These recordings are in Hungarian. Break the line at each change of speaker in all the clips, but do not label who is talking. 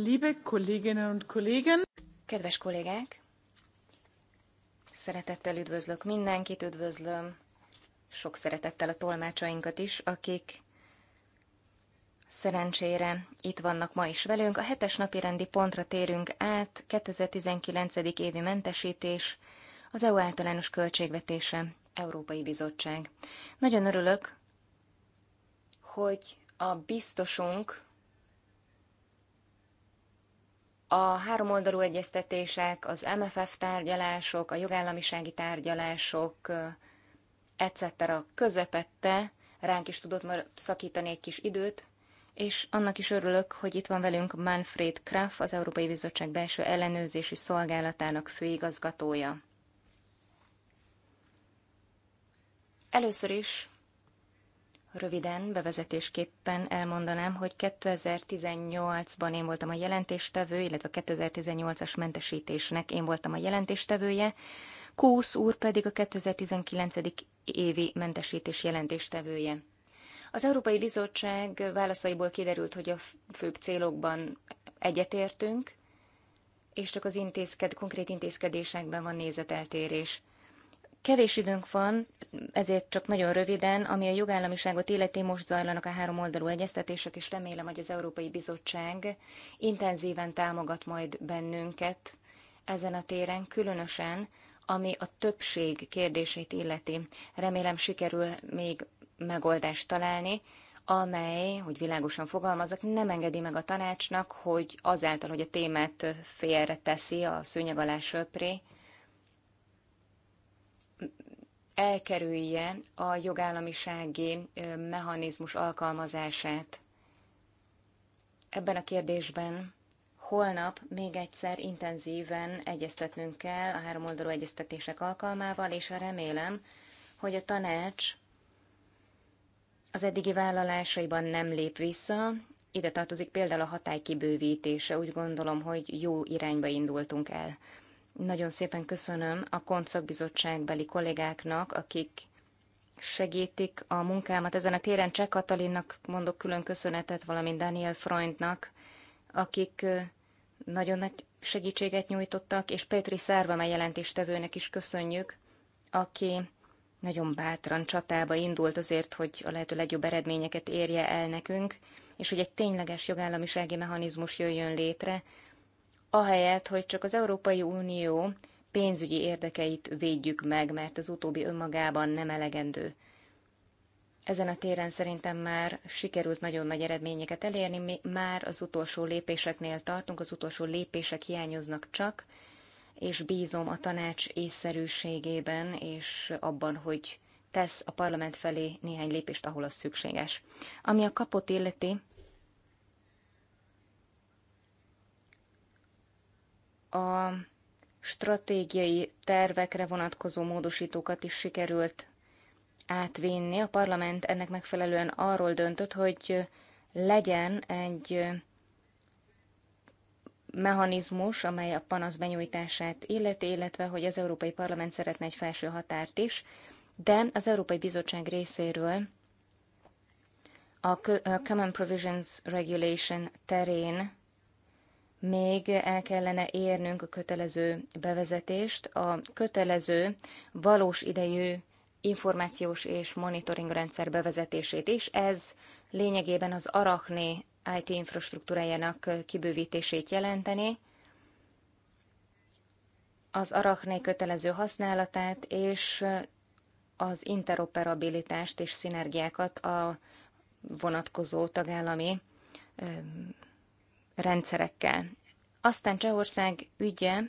Liebe Kolleginnen und Kollegen! Kedves kollégák!
Szeretettel üdvözlök mindenkit, üdvözlöm sok szeretettel a tolmácsainkat is, akik szerencsére itt vannak ma is velünk. A hetes napi rendi pontra térünk át, 2019. évi mentesítés, az EU általános költségvetése, Európai Bizottság. Nagyon örülök, hogy a biztosunk a háromoldalú egyeztetések, az MFF tárgyalások, a jogállamisági tárgyalások, etc. közepette ránk is tudott már szakítani egy kis időt, és annak is örülök, hogy itt van velünk Manfred Kraff, az Európai Bizottság belső ellenőrzési szolgálatának főigazgatója. Először is Röviden, bevezetésképpen elmondanám, hogy 2018-ban én voltam a jelentéstevő, illetve 2018-as mentesítésnek én voltam a jelentéstevője, Kósz úr pedig a 2019. évi mentesítés jelentéstevője. Az Európai Bizottság válaszaiból kiderült, hogy a főbb célokban egyetértünk, és csak az intézked, konkrét intézkedésekben van nézeteltérés. Kevés időnk van, ezért csak nagyon röviden, ami a jogállamiságot illeti, most zajlanak a három oldalú egyeztetések, és remélem, hogy az Európai Bizottság intenzíven támogat majd bennünket ezen a téren, különösen ami a többség kérdését illeti. Remélem sikerül még megoldást találni, amely, hogy világosan fogalmazok, nem engedi meg a tanácsnak, hogy azáltal, hogy a témát teszi a szőnyeg alá söpré, elkerülje a jogállamisági mechanizmus alkalmazását. Ebben a kérdésben holnap még egyszer intenzíven egyeztetnünk kell a háromoldalú egyeztetések alkalmával, és remélem, hogy a tanács az eddigi vállalásaiban nem lép vissza, ide tartozik például a hatály kibővítése. Úgy gondolom, hogy jó irányba indultunk el. Nagyon szépen köszönöm a koncakbizottságbeli kollégáknak, akik segítik a munkámat ezen a téren. Cseh Katalinnak mondok külön köszönetet, valamint Daniel Freundnak, akik nagyon nagy segítséget nyújtottak, és Pétri Szárvama jelentéstevőnek is köszönjük, aki nagyon bátran csatába indult azért, hogy a lehető legjobb eredményeket érje el nekünk, és hogy egy tényleges jogállamisági mechanizmus jöjjön létre, ahelyett, hogy csak az Európai Unió pénzügyi érdekeit védjük meg, mert az utóbbi önmagában nem elegendő. Ezen a téren szerintem már sikerült nagyon nagy eredményeket elérni, mi már az utolsó lépéseknél tartunk, az utolsó lépések hiányoznak csak, és bízom a tanács észszerűségében, és abban, hogy tesz a parlament felé néhány lépést, ahol az szükséges. Ami a kapott illeti, a stratégiai tervekre vonatkozó módosítókat is sikerült átvinni. A parlament ennek megfelelően arról döntött, hogy legyen egy mechanizmus, amely a panasz benyújtását illeti, illetve hogy az Európai Parlament szeretne egy felső határt is, de az Európai Bizottság részéről a Common Provisions Regulation terén még el kellene érnünk a kötelező bevezetést, a kötelező valós idejű információs és monitoring rendszer bevezetését is. Ez lényegében az Arachné IT infrastruktúrájának kibővítését jelenteni, az Arachné kötelező használatát és az interoperabilitást és szinergiákat a vonatkozó tagállami rendszerekkel. Aztán Csehország ügye,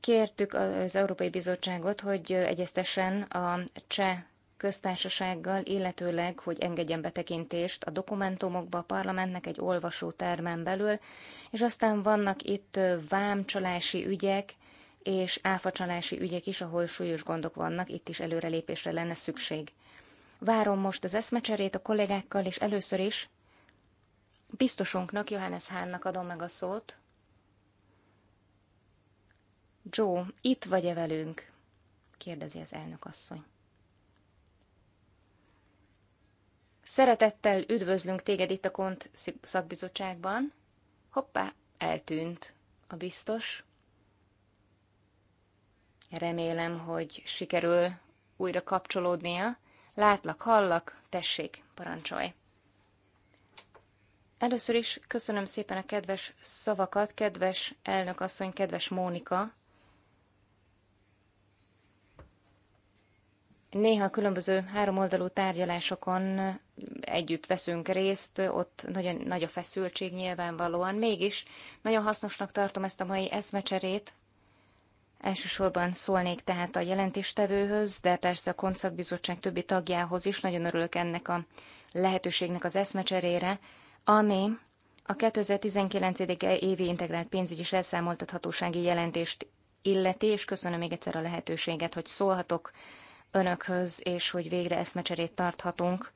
kértük az Európai Bizottságot, hogy egyeztesen a cseh köztársasággal, illetőleg, hogy engedjen betekintést a dokumentumokba a parlamentnek egy termen belül, és aztán vannak itt vámcsalási ügyek és áfacsalási ügyek is, ahol súlyos gondok vannak, itt is előrelépésre lenne szükség. Várom most az eszmecserét a kollégákkal, és először is biztosunknak, Johannes Hánnak adom meg a szót. Joe, itt vagy-e velünk? kérdezi az elnök asszony. Szeretettel üdvözlünk téged itt a KONT szakbizottságban. Hoppá, eltűnt a biztos. Remélem, hogy sikerül újra kapcsolódnia. Látlak, hallak, tessék, parancsolj. Először is köszönöm szépen a kedves szavakat, kedves elnökasszony, kedves Mónika. Néha különböző háromoldalú tárgyalásokon együtt veszünk részt, ott nagyon nagy a feszültség nyilvánvalóan, mégis nagyon hasznosnak tartom ezt a mai eszmecserét. Elsősorban szólnék tehát a jelentéstevőhöz, de persze a Koncakbizottság többi tagjához is. Nagyon örülök ennek a lehetőségnek az eszmecserére ami a 2019. évi integrált pénzügyi és elszámoltathatósági jelentést illeti, és köszönöm még egyszer a lehetőséget, hogy szólhatok önökhöz, és hogy végre eszmecserét tarthatunk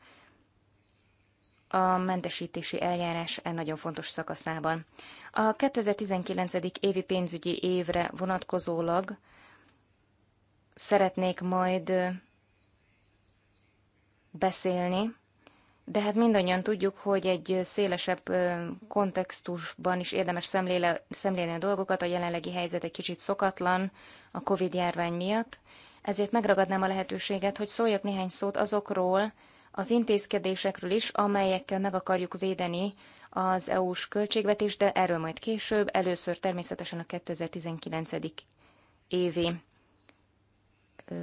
a mentesítési eljárás e nagyon fontos szakaszában. A 2019. évi pénzügyi évre vonatkozólag szeretnék majd beszélni de hát mindannyian tudjuk, hogy egy szélesebb kontextusban is érdemes szemléle, szemlélni a dolgokat, a jelenlegi helyzet egy kicsit szokatlan a COVID-járvány miatt, ezért megragadnám a lehetőséget, hogy szóljak néhány szót azokról, az intézkedésekről is, amelyekkel meg akarjuk védeni az EU-s költségvetést, de erről majd később, először természetesen a 2019. évi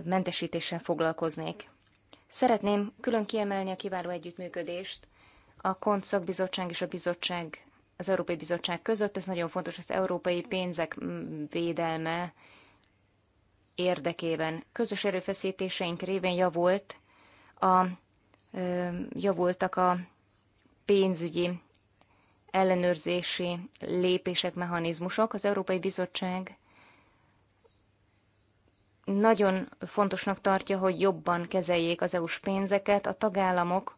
mentesítéssel foglalkoznék. Szeretném külön kiemelni a kiváló együttműködést a KONT Bizottság és a Bizottság, az Európai Bizottság között. Ez nagyon fontos, az európai pénzek védelme érdekében. Közös erőfeszítéseink révén javult a, javultak a pénzügyi ellenőrzési lépések, mechanizmusok. Az Európai Bizottság nagyon fontosnak tartja, hogy jobban kezeljék az EU-s pénzeket. A tagállamok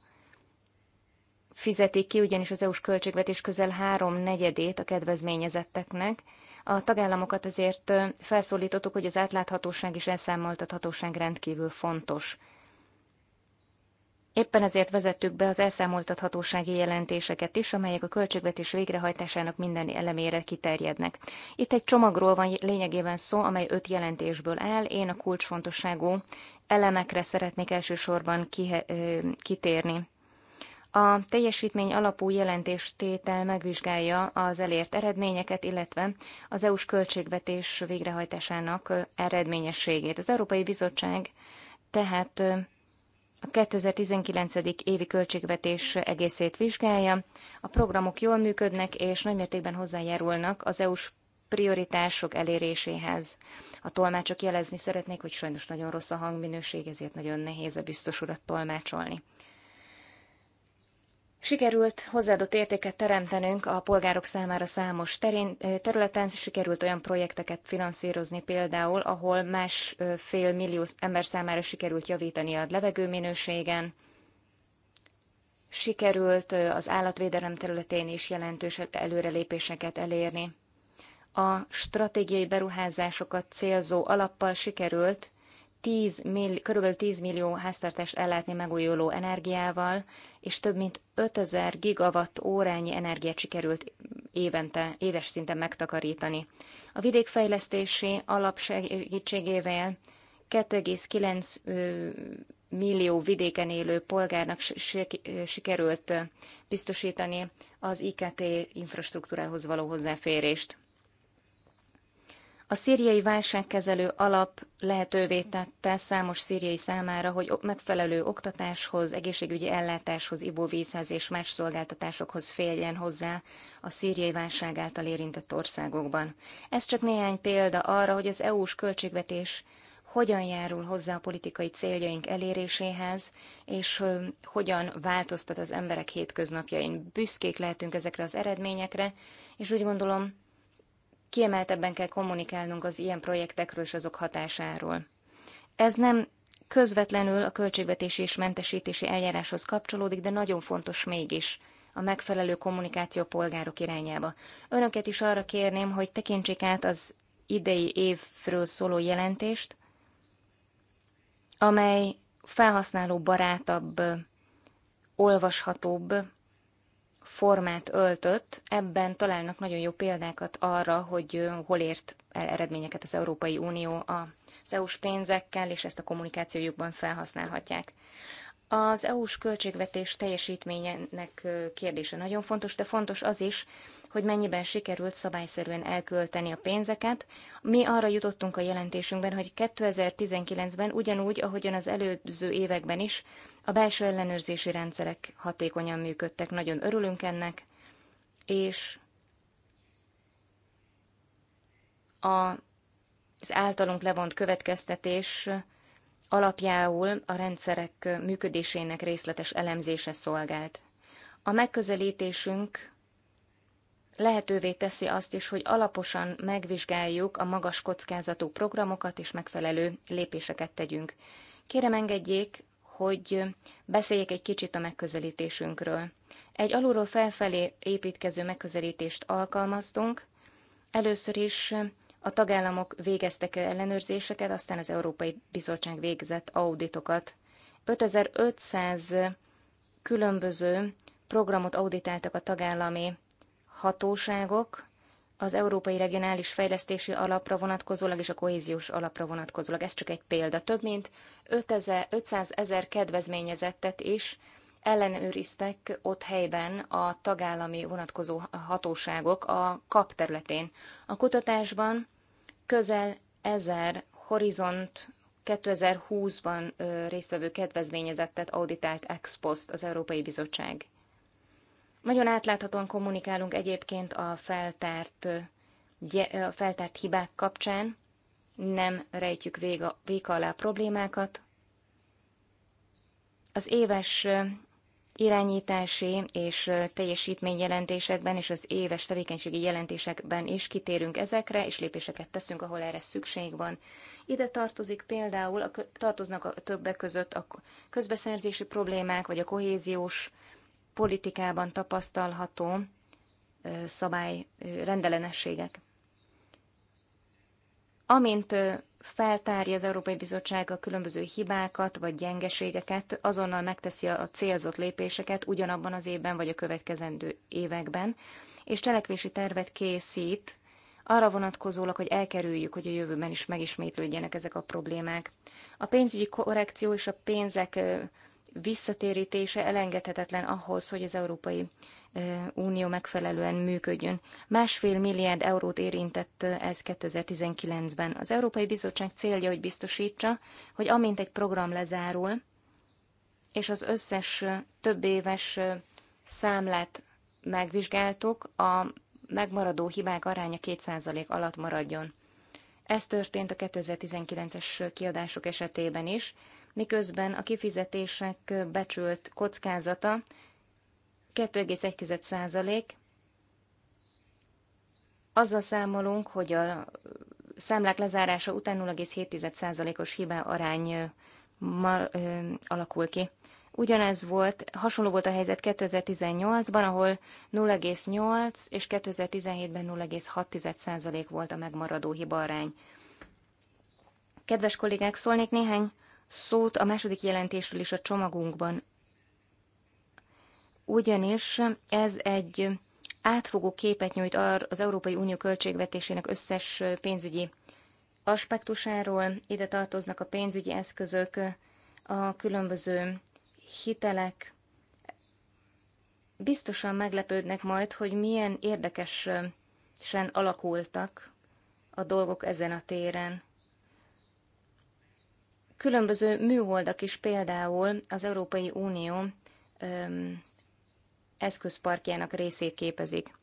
fizetik ki ugyanis az EU-s költségvetés közel három negyedét a kedvezményezetteknek. A tagállamokat azért felszólítottuk, hogy az átláthatóság és elszámoltathatóság rendkívül fontos Éppen ezért vezettük be az elszámoltathatósági jelentéseket is, amelyek a költségvetés végrehajtásának minden elemére kiterjednek. Itt egy csomagról van lényegében szó, amely öt jelentésből áll. Én a kulcsfontosságú elemekre szeretnék elsősorban kihe- kitérni. A teljesítmény alapú jelentéstétel megvizsgálja az elért eredményeket, illetve az EU-s költségvetés végrehajtásának eredményességét. Az Európai Bizottság tehát a 2019. évi költségvetés egészét vizsgálja. A programok jól működnek és nagymértékben hozzájárulnak az EU-s prioritások eléréséhez. A tolmácsok jelezni szeretnék, hogy sajnos nagyon rossz a hangminőség, ezért nagyon nehéz a biztos urat tolmácsolni. Sikerült hozzáadott értéket teremtenünk a polgárok számára számos terén, területen, sikerült olyan projekteket finanszírozni például, ahol másfél millió ember számára sikerült javítani a levegőminőségen, sikerült az állatvédelem területén is jelentős előrelépéseket elérni. A stratégiai beruházásokat célzó alappal sikerült 10 mill, kb. 10 millió háztartást ellátni megújuló energiával, és több mint 5000 gigawatt órányi energiát sikerült évente, éves szinten megtakarítani. A vidékfejlesztési alapsegítségével 2,9 millió vidéken élő polgárnak sikerült biztosítani az IKT infrastruktúrához való hozzáférést. A szíriai válságkezelő alap lehetővé tette számos szíriai számára, hogy megfelelő oktatáshoz, egészségügyi ellátáshoz, ivóvízhez és más szolgáltatásokhoz férjen hozzá a szíriai válság által érintett országokban. Ez csak néhány példa arra, hogy az EU-s költségvetés hogyan járul hozzá a politikai céljaink eléréséhez, és hogyan változtat az emberek hétköznapjain. Büszkék lehetünk ezekre az eredményekre, és úgy gondolom, kiemeltebben kell kommunikálnunk az ilyen projektekről és azok hatásáról. Ez nem közvetlenül a költségvetési és mentesítési eljáráshoz kapcsolódik, de nagyon fontos mégis a megfelelő kommunikáció polgárok irányába. Önöket is arra kérném, hogy tekintsék át az idei évről szóló jelentést, amely felhasználó barátabb, olvashatóbb, formát öltött, ebben találnak nagyon jó példákat arra, hogy hol ért el eredményeket az Európai Unió a EU-s pénzekkel, és ezt a kommunikációjukban felhasználhatják. Az EU-s költségvetés teljesítményének kérdése nagyon fontos, de fontos az is, hogy mennyiben sikerült szabályszerűen elkölteni a pénzeket. Mi arra jutottunk a jelentésünkben, hogy 2019-ben ugyanúgy, ahogyan az előző években is, a belső ellenőrzési rendszerek hatékonyan működtek. Nagyon örülünk ennek, és a az általunk levont következtetés alapjául a rendszerek működésének részletes elemzése szolgált. A megközelítésünk lehetővé teszi azt is, hogy alaposan megvizsgáljuk a magas kockázatú programokat és megfelelő lépéseket tegyünk. Kérem engedjék, hogy beszéljek egy kicsit a megközelítésünkről. Egy alulról felfelé építkező megközelítést alkalmaztunk. Először is a tagállamok végeztek ellenőrzéseket, aztán az Európai Bizottság végzett auditokat. 5500 különböző programot auditáltak a tagállami hatóságok az Európai Regionális Fejlesztési Alapra vonatkozólag és a kohéziós alapra vonatkozólag. Ez csak egy példa. Több mint 500 ezer kedvezményezettet is ellenőriztek ott helyben a tagállami vonatkozó hatóságok a KAP területén. A kutatásban közel ezer horizont 2020-ban résztvevő kedvezményezettet auditált ex post az Európai Bizottság. Nagyon átláthatóan kommunikálunk egyébként a feltárt, a feltárt hibák kapcsán, nem rejtjük véga, véka alá problémákat. Az éves irányítási és teljesítményjelentésekben és az éves tevékenységi jelentésekben is kitérünk ezekre, és lépéseket teszünk, ahol erre szükség van. Ide tartozik például, a, tartoznak a többek között a közbeszerzési problémák, vagy a kohéziós politikában tapasztalható szabály rendellenességek. Amint feltárja az Európai Bizottság a különböző hibákat vagy gyengeségeket, azonnal megteszi a célzott lépéseket ugyanabban az évben vagy a következendő években, és cselekvési tervet készít arra vonatkozólag, hogy elkerüljük, hogy a jövőben is megismétlődjenek ezek a problémák. A pénzügyi korrekció és a pénzek visszatérítése elengedhetetlen ahhoz, hogy az Európai Unió megfelelően működjön. Másfél milliárd eurót érintett ez 2019-ben. Az Európai Bizottság célja, hogy biztosítsa, hogy amint egy program lezárul, és az összes több éves számlát megvizsgáltuk, a megmaradó hibák aránya 2% alatt maradjon. Ez történt a 2019-es kiadások esetében is, miközben a kifizetések becsült kockázata 2,1 azzal számolunk, hogy a számlák lezárása után 07 százalékos hibá arány alakul ki. Ugyanez volt, hasonló volt a helyzet 2018-ban, ahol 0,8 és 2017-ben 0,6% volt a megmaradó hiba arány. Kedves kollégák, szólnék néhány szót a második jelentésről is a csomagunkban. Ugyanis ez egy átfogó képet nyújt az Európai Unió költségvetésének összes pénzügyi aspektusáról. Ide tartoznak a pénzügyi eszközök, a különböző hitelek. Biztosan meglepődnek majd, hogy milyen érdekesen alakultak a dolgok ezen a téren. Különböző műholdak is például az Európai Unió öm, eszközparkjának részét képezik.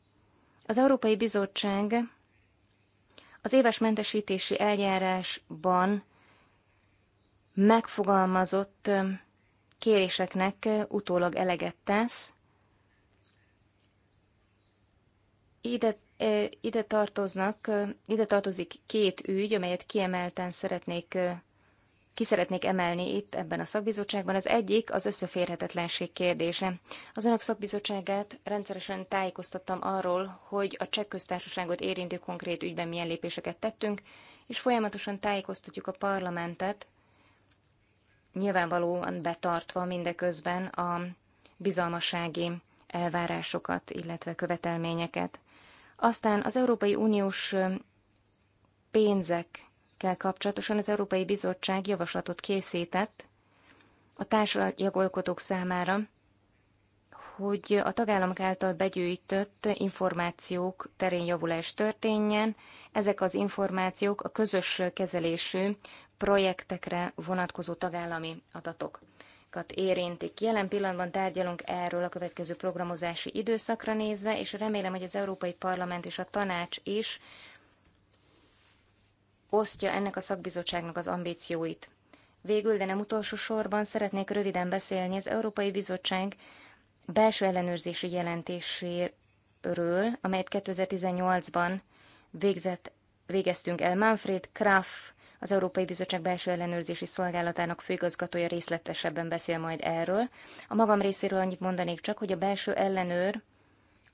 Az Európai Bizottság az éves mentesítési eljárásban megfogalmazott kéréseknek utólag eleget tesz. Ide, ide, tartoznak, ide tartozik két ügy, amelyet kiemelten szeretnék ki szeretnék emelni itt ebben a szakbizottságban. Az egyik az összeférhetetlenség kérdése. Az önök szakbizottságát rendszeresen tájékoztattam arról, hogy a cseh köztársaságot érintő konkrét ügyben milyen lépéseket tettünk, és folyamatosan tájékoztatjuk a parlamentet, nyilvánvalóan betartva mindeközben a bizalmasági elvárásokat, illetve követelményeket. Aztán az Európai Uniós pénzek ügyekkel kapcsolatosan az Európai Bizottság javaslatot készített a társadalmi számára, hogy a tagállamok által begyűjtött információk terén javulás történjen. Ezek az információk a közös kezelésű projektekre vonatkozó tagállami adatokat érintik. Jelen pillanatban tárgyalunk erről a következő programozási időszakra nézve, és remélem, hogy az Európai Parlament és a Tanács is osztja ennek a szakbizottságnak az ambícióit. Végül, de nem utolsó sorban szeretnék röviden beszélni az Európai Bizottság belső ellenőrzési jelentéséről, amelyet 2018-ban végzett, végeztünk el. Manfred Kraff, az Európai Bizottság belső ellenőrzési szolgálatának főigazgatója részletesebben beszél majd erről. A magam részéről annyit mondanék csak, hogy a belső ellenőr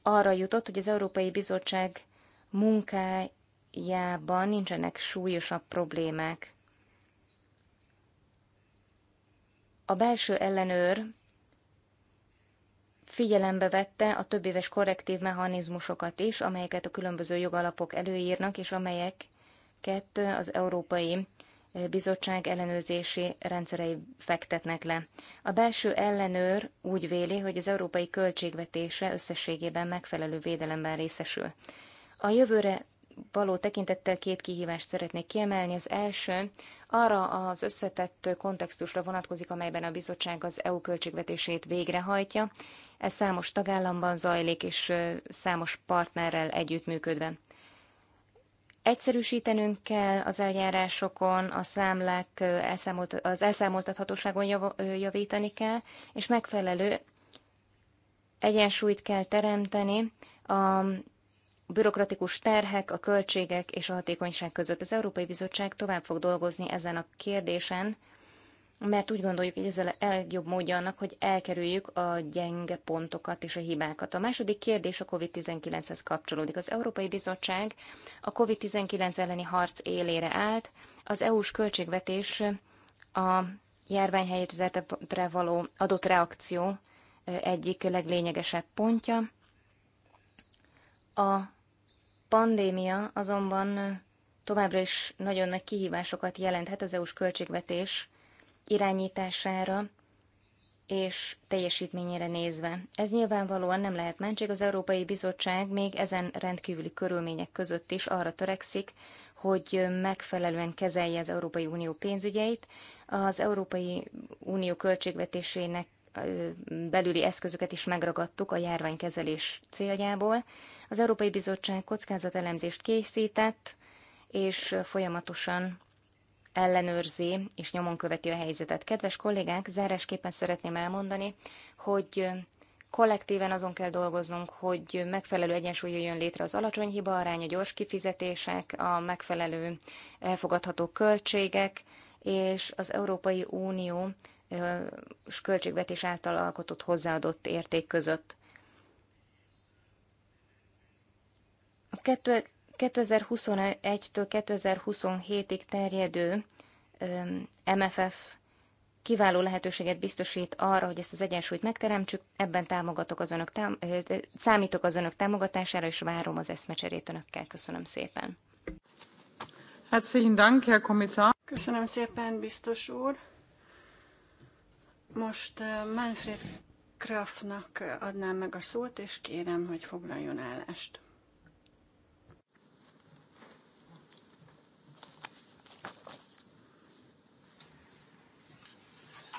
arra jutott, hogy az Európai Bizottság munkája Ausztriában nincsenek súlyosabb problémák. A belső ellenőr figyelembe vette a többéves korrektív mechanizmusokat is, amelyeket a különböző jogalapok előírnak, és amelyeket az Európai Bizottság ellenőrzési rendszerei fektetnek le. A belső ellenőr úgy véli, hogy az európai költségvetése összességében megfelelő védelemben részesül. A jövőre való tekintettel két kihívást szeretnék kiemelni. Az első arra az összetett kontextusra vonatkozik, amelyben a bizottság az EU költségvetését végrehajtja. Ez számos tagállamban zajlik, és számos partnerrel együttműködve. Egyszerűsítenünk kell az eljárásokon, a számlák elszámolt, az elszámoltathatóságon jav, javítani kell, és megfelelő egyensúlyt kell teremteni a bürokratikus terhek, a költségek és a hatékonyság között. Az Európai Bizottság tovább fog dolgozni ezen a kérdésen, mert úgy gondoljuk, hogy ez a legjobb módja annak, hogy elkerüljük a gyenge pontokat és a hibákat. A második kérdés a COVID-19-hez kapcsolódik. Az Európai Bizottság a COVID-19 elleni harc élére állt, az EU-s költségvetés a járványhelyzetre való adott reakció egyik leglényegesebb pontja. A pandémia azonban továbbra is nagyon nagy kihívásokat jelenthet az EU-s költségvetés irányítására és teljesítményére nézve. Ez nyilvánvalóan nem lehet mentség, az Európai Bizottság még ezen rendkívüli körülmények között is arra törekszik, hogy megfelelően kezelje az Európai Unió pénzügyeit. Az Európai Unió költségvetésének belüli eszközöket is megragadtuk a járványkezelés céljából. Az Európai Bizottság kockázatelemzést készített, és folyamatosan ellenőrzi és nyomon követi a helyzetet. Kedves kollégák, zárásképpen szeretném elmondani, hogy kollektíven azon kell dolgoznunk, hogy megfelelő egyensúly jön létre az alacsony hiba arány, a gyors kifizetések, a megfelelő elfogadható költségek, és az Európai Unió és költségvetés által alkotott hozzáadott érték között. A 2021-től 2027-ig terjedő MFF kiváló lehetőséget biztosít arra, hogy ezt az egyensúlyt megteremtsük, ebben támogatok az önök tám- számítok az önök támogatására, és várom az eszmecserét önökkel.
Köszönöm szépen. Herzlichen Dank, Herr Kommissar. Köszönöm szépen, biztos úr. Most Manfred Krafnak adnám meg a szót, és kérem, hogy foglaljon állást.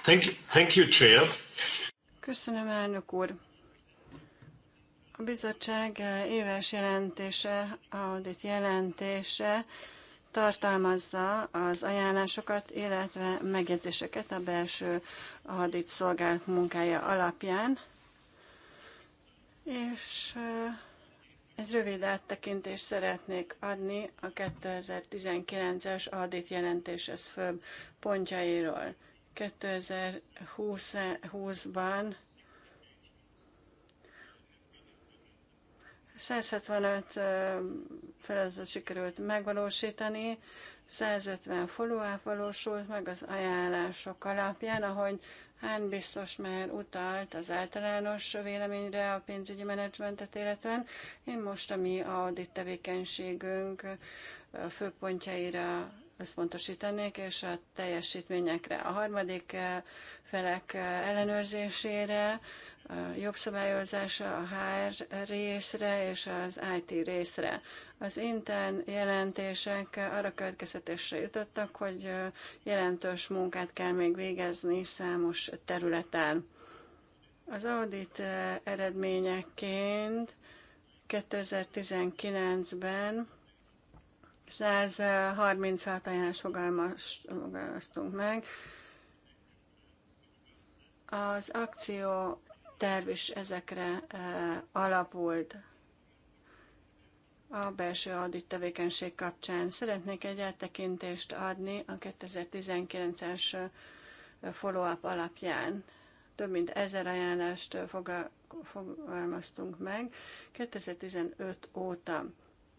Thank you, thank you, Chair. Köszönöm, elnök úr. A bizottság éves jelentése, audit jelentése tartalmazza az ajánlásokat, illetve megjegyzéseket a belső hadit szolgált munkája alapján, és egy rövid áttekintést szeretnék adni a 2019-es audit jelentéshez főbb pontjairól. 2020-ban 175 feladatot sikerült megvalósítani, 150 follow-up valósult meg az ajánlások alapján, ahogy Hán biztos már utalt az általános véleményre a pénzügyi menedzsmentet életben. Én most, ami a audit tevékenységünk főpontjaira összpontosítanék, és a teljesítményekre, a harmadik felek ellenőrzésére, jobb szabályozása a HR részre és az IT részre. Az intern jelentések arra következtetésre jutottak, hogy jelentős munkát kell még végezni számos területen. Az audit eredményeként 2019-ben 136 ajánlást fogalmaztunk meg, az akció terv is ezekre eh, alapult a belső audit tevékenység kapcsán. Szeretnék egy eltekintést adni a 2019-es eh, follow-up alapján. Több mint ezer ajánlást eh, fogalmaztunk meg 2015 óta.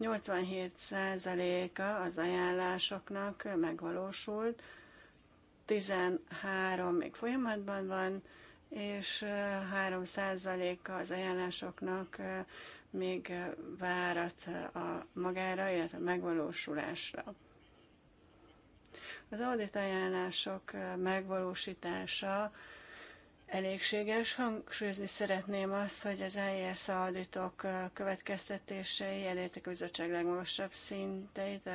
87%-a az ajánlásoknak megvalósult, 13 még folyamatban van, és 3%-a az ajánlásoknak még várat a magára, illetve a megvalósulásra. Az audit ajánlások megvalósítása elégséges. Hangsúlyozni szeretném azt, hogy az EIS auditok következtetései elértek a bizottság legmagasabb szinteit,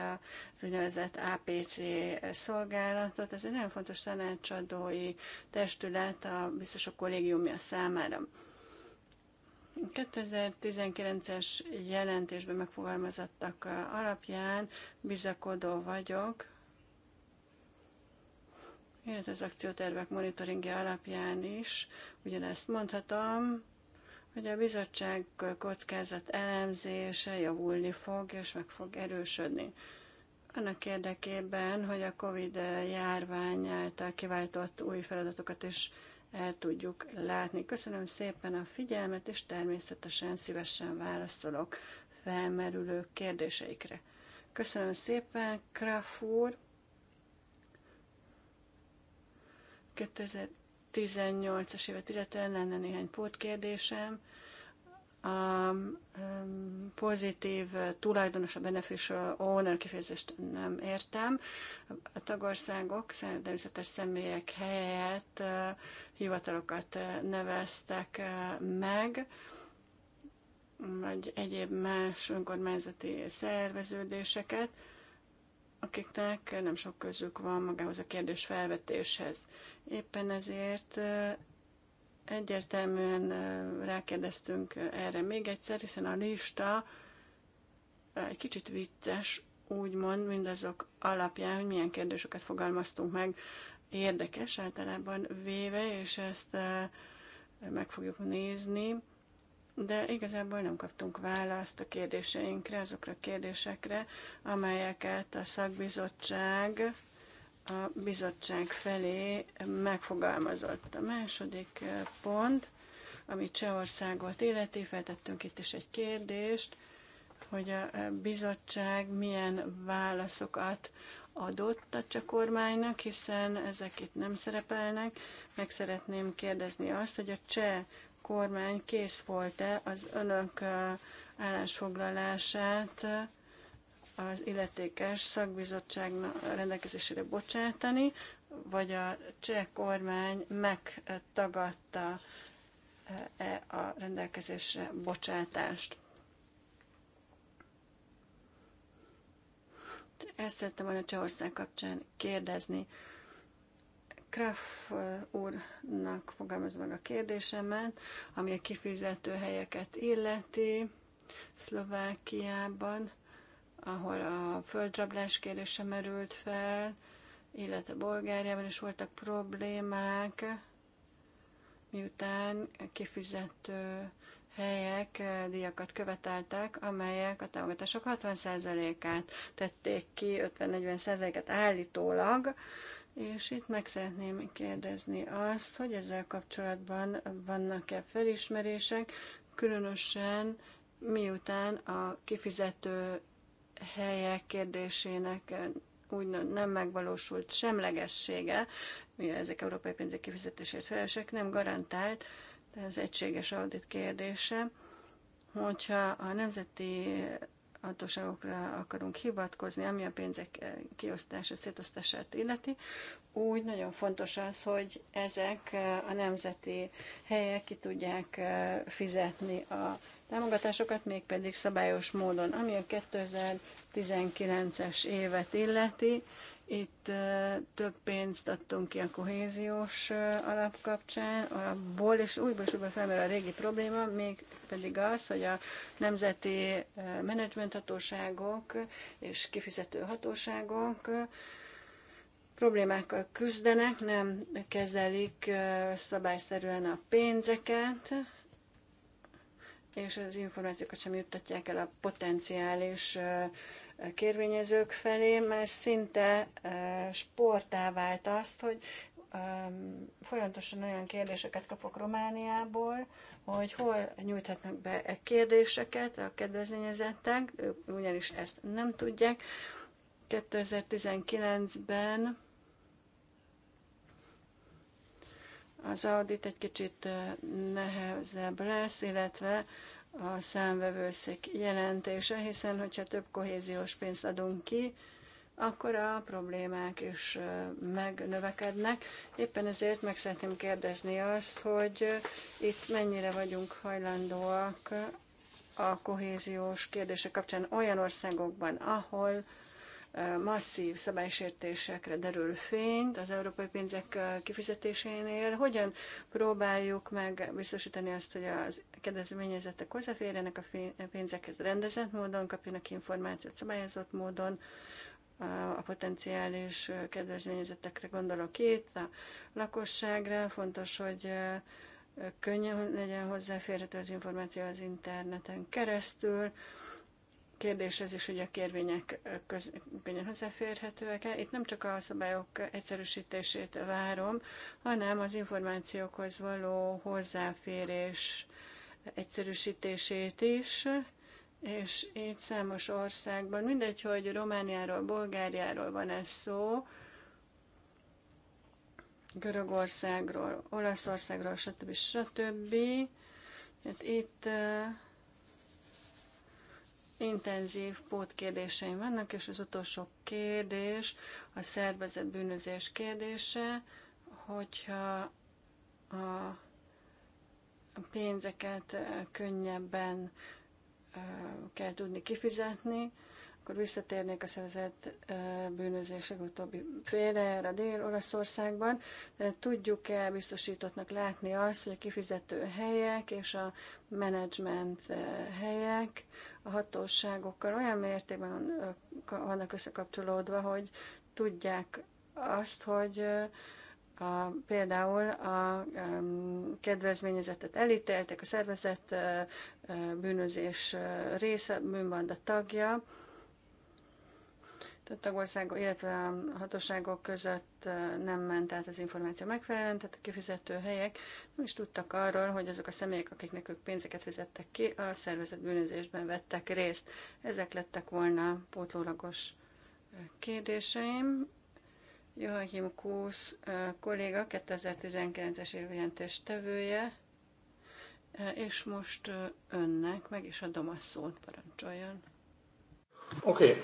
az úgynevezett APC szolgálatot. Ez egy nagyon fontos tanácsadói testület a biztosok kollégiumja számára. 2019-es jelentésben megfogalmazottak alapján bizakodó vagyok, illetve az akciótervek monitoringja alapján is ugyanezt mondhatom, hogy a bizottság kockázat elemzése javulni fog, és meg fog erősödni. Annak érdekében, hogy a COVID járvány által kiváltott új feladatokat is el tudjuk látni. Köszönöm szépen a figyelmet, és természetesen szívesen válaszolok felmerülő kérdéseikre. Köszönöm szépen, Kraf 2018-as évet illetően lenne néhány pótkérdésem. A pozitív tulajdonos, a beneficial owner kifejezést nem értem. A tagországok természetes személyek helyett hivatalokat neveztek meg vagy egyéb más önkormányzati szerveződéseket akiknek nem sok közük van magához a kérdés felvetéshez. Éppen ezért egyértelműen rákérdeztünk erre még egyszer, hiszen a lista egy kicsit vicces, úgymond mindazok alapján, hogy milyen kérdéseket fogalmaztunk meg, érdekes általában véve, és ezt meg fogjuk nézni de igazából nem kaptunk választ a kérdéseinkre, azokra a kérdésekre, amelyeket a szakbizottság a bizottság felé megfogalmazott. A második eh, pont, ami Csehországot illeti, feltettünk itt is egy kérdést, hogy a eh, bizottság milyen válaszokat adott a cseh kormánynak, hiszen ezek itt nem szerepelnek. Meg szeretném kérdezni azt, hogy a cseh kormány kész volt-e az önök állásfoglalását az illetékes szakbizottság rendelkezésére bocsátani, vagy a cseh kormány megtagadta -e a rendelkezésre bocsátást. Ezt szerettem volna Csehország kapcsán kérdezni. Kraft úrnak fogalmazom meg a kérdésemet, ami a kifizető helyeket illeti Szlovákiában, ahol a földrablás kérdése merült fel, illetve Bulgáriában is voltak problémák, miután kifizető helyek díjakat követeltek, amelyek a támogatások 60%-át tették ki, 50-40%-át állítólag, és itt meg szeretném kérdezni azt, hogy ezzel kapcsolatban vannak-e felismerések, különösen miután a kifizető helyek kérdésének úgy nem megvalósult semlegessége, mivel ezek európai pénzek kifizetését felesek, nem garantált, de az egységes audit kérdése, hogyha a nemzeti hatóságokra akarunk hivatkozni, ami a pénzek eh, kiosztása, szétosztását illeti, úgy nagyon fontos az, hogy ezek eh, a nemzeti helyek ki tudják eh, fizetni a támogatásokat, mégpedig szabályos módon, ami a 2019-es évet illeti. Itt több pénzt adtunk ki a kohéziós alap kapcsán, abból és újból és újból felmerül a régi probléma, még pedig az, hogy a nemzeti menedzsmenthatóságok és kifizető hatóságok problémákkal küzdenek, nem kezelik szabályszerűen a pénzeket, és az információkat sem juttatják el a potenciális kérvényezők felé, mert szinte sportá vált azt, hogy folyamatosan olyan kérdéseket kapok Romániából, hogy hol nyújthatnak be e kérdéseket a kedvezményezettek, ők ugyanis ezt nem tudják. 2019-ben az audit egy kicsit nehezebb lesz, illetve a számvevőszék jelentése, hiszen hogyha több kohéziós pénzt adunk ki, akkor a problémák is megnövekednek. Éppen ezért meg szeretném kérdezni azt, hogy itt mennyire vagyunk hajlandóak a kohéziós kérdések kapcsán olyan országokban, ahol masszív szabálysértésekre derül fényt az európai pénzek kifizetésénél. Hogyan próbáljuk meg biztosítani azt, hogy az kedvezményezettek hozzáférjenek a pénzekhez rendezett módon, kapjanak információt szabályozott módon, a potenciális kedvezményezettekre gondolok itt, a lakosságra. Fontos, hogy könnyen legyen hozzáférhető az információ az interneten keresztül, kérdéshez az is, hogy a kérvények könnyen hozzáférhetőek-e. Itt nem csak a szabályok egyszerűsítését várom, hanem az információkhoz való hozzáférés egyszerűsítését is, és itt számos országban, mindegy, hogy Romániáról, Bulgáriáról van ez szó, Görögországról, Olaszországról, stb. stb. Hát itt intenzív pótkérdéseim vannak, és az utolsó kérdés, a szervezet bűnözés kérdése, hogyha a pénzeket könnyebben kell tudni kifizetni, akkor visszatérnék a szervezet bűnözések utóbbi félre, a Dél-Olaszországban. Tudjuk-e biztosítottnak látni azt, hogy a kifizető helyek és a menedzsment helyek a hatóságokkal olyan mértékben vannak összekapcsolódva, hogy tudják azt, hogy a, például a a kedvezményezetet elítéltek, a szervezet uh, bűnözés része, bűnbanda tagja, a tagország, illetve a hatóságok között nem ment át az információ megfelelően, tehát a kifizető helyek nem is tudtak arról, hogy azok a személyek, akiknek ők pénzeket fizettek ki, a szervezet bűnözésben vettek részt. Ezek lettek volna pótlólagos kérdéseim. Joachim Kusz kolléga, 2019-es évjelentés tevője, és most önnek meg is adom a szót, parancsoljon. Oké, okay.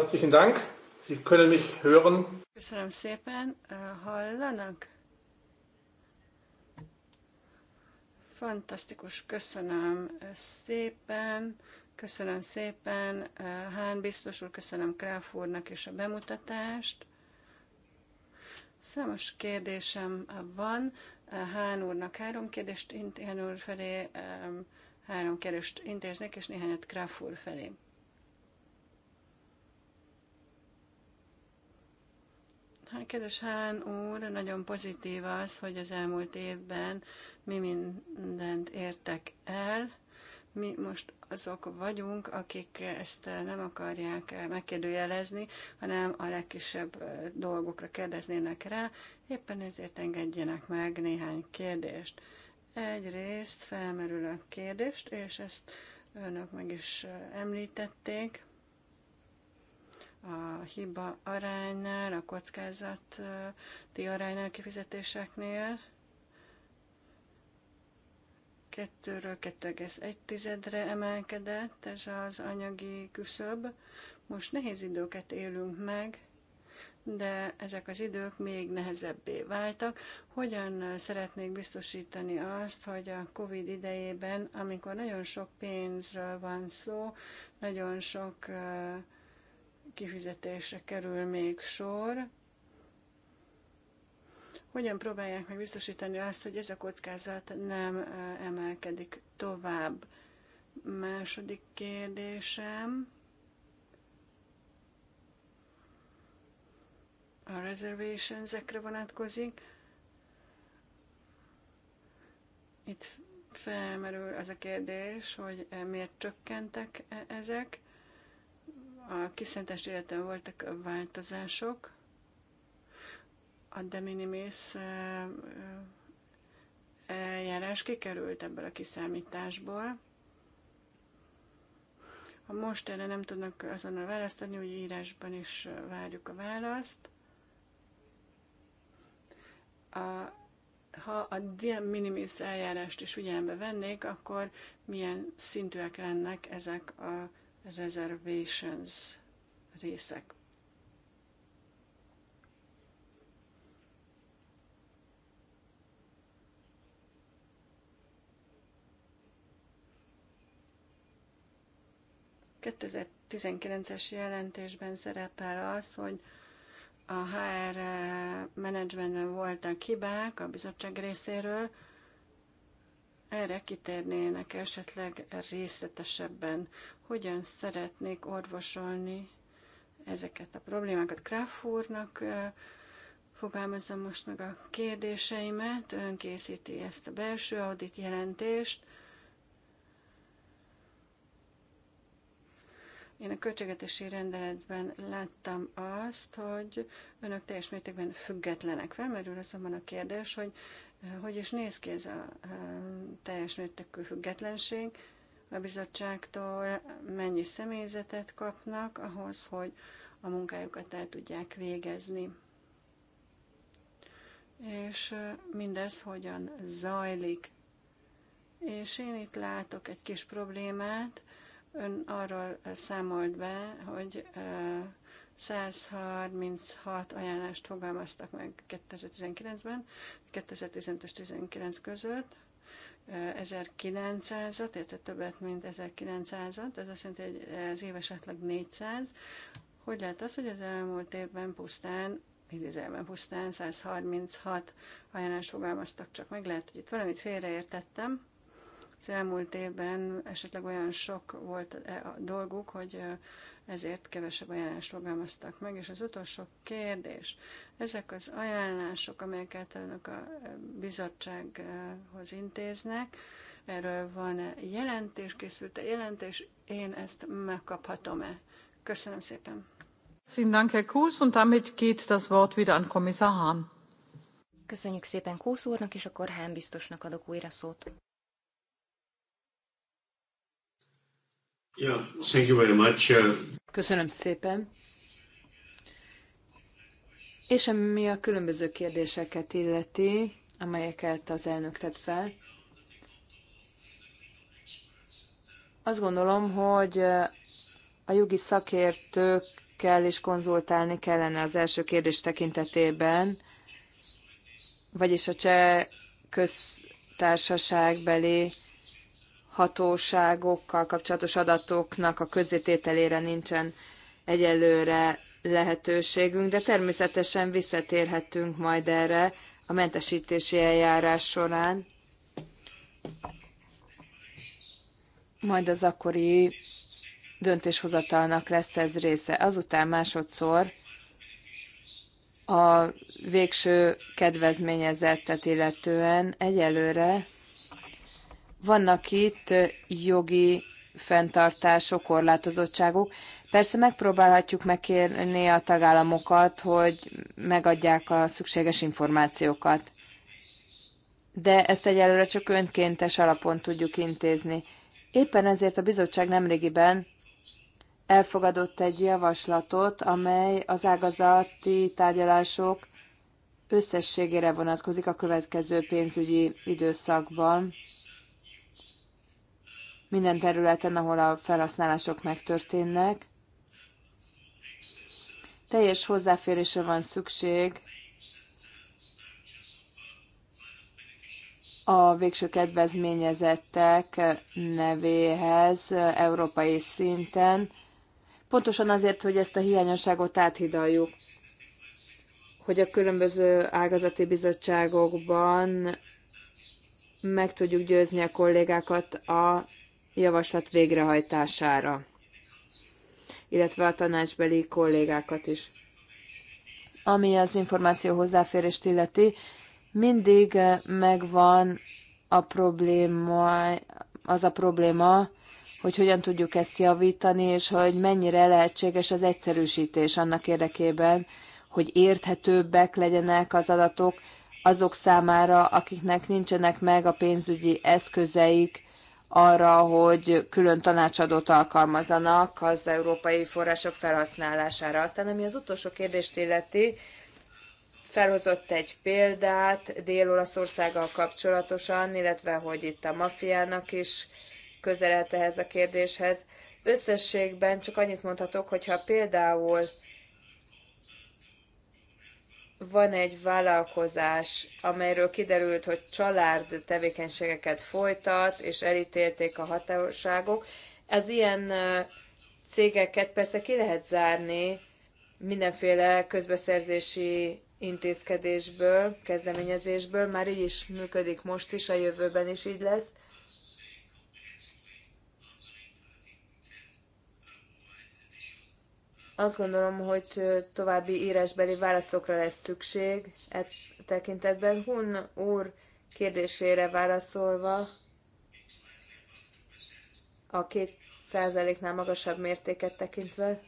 Herzlichen Dank. Sie können mich hören. Köszönöm szépen. Hallanak? Fantasztikus, köszönöm szépen. Köszönöm szépen Hán biztos úr, köszönöm Kráf úrnak is a bemutatást. Számos kérdésem van. Hán úrnak három kérdést, Hán úr felé három kérdést intéznék, és néhányat Kráf úr felé. kedves Hán úr, nagyon pozitív az, hogy az elmúlt évben mi mindent értek el. Mi most azok vagyunk, akik ezt nem akarják megkérdőjelezni, hanem a legkisebb dolgokra kérdeznének rá, éppen ezért engedjenek meg néhány kérdést. Egyrészt felmerül a kérdést, és ezt önök meg is említették, a hiba aránynál, a kockázati aránynál, kifizetéseknél. 2-ről 2,1-re emelkedett ez az anyagi küszöb. Most nehéz időket élünk meg, de ezek az idők még nehezebbé váltak. Hogyan szeretnék biztosítani azt, hogy a COVID idejében, amikor nagyon sok pénzről van szó, nagyon sok uh, kifizetésre kerül még sor. Hogyan próbálják meg biztosítani azt, hogy ez a kockázat nem emelkedik tovább? Második kérdésem. A reservations-ekre vonatkozik. Itt felmerül az a kérdés, hogy miért csökkentek e-, ezek a kiszentest illetően voltak változások. A de minimis eljárás kikerült ebből a kiszámításból. Ha most erre nem tudnak azonnal választani, úgy írásban is várjuk a választ. A, ha a de minimis eljárást is figyelembe vennék, akkor milyen szintűek lennek ezek a reservations részek. Kettőzer 19-es jelentésben szerepel az, hogy a HR menedzsmentben voltak hibák a bizottság részéről, erre kitérnének esetleg részletesebben, hogyan szeretnék orvosolni ezeket a problémákat. Graf úrnak fogalmazom most meg a kérdéseimet, ön készíti ezt a belső audit jelentést, Én a költségetési rendeletben láttam azt, hogy önök teljes mértékben függetlenek. Felmerül azonban a kérdés, hogy hogy is néz ki ez a eh, teljes mértékű függetlenség a bizottságtól, mennyi személyzetet kapnak ahhoz, hogy a munkájukat el tudják végezni. És eh, mindez hogyan zajlik. És én itt látok egy kis problémát. Ön arról számolt be, hogy eh, 136 ajánlást fogalmaztak meg 2019-ben, 2015 és között, 1900-at, illetve többet, mint 1900-at, ez azt jelenti, hogy az éves átlag 400. Hogy lehet az, hogy az elmúlt évben pusztán, idézelben pusztán 136 ajánlást fogalmaztak csak meg, lehet, hogy itt valamit félreértettem. Az elmúlt évben esetleg olyan sok volt eh, a dolguk, hogy eh, ezért kevesebb ajánlást fogalmaztak meg. És az utolsó kérdés, ezek az ajánlások, amelyeket önök a e, bizottsághoz intéznek, erről van-e jelentés, készült-e jelentés, én ezt megkaphatom-e? Köszönöm szépen. Vielen Danke, Herr und damit geht das Wort wieder an Kommissar Hahn.
Köszönjük szépen Kósz úrnak, és akkor Hán biztosnak
adok újra szót. Yeah, thank you very much. Uh,
Köszönöm szépen. És ami a különböző kérdéseket illeti, amelyeket az elnök tett fel, azt gondolom, hogy a jogi szakértőkkel is konzultálni kellene az első kérdés tekintetében, vagyis a cseh köztársaságbeli hatóságokkal kapcsolatos adatoknak a közzétételére nincsen egyelőre lehetőségünk, de természetesen visszatérhetünk majd erre a mentesítési eljárás során. Majd az akkori döntéshozatalnak lesz ez része. Azután másodszor a végső kedvezményezettet illetően egyelőre vannak itt jogi fenntartások, korlátozottságok. Persze megpróbálhatjuk megkérni a tagállamokat, hogy megadják a szükséges információkat. De ezt egyelőre csak önkéntes alapon tudjuk intézni. Éppen ezért a bizottság nemrégiben elfogadott egy javaslatot, amely az ágazati tárgyalások összességére vonatkozik a következő pénzügyi időszakban minden területen, ahol a felhasználások megtörténnek. Teljes hozzáférésre van szükség a végső kedvezményezettek nevéhez európai szinten, pontosan azért, hogy ezt a hiányosságot áthidaljuk, hogy a különböző ágazati bizottságokban meg tudjuk győzni a kollégákat a javaslat végrehajtására, illetve a tanácsbeli kollégákat is. Ami az információ hozzáférést illeti, mindig megvan a probléma, az a probléma, hogy hogyan tudjuk ezt javítani, és hogy mennyire lehetséges az egyszerűsítés annak érdekében, hogy érthetőbbek legyenek az adatok azok számára, akiknek nincsenek meg a pénzügyi eszközeik arra, hogy külön tanácsadót alkalmazanak az európai források felhasználására. Aztán, ami az utolsó kérdést illeti, felhozott egy példát Dél-Olaszországgal kapcsolatosan, illetve hogy itt a mafiának is közelhet ehhez a kérdéshez. Összességben csak annyit mondhatok, hogyha például van egy vállalkozás, amelyről kiderült, hogy család tevékenységeket folytat, és elítélték a hatóságok. Az ilyen cégeket persze ki lehet zárni mindenféle közbeszerzési intézkedésből, kezdeményezésből, már így is működik most is, a jövőben is így lesz. Azt gondolom, hogy további írásbeli válaszokra lesz szükség e tekintetben. Hun úr kérdésére válaszolva a két százaléknál magasabb mértéket tekintve,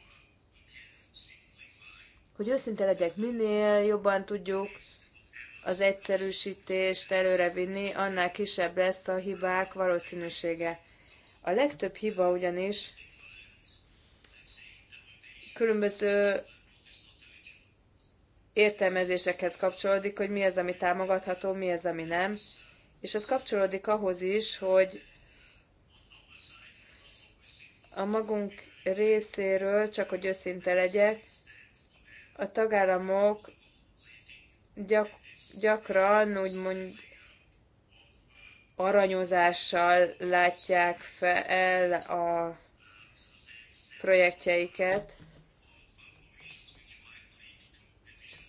hogy őszinte legyek, minél jobban tudjuk az egyszerűsítést előrevinni, annál kisebb lesz a hibák valószínűsége. A legtöbb hiba ugyanis különböző értelmezésekhez kapcsolódik, hogy mi az, ami támogatható, mi az, ami nem. És ez kapcsolódik ahhoz is, hogy a magunk részéről, csak hogy őszinte legyek, a tagállamok gyak- gyakran úgymond aranyozással látják fel a projektjeiket,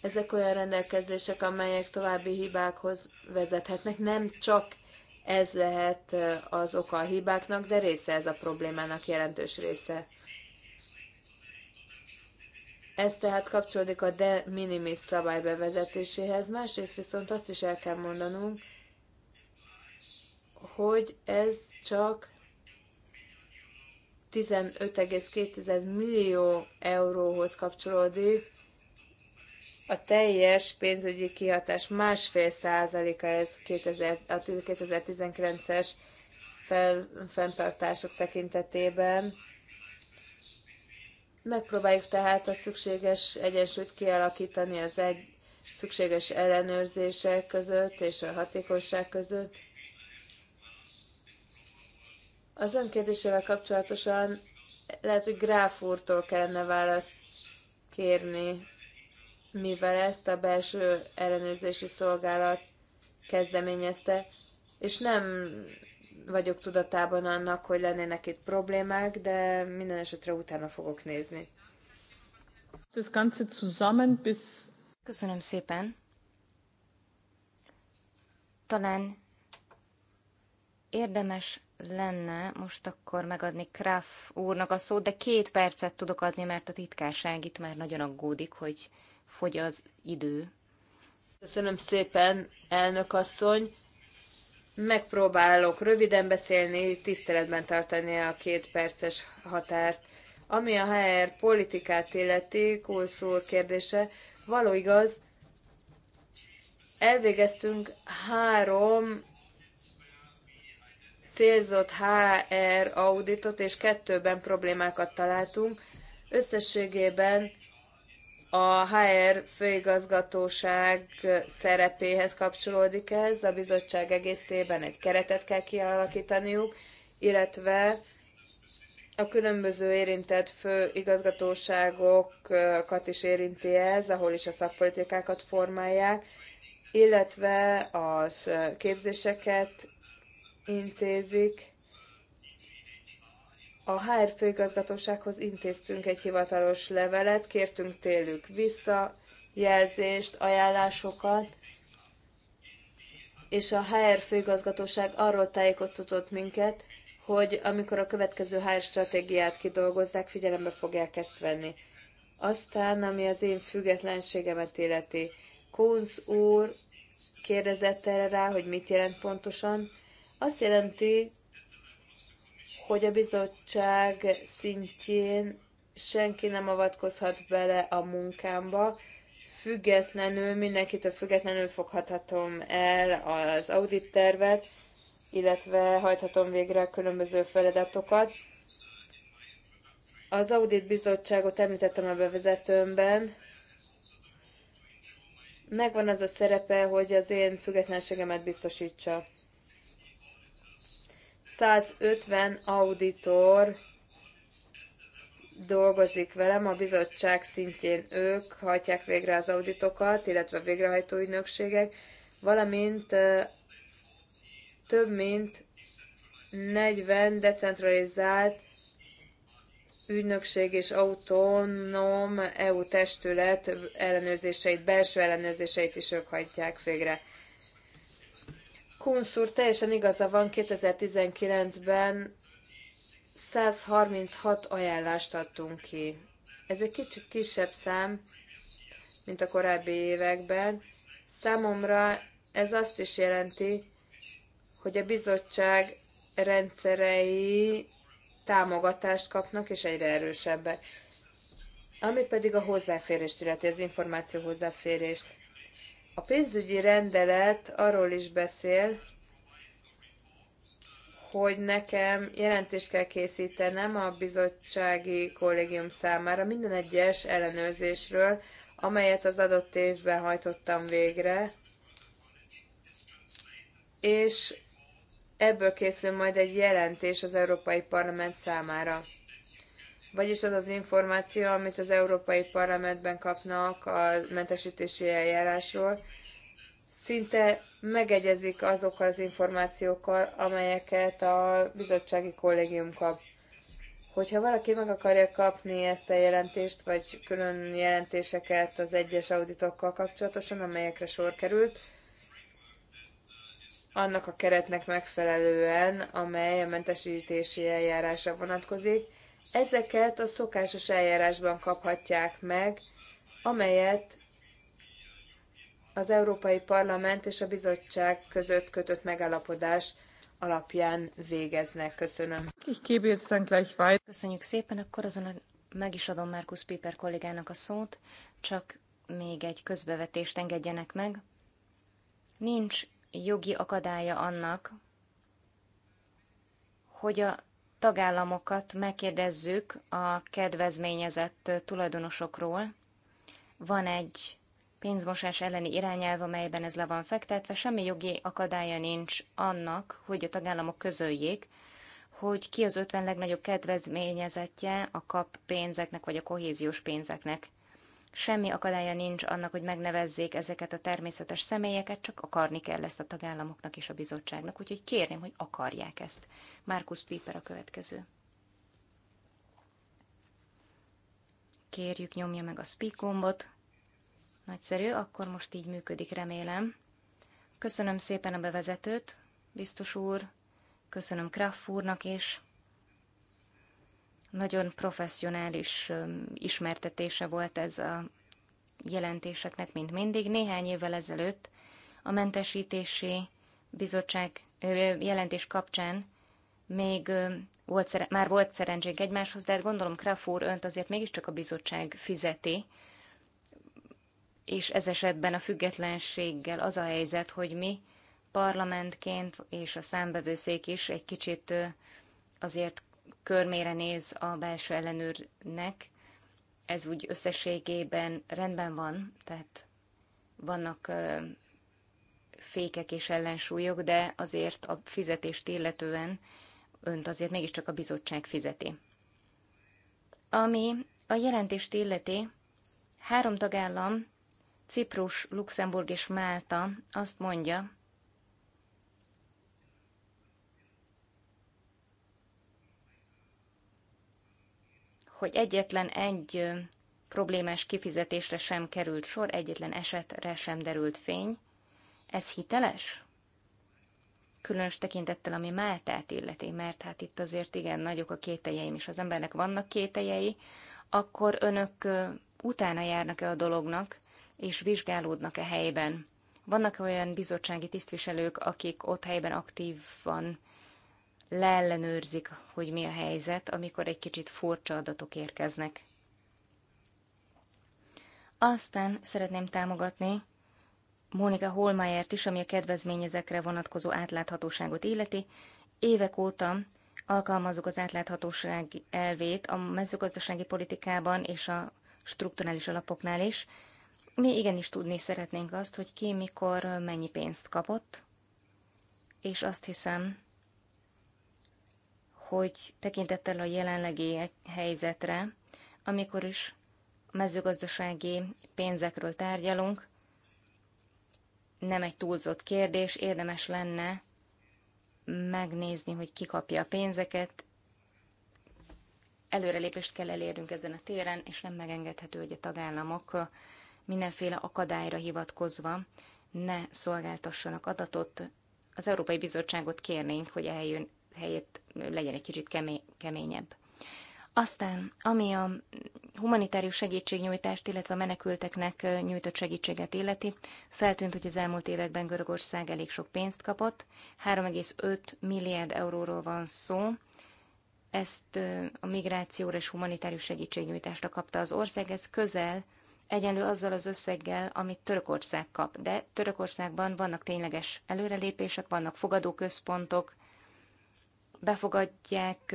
Ezek olyan rendelkezések, amelyek további hibákhoz vezethetnek. Nem csak ez lehet az oka a hibáknak, de része ez a problémának jelentős része. Ez tehát kapcsolódik a de minimis szabály bevezetéséhez, másrészt viszont azt is el kell mondanunk, hogy ez csak 15,2 millió euróhoz kapcsolódik, a teljes pénzügyi kihatás másfél százaléka ez 2000, a 2019-es fel, fenntartások tekintetében. Megpróbáljuk tehát a szükséges egyensúlyt kialakítani az egy szükséges ellenőrzések között és a hatékonyság között. Az önkérdésével kapcsolatosan lehet, hogy Gráf úrtól kellene választ kérni mivel ezt a belső ellenőrzési szolgálat kezdeményezte, és nem vagyok tudatában annak, hogy lennének itt problémák, de minden esetre utána fogok nézni.
Köszönöm szépen. Talán érdemes lenne most akkor megadni Kraft úrnak a szót, de két percet tudok adni, mert a titkárság itt már nagyon aggódik, hogy fogy az idő.
Köszönöm szépen, elnök asszony. Megpróbálok röviden beszélni, tiszteletben tartani a két perces határt. Ami a HR politikát illeti, kulszúr kérdése, való igaz, elvégeztünk három célzott HR auditot, és kettőben problémákat találtunk. Összességében a HR főigazgatóság szerepéhez kapcsolódik ez, a bizottság egészében egy keretet kell kialakítaniuk, illetve a különböző érintett főigazgatóságokat is érinti ez, ahol is a szakpolitikákat formálják, illetve az képzéseket intézik, a HR főigazgatósághoz intéztünk egy hivatalos levelet, kértünk tőlük visszajelzést, ajánlásokat, és a HR főigazgatóság arról tájékoztatott minket, hogy amikor a következő HR stratégiát kidolgozzák, figyelembe fogják ezt venni. Aztán, ami az én függetlenségemet életi, Kunz úr kérdezett erre rá, hogy mit jelent pontosan. Azt jelenti, hogy a bizottság szintjén senki nem avatkozhat bele a munkámba, függetlenül, mindenkitől függetlenül foghathatom el az audit tervet, illetve hajthatom végre a különböző feladatokat. Az audit bizottságot említettem a bevezetőmben. Megvan az a szerepe, hogy az én függetlenségemet biztosítsa. 150 auditor dolgozik velem, a bizottság szintjén ők hajtják végre az auditokat, illetve a végrehajtó ügynökségek, valamint több mint 40 decentralizált ügynökség és autonóm EU testület ellenőrzéseit, belső ellenőrzéseit is ők hajtják végre. Kunszúr teljesen igaza van, 2019-ben 136 ajánlást adtunk ki. Ez egy kicsit kisebb szám, mint a korábbi években. Számomra ez azt is jelenti, hogy a bizottság rendszerei támogatást kapnak, és egyre erősebbek. Ami pedig a hozzáférést illeti, az információ hozzáférést. A pénzügyi rendelet arról is beszél, hogy nekem jelentést kell készítenem a bizottsági kollégium számára minden egyes ellenőrzésről, amelyet az adott évben hajtottam végre, és ebből készül majd egy jelentés az Európai Parlament számára vagyis az az információ, amit az Európai Parlamentben kapnak a mentesítési eljárásról, szinte megegyezik azokkal az információkkal, amelyeket a bizottsági kollégium kap. Hogyha valaki meg akarja kapni ezt a jelentést, vagy külön jelentéseket az egyes auditokkal kapcsolatosan, amelyekre sor került, annak a keretnek megfelelően, amely a mentesítési eljárásra vonatkozik, ezeket a szokásos eljárásban kaphatják meg, amelyet az Európai Parlament és a Bizottság között kötött megállapodás alapján végeznek. Köszönöm.
Köszönjük szépen, akkor azon meg is adom Markus Piper kollégának a szót, csak még egy közbevetést engedjenek meg. Nincs jogi akadálya annak, hogy a tagállamokat megkérdezzük a kedvezményezett tulajdonosokról. Van egy pénzmosás elleni irányelv, amelyben ez le van fektetve, semmi jogi akadálya nincs annak, hogy a tagállamok közöljék, hogy ki az 50 legnagyobb kedvezményezetje a kap pénzeknek vagy a kohéziós pénzeknek. Semmi akadálya nincs annak, hogy megnevezzék ezeket a természetes személyeket, csak akarni kell ezt a tagállamoknak és a bizottságnak, úgyhogy kérném, hogy akarják ezt. Markus Piper a következő. Kérjük, nyomja meg a speak gombot. Nagyszerű, akkor most így működik, remélem. Köszönöm szépen a bevezetőt, biztos úr. Köszönöm Kraff úrnak is. Nagyon professzionális ismertetése volt ez a jelentéseknek, mint mindig. Néhány évvel ezelőtt a mentesítési bizottság jelentés kapcsán még volt már volt szerencsénk egymáshoz, de hát gondolom Krafúr önt azért mégiscsak a bizottság fizeti, és ez esetben a függetlenséggel az a helyzet, hogy mi parlamentként és a számbevőszék is egy kicsit azért körmére néz a belső ellenőrnek. Ez úgy összességében rendben van, tehát vannak fékek és ellensúlyok, de azért a fizetést illetően önt azért mégiscsak a bizottság fizeti. Ami a jelentést illeti, három tagállam, Ciprus, Luxemburg és Málta azt mondja, hogy egyetlen egy problémás kifizetésre sem került sor, egyetlen esetre sem derült fény. Ez hiteles? Különös tekintettel, ami Máltát illeti, mert hát itt azért igen, nagyok a kételjeim is. Az embernek vannak kételjei, akkor önök utána járnak-e a dolognak, és vizsgálódnak-e helyben? Vannak -e olyan bizottsági tisztviselők, akik ott helyben aktívan leellenőrzik, hogy mi a helyzet, amikor egy kicsit furcsa adatok érkeznek. Aztán szeretném támogatni Mónika Holmájert is, ami a kedvezményezekre vonatkozó átláthatóságot illeti. Évek óta alkalmazok az átláthatóság elvét a mezőgazdasági politikában és a strukturális alapoknál is. Mi igenis tudni szeretnénk azt, hogy ki mikor mennyi pénzt kapott, és azt hiszem, hogy tekintettel a jelenlegi helyzetre, amikor is mezőgazdasági pénzekről tárgyalunk, nem egy túlzott kérdés, érdemes lenne megnézni, hogy ki kapja a pénzeket. Előrelépést kell elérnünk ezen a téren, és nem megengedhető, hogy a tagállamok mindenféle akadályra hivatkozva ne szolgáltassanak adatot. Az Európai Bizottságot kérnénk, hogy eljön helyett legyen egy kicsit kemény, keményebb. Aztán, ami a humanitárius segítségnyújtást, illetve a menekülteknek nyújtott segítséget illeti, feltűnt, hogy az elmúlt években Görögország elég sok pénzt kapott, 3,5 milliárd euróról van szó, ezt a migrációra és humanitárius segítségnyújtásra kapta az ország, ez közel egyenlő azzal az összeggel, amit Törökország kap. De Törökországban vannak tényleges előrelépések, vannak fogadóközpontok, befogadják,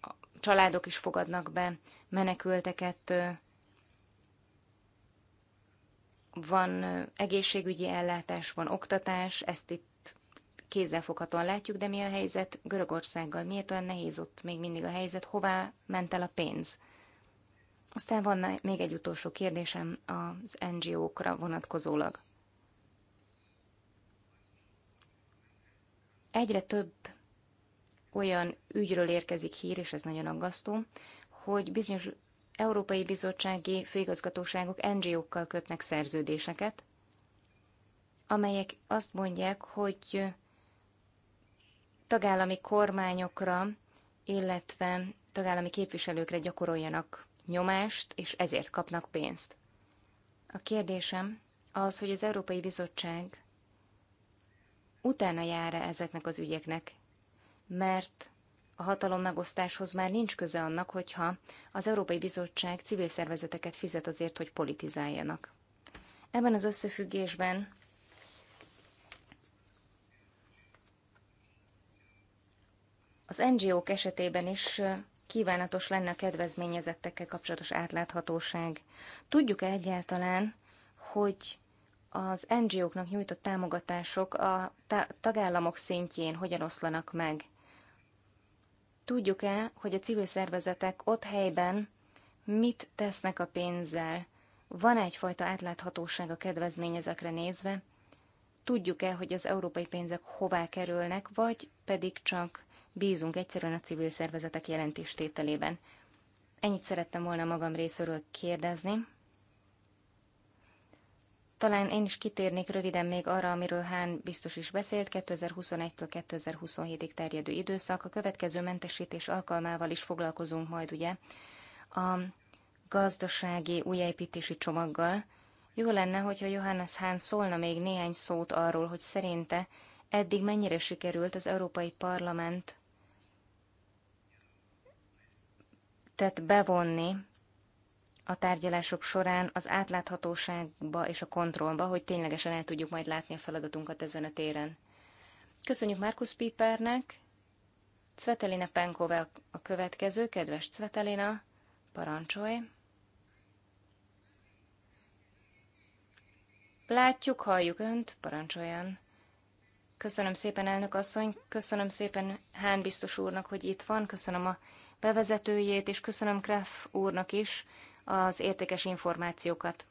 a családok is fogadnak be menekülteket, van egészségügyi ellátás, van oktatás, ezt itt kézzelfoghatóan látjuk, de mi a helyzet Görögországgal? Miért olyan nehéz ott még mindig a helyzet? Hová ment el a pénz? Aztán van még egy utolsó kérdésem az NGO-kra vonatkozólag. Egyre több olyan ügyről érkezik hír, és ez nagyon aggasztó, hogy bizonyos Európai Bizottsági Főigazgatóságok NGO-kkal kötnek szerződéseket, amelyek azt mondják, hogy tagállami kormányokra, illetve tagállami képviselőkre gyakoroljanak nyomást, és ezért kapnak pénzt. A kérdésem az, hogy az Európai Bizottság utána jár -e ezeknek az ügyeknek, mert a hatalom megosztáshoz már nincs köze annak, hogyha az Európai Bizottság civil szervezeteket fizet azért, hogy politizáljanak. Ebben az összefüggésben az NGO-k esetében is kívánatos lenne a kedvezményezettekkel kapcsolatos átláthatóság. Tudjuk-e egyáltalán, hogy az NGO-knak nyújtott támogatások a ta- tagállamok szintjén hogyan oszlanak meg? Tudjuk-e, hogy a civil szervezetek ott helyben mit tesznek a pénzzel? Van -e egyfajta átláthatóság a kedvezményezekre nézve? Tudjuk-e, hogy az európai pénzek hová kerülnek, vagy pedig csak bízunk egyszerűen a civil szervezetek jelentéstételében? Ennyit szerettem volna magam részéről kérdezni. Talán én is kitérnék röviden még arra, amiről Hán biztos is beszélt, 2021-től 2027-ig terjedő időszak. A következő mentesítés alkalmával is foglalkozunk majd, ugye, a gazdasági újjáépítési csomaggal. Jó lenne, hogyha Johannes Hán szólna még néhány szót arról, hogy szerinte eddig mennyire sikerült az Európai Parlament tehát bevonni a tárgyalások során az átláthatóságba és a kontrollba, hogy ténylegesen el tudjuk majd látni a feladatunkat ezen a téren. Köszönjük Markus Pipernek, Cvetelina Penkove a következő, kedves Cvetelina, parancsolj! Látjuk, halljuk önt, parancsoljon! Köszönöm szépen, elnök asszony, köszönöm szépen Hán biztos úrnak, hogy itt van, köszönöm a bevezetőjét, és köszönöm Kref úrnak is, az értékes információkat.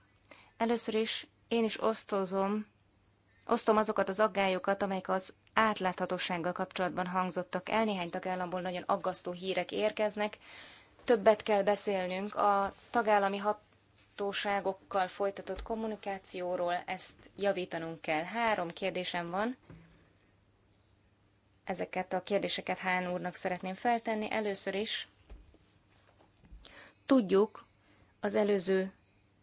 Először is én is osztozom, osztom azokat az aggályokat, amelyek az átláthatósággal kapcsolatban hangzottak el. Néhány tagállamból nagyon aggasztó hírek érkeznek. Többet kell beszélnünk a tagállami hatóságokkal folytatott kommunikációról, ezt javítanunk kell. Három kérdésem van. Ezeket a kérdéseket Hán úrnak szeretném feltenni. Először is tudjuk, az előző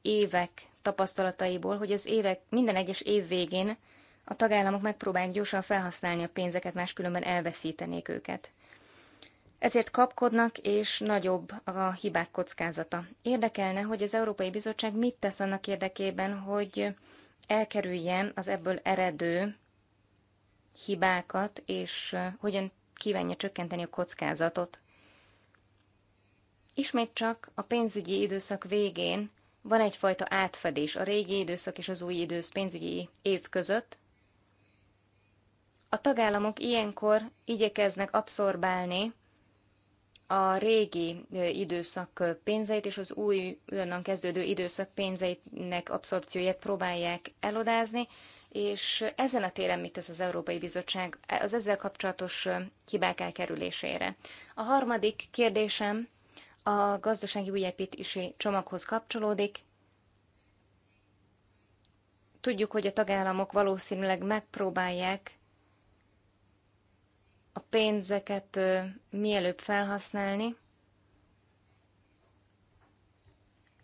évek tapasztalataiból, hogy az évek, minden egyes év végén a tagállamok megpróbálják gyorsan felhasználni a pénzeket, máskülönben elveszítenék őket. Ezért kapkodnak, és nagyobb a hibák kockázata. Érdekelne, hogy az Európai Bizottság mit tesz annak érdekében, hogy elkerülje az ebből eredő hibákat, és hogyan kívánja csökkenteni a kockázatot. Ismét csak a pénzügyi időszak végén van egyfajta átfedés a régi időszak és az új idősz pénzügyi év között. A tagállamok ilyenkor igyekeznek abszorbálni a régi időszak pénzeit és az új, újonnan kezdődő időszak pénzeinek abszorpcióját próbálják elodázni, és ezen a téren mit tesz az Európai Bizottság az ezzel kapcsolatos hibák elkerülésére? A harmadik kérdésem a gazdasági újépítési csomaghoz kapcsolódik. Tudjuk, hogy a tagállamok valószínűleg megpróbálják a pénzeket mielőbb felhasználni.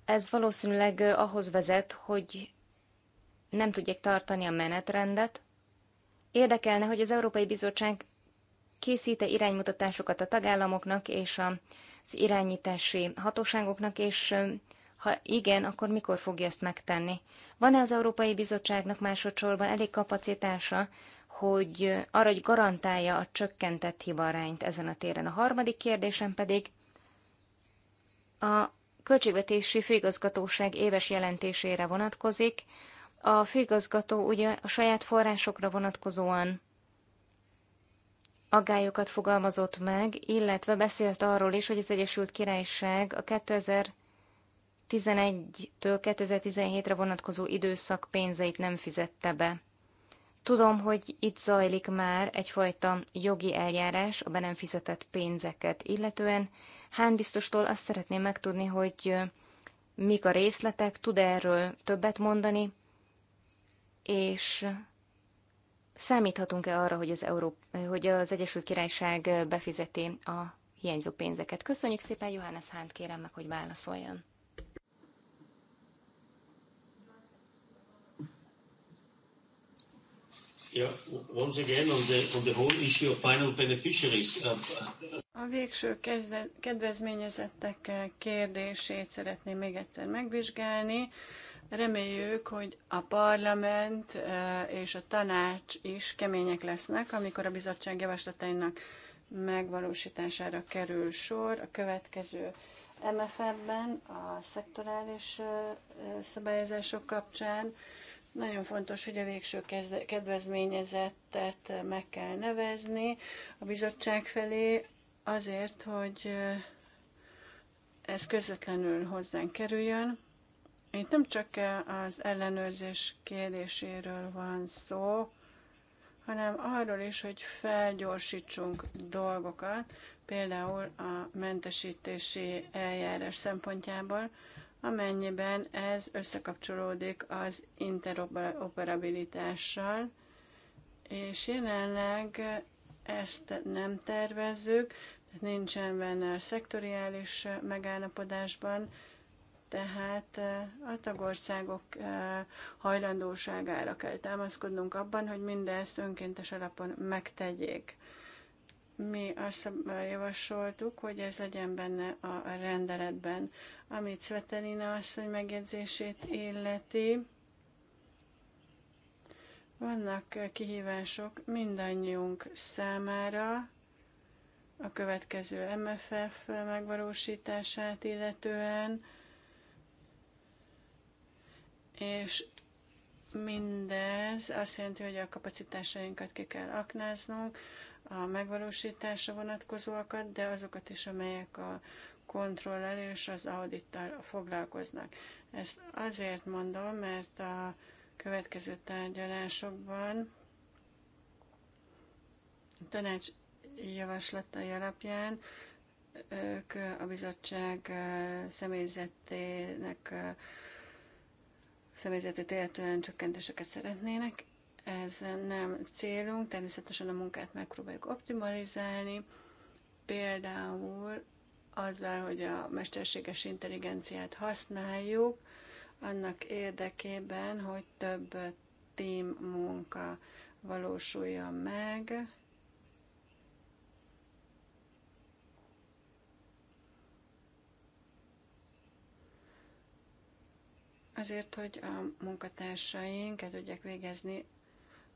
Ez valószínűleg ahhoz vezet, hogy nem tudják tartani a menetrendet. Érdekelne, hogy az Európai Bizottság készíte iránymutatásokat a tagállamoknak és a irányítási hatóságoknak, és ha igen, akkor mikor fogja ezt megtenni? Van-e az Európai Bizottságnak másodszorban elég kapacitása, hogy arra, hogy garantálja a csökkentett hibarányt ezen a téren? A harmadik kérdésem pedig a Költségvetési Főigazgatóság éves jelentésére vonatkozik. A főigazgató ugye a saját forrásokra vonatkozóan aggályokat fogalmazott meg, illetve beszélt arról is, hogy az Egyesült Királyság a 2011-től 2017-re vonatkozó időszak pénzeit nem fizette be. Tudom, hogy itt zajlik már egyfajta jogi eljárás a be nem fizetett pénzeket illetően. Hán biztostól azt szeretném megtudni, hogy mik a részletek, tud -e erről többet mondani, és Számíthatunk-e arra, hogy az, Európ- hogy az Egyesült Királyság befizeti a hiányzó pénzeket? Köszönjük szépen, Johannes Hánt kérem meg, hogy válaszoljon.
Yeah, once again on the, on the whole issue of final beneficiaries. Uh, a végső kedvezményezettek eh, kérdését szeretném még egyszer megvizsgálni. Reméljük, hogy a parlament eh, és a tanács is kemények lesznek, amikor a bizottság javaslatainak megvalósítására kerül sor. A következő MFF-ben a szektorális eh, szabályozások kapcsán nagyon fontos, hogy a végső kedvezményezettet meg kell nevezni a bizottság felé azért, hogy eh, ez közvetlenül hozzánk kerüljön. Itt nem csak az ellenőrzés kérdéséről van szó, hanem arról is, hogy felgyorsítsunk dolgokat, például a mentesítési eljárás szempontjából, amennyiben ez összekapcsolódik az interoperabilitással, és jelenleg ezt nem tervezzük, tehát nincsen benne a szektoriális megállapodásban, tehát a tagországok hajlandóságára kell támaszkodnunk abban, hogy mindezt önkéntes alapon megtegyék. Mi azt javasoltuk, hogy ez legyen benne a rendeletben, amit Svetelina asszony megjegyzését illeti. Vannak kihívások mindannyiunk számára a következő MFF megvalósítását illetően és mindez azt jelenti, hogy a kapacitásainkat ki kell aknáznunk, a megvalósításra vonatkozóakat, de azokat is, amelyek a kontrollal és az audittal foglalkoznak. Ezt azért mondom, mert a következő tárgyalásokban a tanács javaslatai alapján ők a bizottság személyzetének személyzetét illetően csökkentéseket szeretnének. Ez nem célunk, természetesen a munkát megpróbáljuk optimalizálni, például azzal, hogy a mesterséges intelligenciát használjuk, annak érdekében, hogy több tím munka valósuljon meg, azért, hogy a munkatársaink el tudják végezni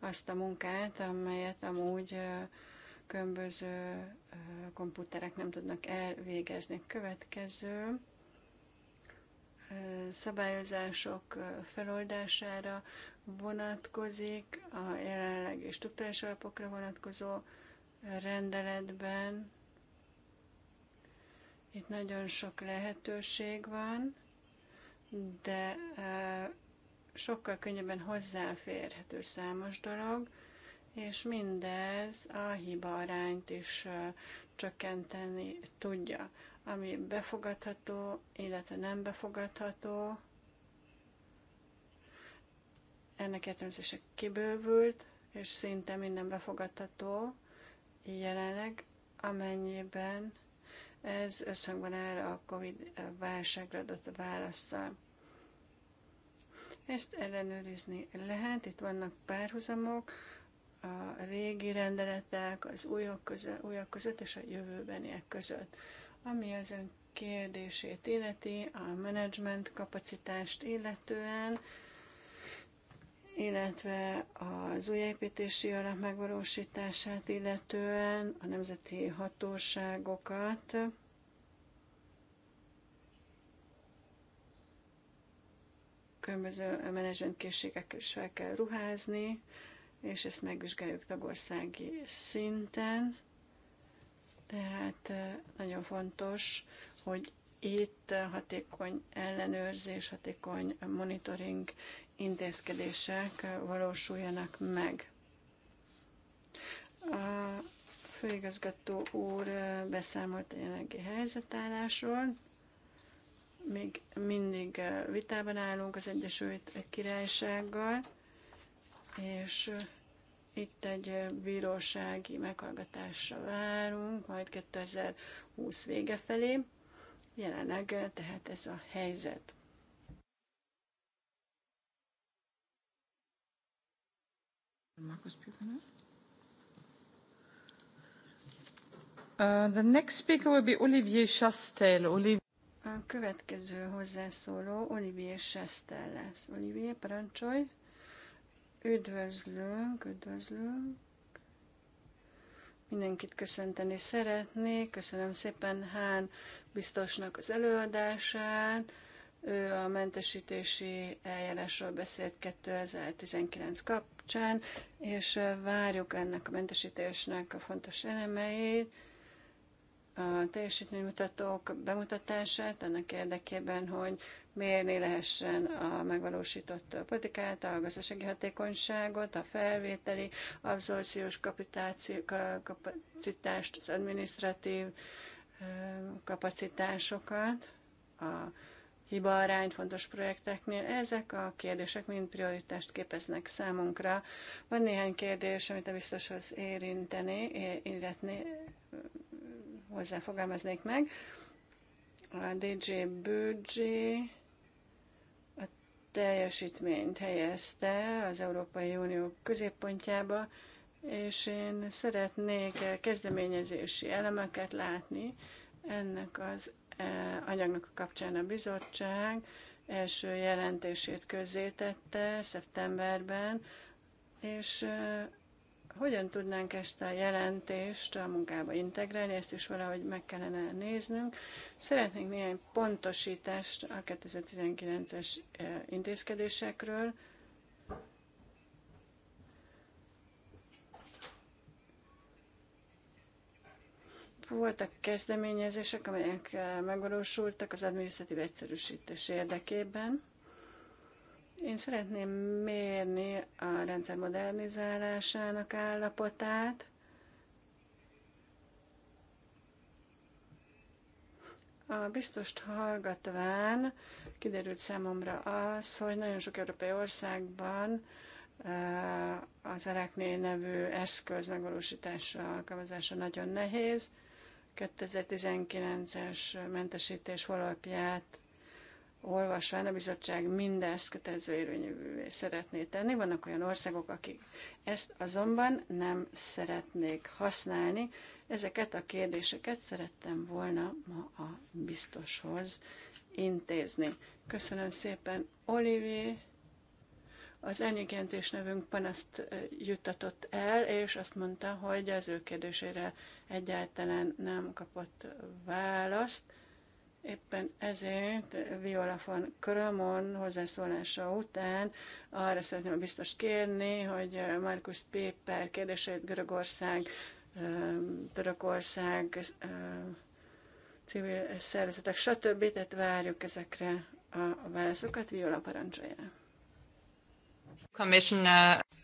azt a munkát, amelyet amúgy különböző komputerek nem tudnak elvégezni. Következő szabályozások feloldására vonatkozik, a jelenlegi struktúrás alapokra vonatkozó rendeletben. Itt nagyon sok lehetőség van de sokkal könnyebben hozzáférhető számos dolog, és mindez a hiba arányt is csökkenteni tudja, ami befogadható, illetve nem befogadható. Ennek értelmezése kibővült, és szinte minden befogadható jelenleg, amennyiben ez összhangban áll a COVID válságra adott válaszsal. Ezt ellenőrizni lehet, itt vannak párhuzamok, a régi rendeletek, az újak között, újak között és a jövőbeniek között. Ami az ön kérdését illeti, a menedzsment kapacitást illetően, illetve az újjáépítési alap megvalósítását illetően a nemzeti hatóságokat, különböző készségekkel is fel kell ruházni, és ezt megvizsgáljuk tagországi szinten. Tehát eh, nagyon fontos, hogy itt hatékony ellenőrzés, hatékony monitoring intézkedések valósuljanak meg. A főigazgató úr beszámolt a jelenlegi helyzetállásról. Még mindig vitában állunk az Egyesült Királysággal, és itt egy bírósági meghallgatásra várunk, majd 2020 vége felé. Jelenleg tehát ez a helyzet. Markus uh, the next speaker will be Olivier Chastel. Olivier... A következő hozzászóló Olivier Chastel lesz. Olivier, parancsolj! Üdvözlünk, üdvözlünk! Mindenkit köszönteni szeretnék. Köszönöm szépen Hán biztosnak az előadását. Ő a mentesítési eljárásról beszélt 2019 kap kapcsán, és várjuk ennek a mentesítésnek a fontos elemeit, a teljesítménymutatók bemutatását annak érdekében, hogy mérni lehessen a megvalósított politikát, a gazdasági hatékonyságot, a felvételi abszorciós kapacitást, az administratív kapacitásokat, a hiba arány fontos projekteknél. Ezek a kérdések mind prioritást képeznek számunkra. Van néhány kérdés, amit a biztoshoz érinteni, illetni, hozzáfogalmaznék meg. A DJ Budget a teljesítményt helyezte az Európai Unió középpontjába, és én szeretnék kezdeményezési elemeket látni ennek az Eh, anyagnak a kapcsán a bizottság első jelentését közzétette szeptemberben, és eh, hogyan tudnánk ezt a jelentést a munkába integrálni, ezt is valahogy meg kellene néznünk. Szeretnénk néhány pontosítást a 2019-es eh, intézkedésekről, Voltak kezdeményezések, amelyek eh, megvalósultak az adminisztratív egyszerűsítés érdekében. Én szeretném mérni a rendszer modernizálásának állapotát, A biztost hallgatván kiderült számomra az, hogy nagyon sok európai országban eh, az Erekné nevű eszköz megvalósítása, alkalmazása nagyon nehéz. 2019-es mentesítés alapját olvasván a bizottság mindezt kötelező érvényűvé szeretné tenni. Vannak olyan országok, akik ezt azonban nem szeretnék használni. Ezeket a kérdéseket szerettem volna ma a biztoshoz intézni. Köszönöm szépen, Olivier! Az elnyékjelentés nevünk panaszt juttatott el, és azt mondta, hogy az ő kérdésére egyáltalán nem kapott választ. Éppen ezért Viola von Kramon hozzászólása után arra szeretném biztos kérni, hogy Markus Péper kérdését Görögország, Törökország, civil szervezetek, stb. Tehát várjuk ezekre a válaszokat. Viola parancsolja.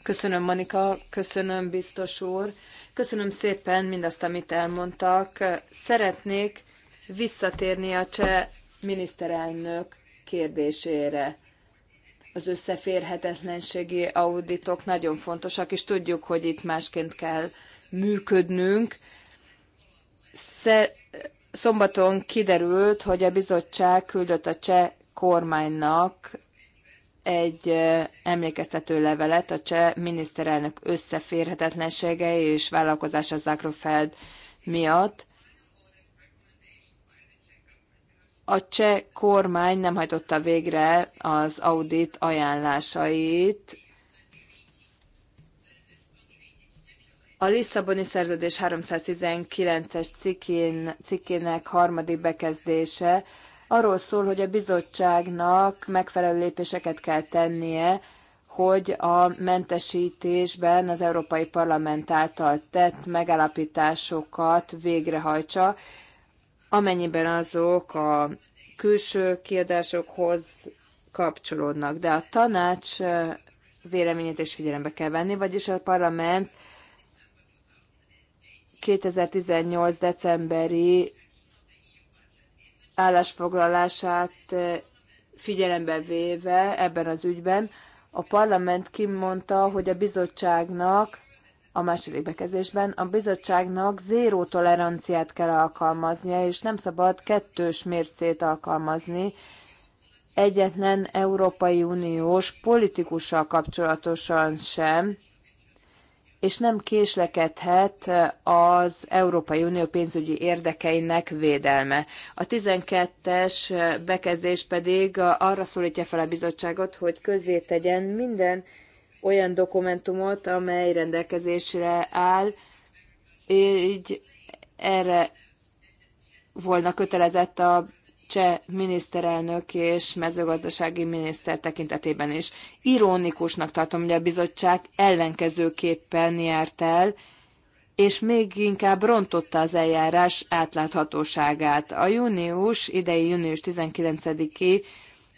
Köszönöm, Monika, köszönöm, biztos úr. Köszönöm szépen mindazt, amit elmondtak. Szeretnék visszatérni a cseh miniszterelnök kérdésére. Az összeférhetetlenségi auditok nagyon fontosak, és tudjuk, hogy itt másként kell működnünk. Sze- szombaton kiderült, hogy a bizottság küldött a cseh kormánynak egy emlékeztető levelet a cseh miniszterelnök összeférhetetlensége és vállalkozása Zakrofeld miatt. A cseh kormány nem hajtotta végre az audit ajánlásait. A Lisszaboni szerződés 319-es cikkének harmadik bekezdése arról szól, hogy a bizottságnak megfelelő lépéseket kell tennie, hogy a mentesítésben az Európai Parlament által tett megállapításokat végrehajtsa, amennyiben azok a külső kiadásokhoz kapcsolódnak. De a tanács véleményét is figyelembe kell venni, vagyis a parlament 2018. decemberi állásfoglalását figyelembe véve ebben az ügyben, a parlament kimondta, hogy a bizottságnak a második bekezdésben a bizottságnak zéró toleranciát kell alkalmaznia, és nem szabad kettős mércét alkalmazni egyetlen Európai Uniós politikussal kapcsolatosan sem, és nem késlekedhet az Európai Unió pénzügyi érdekeinek védelme. A 12-es bekezdés pedig arra szólítja fel a bizottságot, hogy közzé tegyen minden olyan dokumentumot, amely rendelkezésre áll, így erre volna kötelezett a cseh miniszterelnök és mezőgazdasági miniszter tekintetében is. Ironikusnak tartom, hogy a bizottság ellenkezőképpen járt el, és még inkább rontotta az eljárás átláthatóságát. A június, idei június 19-i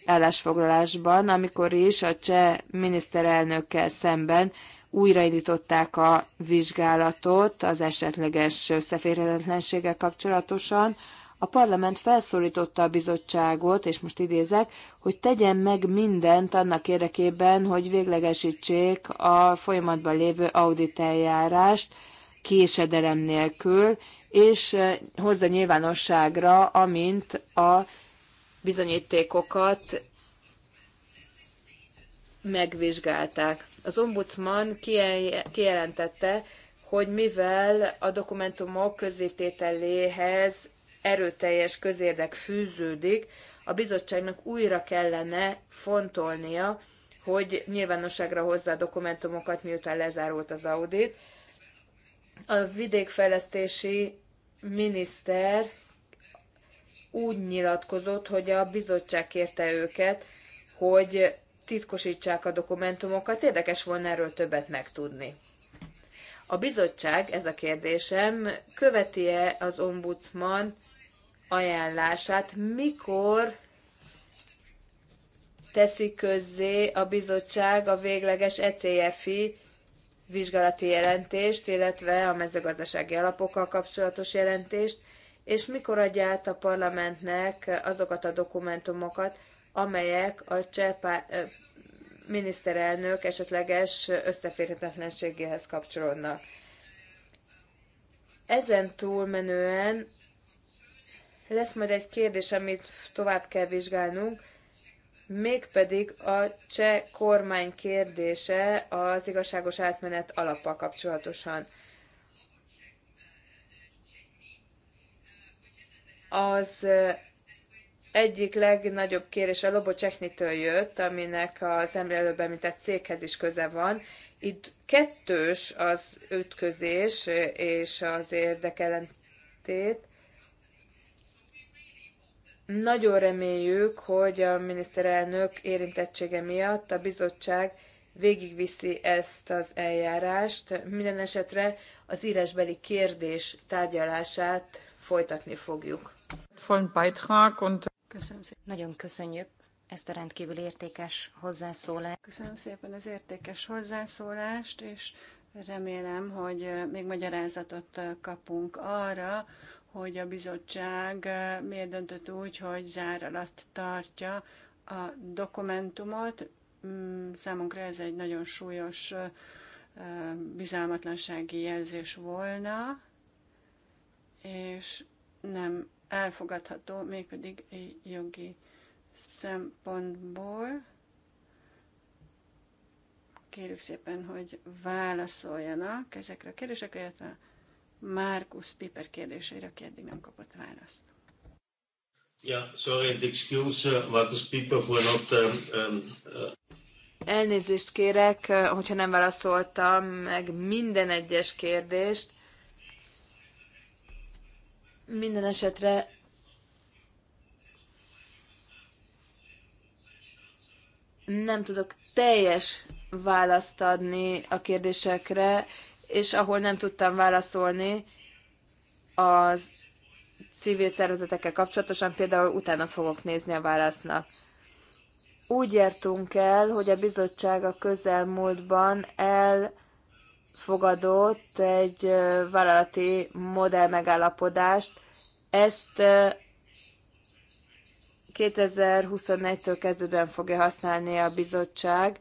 állásfoglalásban, amikor is a cseh miniszterelnökkel szemben újraindították a vizsgálatot az esetleges összeférhetetlenséggel kapcsolatosan, a parlament felszólította a bizottságot, és most idézek, hogy tegyen meg mindent annak érdekében, hogy véglegesítsék a folyamatban lévő auditeljárást késedelem nélkül, és eh, hozza nyilvánosságra, amint a bizonyítékokat megvizsgálták. Az ombudsman kijelentette, hogy mivel a dokumentumok közétételéhez erőteljes közérdek fűződik, a bizottságnak újra kellene fontolnia, hogy nyilvánosságra hozza a dokumentumokat, miután lezárult az audit. A vidékfejlesztési miniszter úgy nyilatkozott, hogy a bizottság kérte őket, hogy titkosítsák a dokumentumokat, érdekes volna erről többet megtudni. A bizottság, ez a kérdésem, követi-e az ombudsman ajánlását. Mikor teszi közzé a bizottság a végleges ECFI vizsgálati jelentést, illetve a mezőgazdasági alapokkal kapcsolatos jelentést, és mikor adja át a parlamentnek azokat a dokumentumokat, amelyek a csepá miniszterelnök esetleges összeférhetetlenségéhez kapcsolódnak. Ezen túlmenően lesz majd egy kérdés, amit tovább kell vizsgálnunk, mégpedig a cseh kormány kérdése az igazságos átmenet alappal kapcsolatosan. Az egyik legnagyobb kérés a Lobocseknitől jött, aminek az előbb említett céghez is köze van. Itt kettős az ütközés és az érdekelentét. Nagyon reméljük, hogy a miniszterelnök érintettsége miatt a bizottság végigviszi ezt az eljárást. Minden esetre az írásbeli kérdés tárgyalását folytatni fogjuk.
Köszönöm szépen. Nagyon köszönjük ezt a rendkívül értékes hozzászólást. Köszönöm szépen az értékes hozzászólást, és remélem, hogy még magyarázatot kapunk arra, hogy a bizottság eh, miért döntött úgy, hogy zár alatt tartja a dokumentumot. Mm, számunkra ez egy nagyon súlyos eh, bizalmatlansági jelzés volna, és nem elfogadható, mégpedig egy jogi szempontból. Kérjük szépen, hogy válaszoljanak ezekre a kérdésekre, illetve Markus Piper kérdéseire, aki eddig nem kapott választ. Yeah, sorry excuse uh, Markus Piper for not um, um, uh,
Elnézést kérek, uh, hogyha nem válaszoltam meg minden egyes kérdést. Minden esetre nem tudok teljes választ adni a kérdésekre, és ahol nem tudtam válaszolni a civil szervezetekkel kapcsolatosan, például utána fogok nézni a válasznak. Úgy értünk el, hogy a bizottság a közelmúltban elfogadott egy vállalati modell megállapodást. Ezt 2021-től kezdődően fogja használni a bizottság,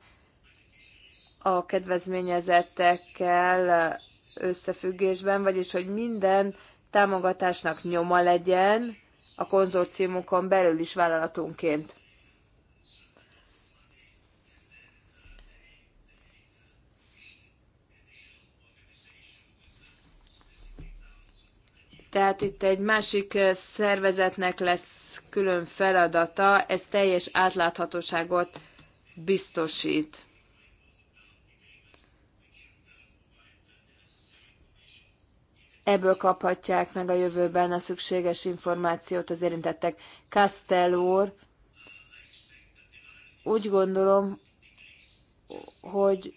a kedvezményezettekkel összefüggésben, vagyis hogy minden támogatásnak nyoma legyen a konzorciumokon belül is vállalatunként. Tehát itt egy másik szervezetnek lesz külön feladata, ez teljes átláthatóságot biztosít. ebből kaphatják meg a jövőben a szükséges információt az érintettek. Castell úgy gondolom, hogy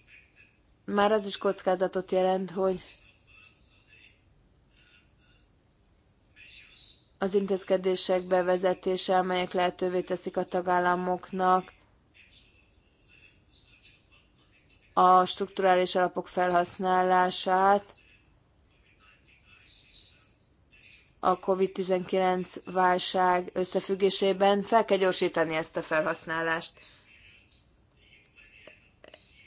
már az is kockázatot jelent, hogy az intézkedések bevezetése, amelyek lehetővé teszik a tagállamoknak a strukturális alapok felhasználását, a COVID-19 válság összefüggésében fel kell gyorsítani ezt a felhasználást.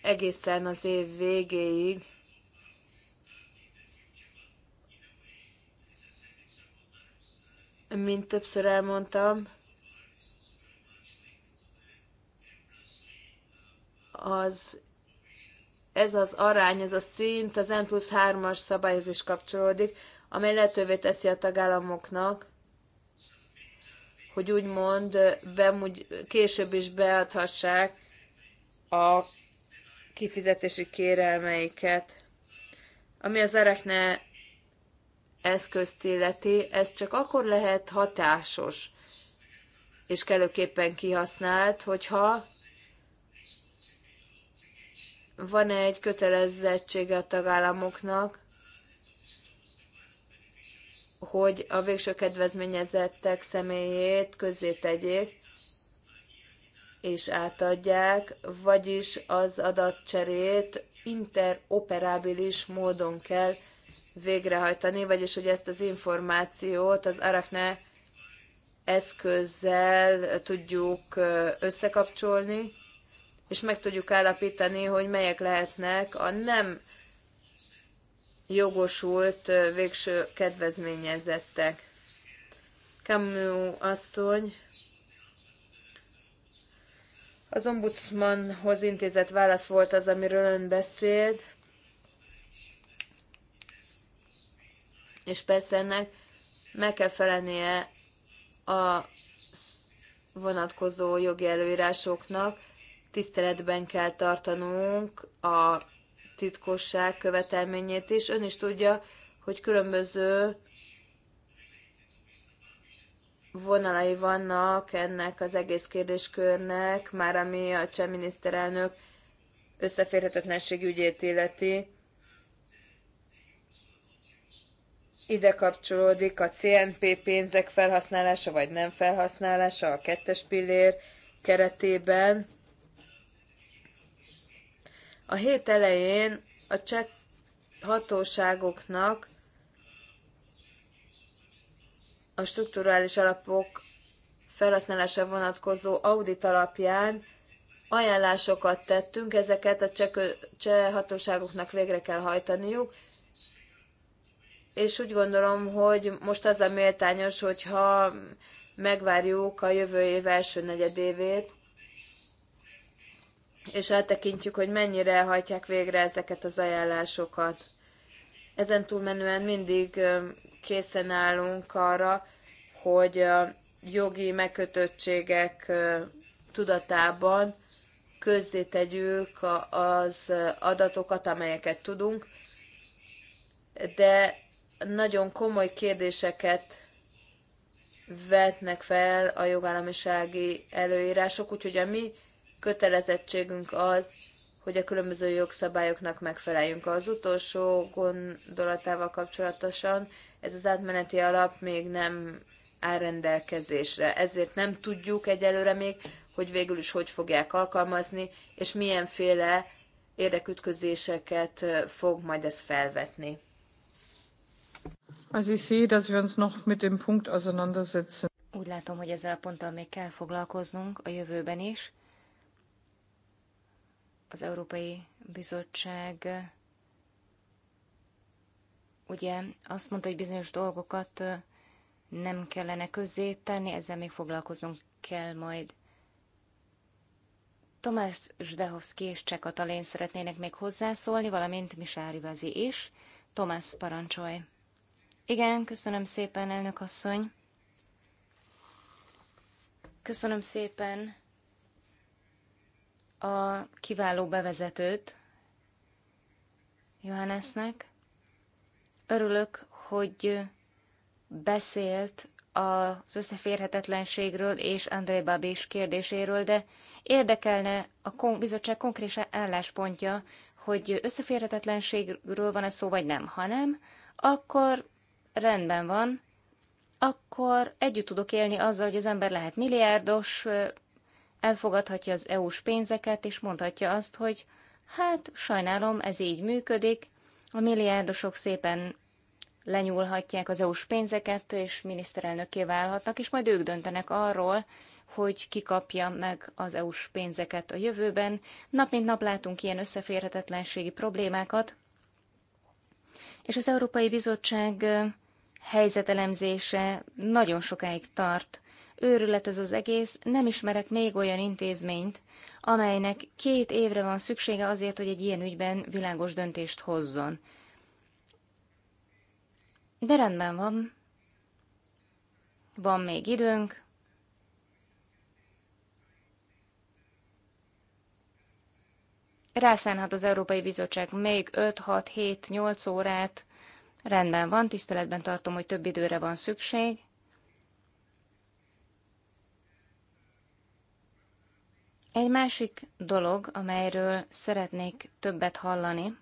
Egészen az év végéig mint többször elmondtam, az, ez az arány, ez a szint az N plusz 3-as szabályhoz is kapcsolódik amely lehetővé teszi a tagállamoknak, hogy úgymond bemúgy, később is beadhassák a kifizetési kérelmeiket. Ami az Arachne eszközt illeti, ez csak akkor lehet hatásos és kellőképpen kihasznált, hogyha van -e egy kötelezettsége a tagállamoknak, hogy a végső kedvezményezettek személyét közzé tegyék, és átadják, vagyis az adatcserét interoperábilis módon kell végrehajtani, vagyis hogy ezt az információt az Arachne eszközzel tudjuk összekapcsolni, és meg tudjuk állapítani, hogy melyek lehetnek a nem jogosult végső kedvezményezettek. Camus asszony az ombudsmanhoz intézett válasz volt az, amiről ön beszélt, és persze ennek meg kell felelnie a vonatkozó jogi előírásoknak, tiszteletben kell tartanunk a titkosság követelményét is. Ön is tudja, hogy különböző vonalai vannak ennek az egész kérdéskörnek, már ami a cseh miniszterelnök összeférhetetlenség ügyét illeti. Ide kapcsolódik a CNP pénzek felhasználása vagy nem felhasználása a kettes pillér keretében a hét elején a cseh hatóságoknak a strukturális alapok felhasználása vonatkozó audit alapján ajánlásokat tettünk, ezeket a cseh, cseh hatóságoknak végre kell hajtaniuk, és úgy gondolom, hogy most az a méltányos, hogyha megvárjuk a jövő év első negyedévét, és eltekintjük, hogy mennyire hajtják végre ezeket az ajánlásokat. Ezen túlmenően mindig készen állunk arra, hogy a jogi megkötöttségek tudatában közzétegyük az adatokat, amelyeket tudunk, de nagyon komoly kérdéseket vetnek fel a jogállamisági előírások, úgyhogy a mi kötelezettségünk az, hogy a különböző jogszabályoknak megfeleljünk. Az utolsó gondolatával kapcsolatosan ez az átmeneti alap még nem áll rendelkezésre. Ezért nem tudjuk egyelőre még, hogy végül is hogy fogják alkalmazni, és milyenféle érdekütközéseket fog majd ez felvetni.
Also ich sehe, dass wir uns
noch mit dem Punkt auseinandersetzen. Úgy látom, hogy ezzel a ponttal még kell foglalkoznunk a jövőben is az Európai Bizottság ugye azt mondta, hogy bizonyos dolgokat nem kellene közzé tenni, ezzel még foglalkoznunk kell majd. Tomás Zsdehovszki és Cseh Katalin szeretnének még hozzászólni, valamint Misári Vazi is. Tomás, parancsolj! Igen, köszönöm szépen, elnök asszony! Köszönöm szépen a kiváló bevezetőt Johannesnek. Örülök, hogy beszélt az összeférhetetlenségről és André Babis kérdéséről, de érdekelne a bizottság konkrét álláspontja, hogy összeférhetetlenségről van-e szó, vagy nem. Ha nem, akkor rendben van, akkor együtt tudok élni azzal, hogy az ember lehet milliárdos, elfogadhatja az EU-s pénzeket, és mondhatja azt, hogy hát sajnálom, ez így működik, a milliárdosok szépen lenyúlhatják az EU-s pénzeket, és miniszterelnökké válhatnak, és majd ők döntenek arról, hogy kikapja meg az EU-s pénzeket a jövőben. Nap mint nap látunk ilyen összeférhetetlenségi problémákat, és az Európai Bizottság helyzetelemzése nagyon sokáig tart. Őrület ez az egész, nem ismerek még olyan intézményt, amelynek két évre van szüksége azért, hogy egy ilyen ügyben világos döntést hozzon. De rendben van. Van még időnk. Rászánhat az Európai Bizottság még 5, 6, 7, 8 órát. Rendben van, tiszteletben tartom, hogy több időre van szükség. Egy másik dolog, amelyről szeretnék többet hallani,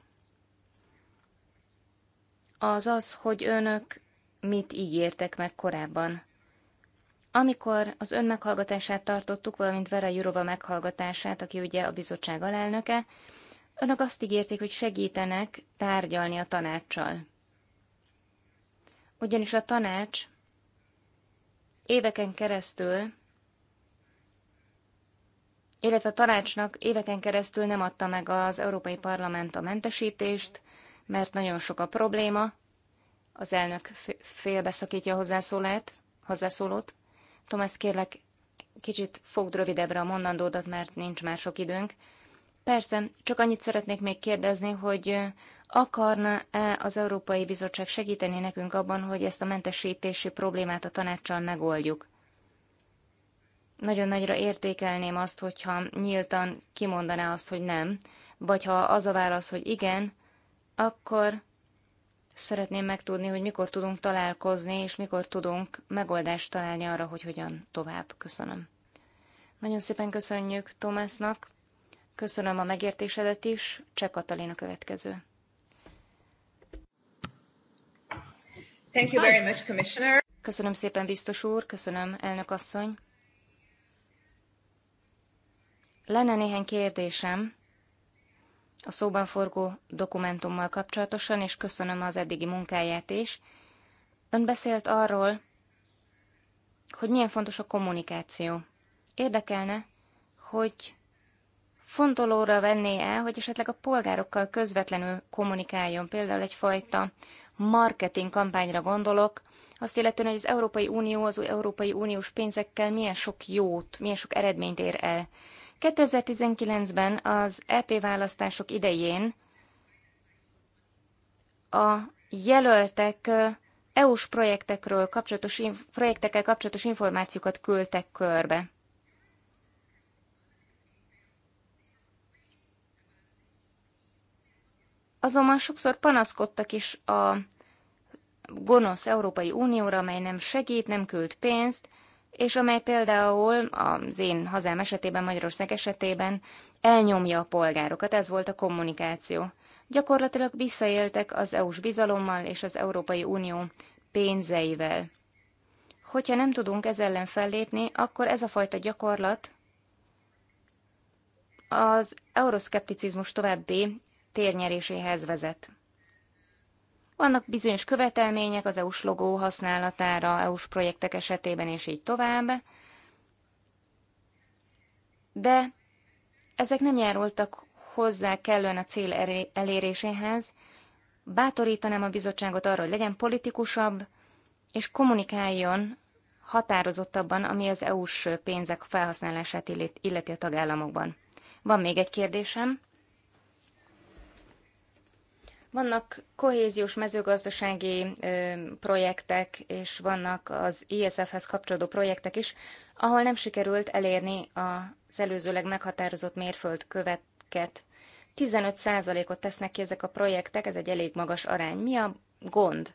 az az, hogy önök mit ígértek meg korábban. Amikor az ön meghallgatását tartottuk, valamint Vera Jurova meghallgatását, aki ugye a bizottság alelnöke, önök azt ígérték, hogy segítenek tárgyalni a tanácssal. Ugyanis a tanács éveken keresztül illetve a tanácsnak éveken keresztül nem adta meg az Európai Parlament a mentesítést, mert nagyon sok a probléma. Az elnök félbeszakítja a hozzászólát, hozzászólót. Tomás, kérlek, kicsit fogd rövidebbre a mondandódat, mert nincs már sok időnk. Persze, csak annyit szeretnék még kérdezni, hogy akarna-e az Európai Bizottság segíteni nekünk abban, hogy ezt a mentesítési problémát a tanácssal megoldjuk? nagyon nagyra értékelném azt, hogyha nyíltan kimondaná azt, hogy nem, vagy ha az a válasz, hogy igen, akkor szeretném megtudni, hogy mikor tudunk találkozni, és mikor tudunk megoldást találni arra, hogy hogyan tovább. Köszönöm. Nagyon szépen köszönjük Tomásnak, köszönöm a megértésedet is, Cseh Katalin a következő.
Thank you very much, Commissioner.
Köszönöm szépen, biztos úr, köszönöm, elnök asszony. Lenne néhány kérdésem a szóban forgó dokumentummal kapcsolatosan, és köszönöm az eddigi munkáját is. Ön beszélt arról, hogy milyen fontos a kommunikáció. Érdekelne, hogy fontolóra venné el, hogy esetleg a polgárokkal közvetlenül kommunikáljon, például egyfajta marketing kampányra gondolok, azt illetően, hogy az Európai Unió az Európai Uniós pénzekkel milyen sok jót, milyen sok eredményt ér el. 2019-ben az EP választások idején a jelöltek EU-s projektekről kapcsolatos, projektekkel kapcsolatos információkat küldtek körbe. Azonban sokszor panaszkodtak is a gonosz Európai Unióra, amely nem segít, nem küld pénzt, és amely például az én hazám esetében, Magyarország esetében elnyomja a polgárokat, ez volt a kommunikáció. Gyakorlatilag visszaéltek az EU-s bizalommal és az Európai Unió pénzeivel. Hogyha nem tudunk ez ellen fellépni, akkor ez a fajta gyakorlat az euroszkepticizmus további térnyeréséhez vezet. Vannak bizonyos követelmények az EU-s logó használatára, EU-s projektek esetében, és így tovább. De ezek nem járultak hozzá kellően a cél eléréséhez. Bátorítanám a bizottságot arra, hogy legyen politikusabb, és kommunikáljon határozottabban, ami az EU-s pénzek felhasználását illeti a tagállamokban. Van még egy kérdésem. Vannak kohéziós mezőgazdasági projektek, és vannak az ISF-hez kapcsolódó projektek is, ahol nem sikerült elérni az előzőleg meghatározott mérföldköveket. 15%-ot tesznek ki ezek a projektek, ez egy elég magas arány. Mi a gond?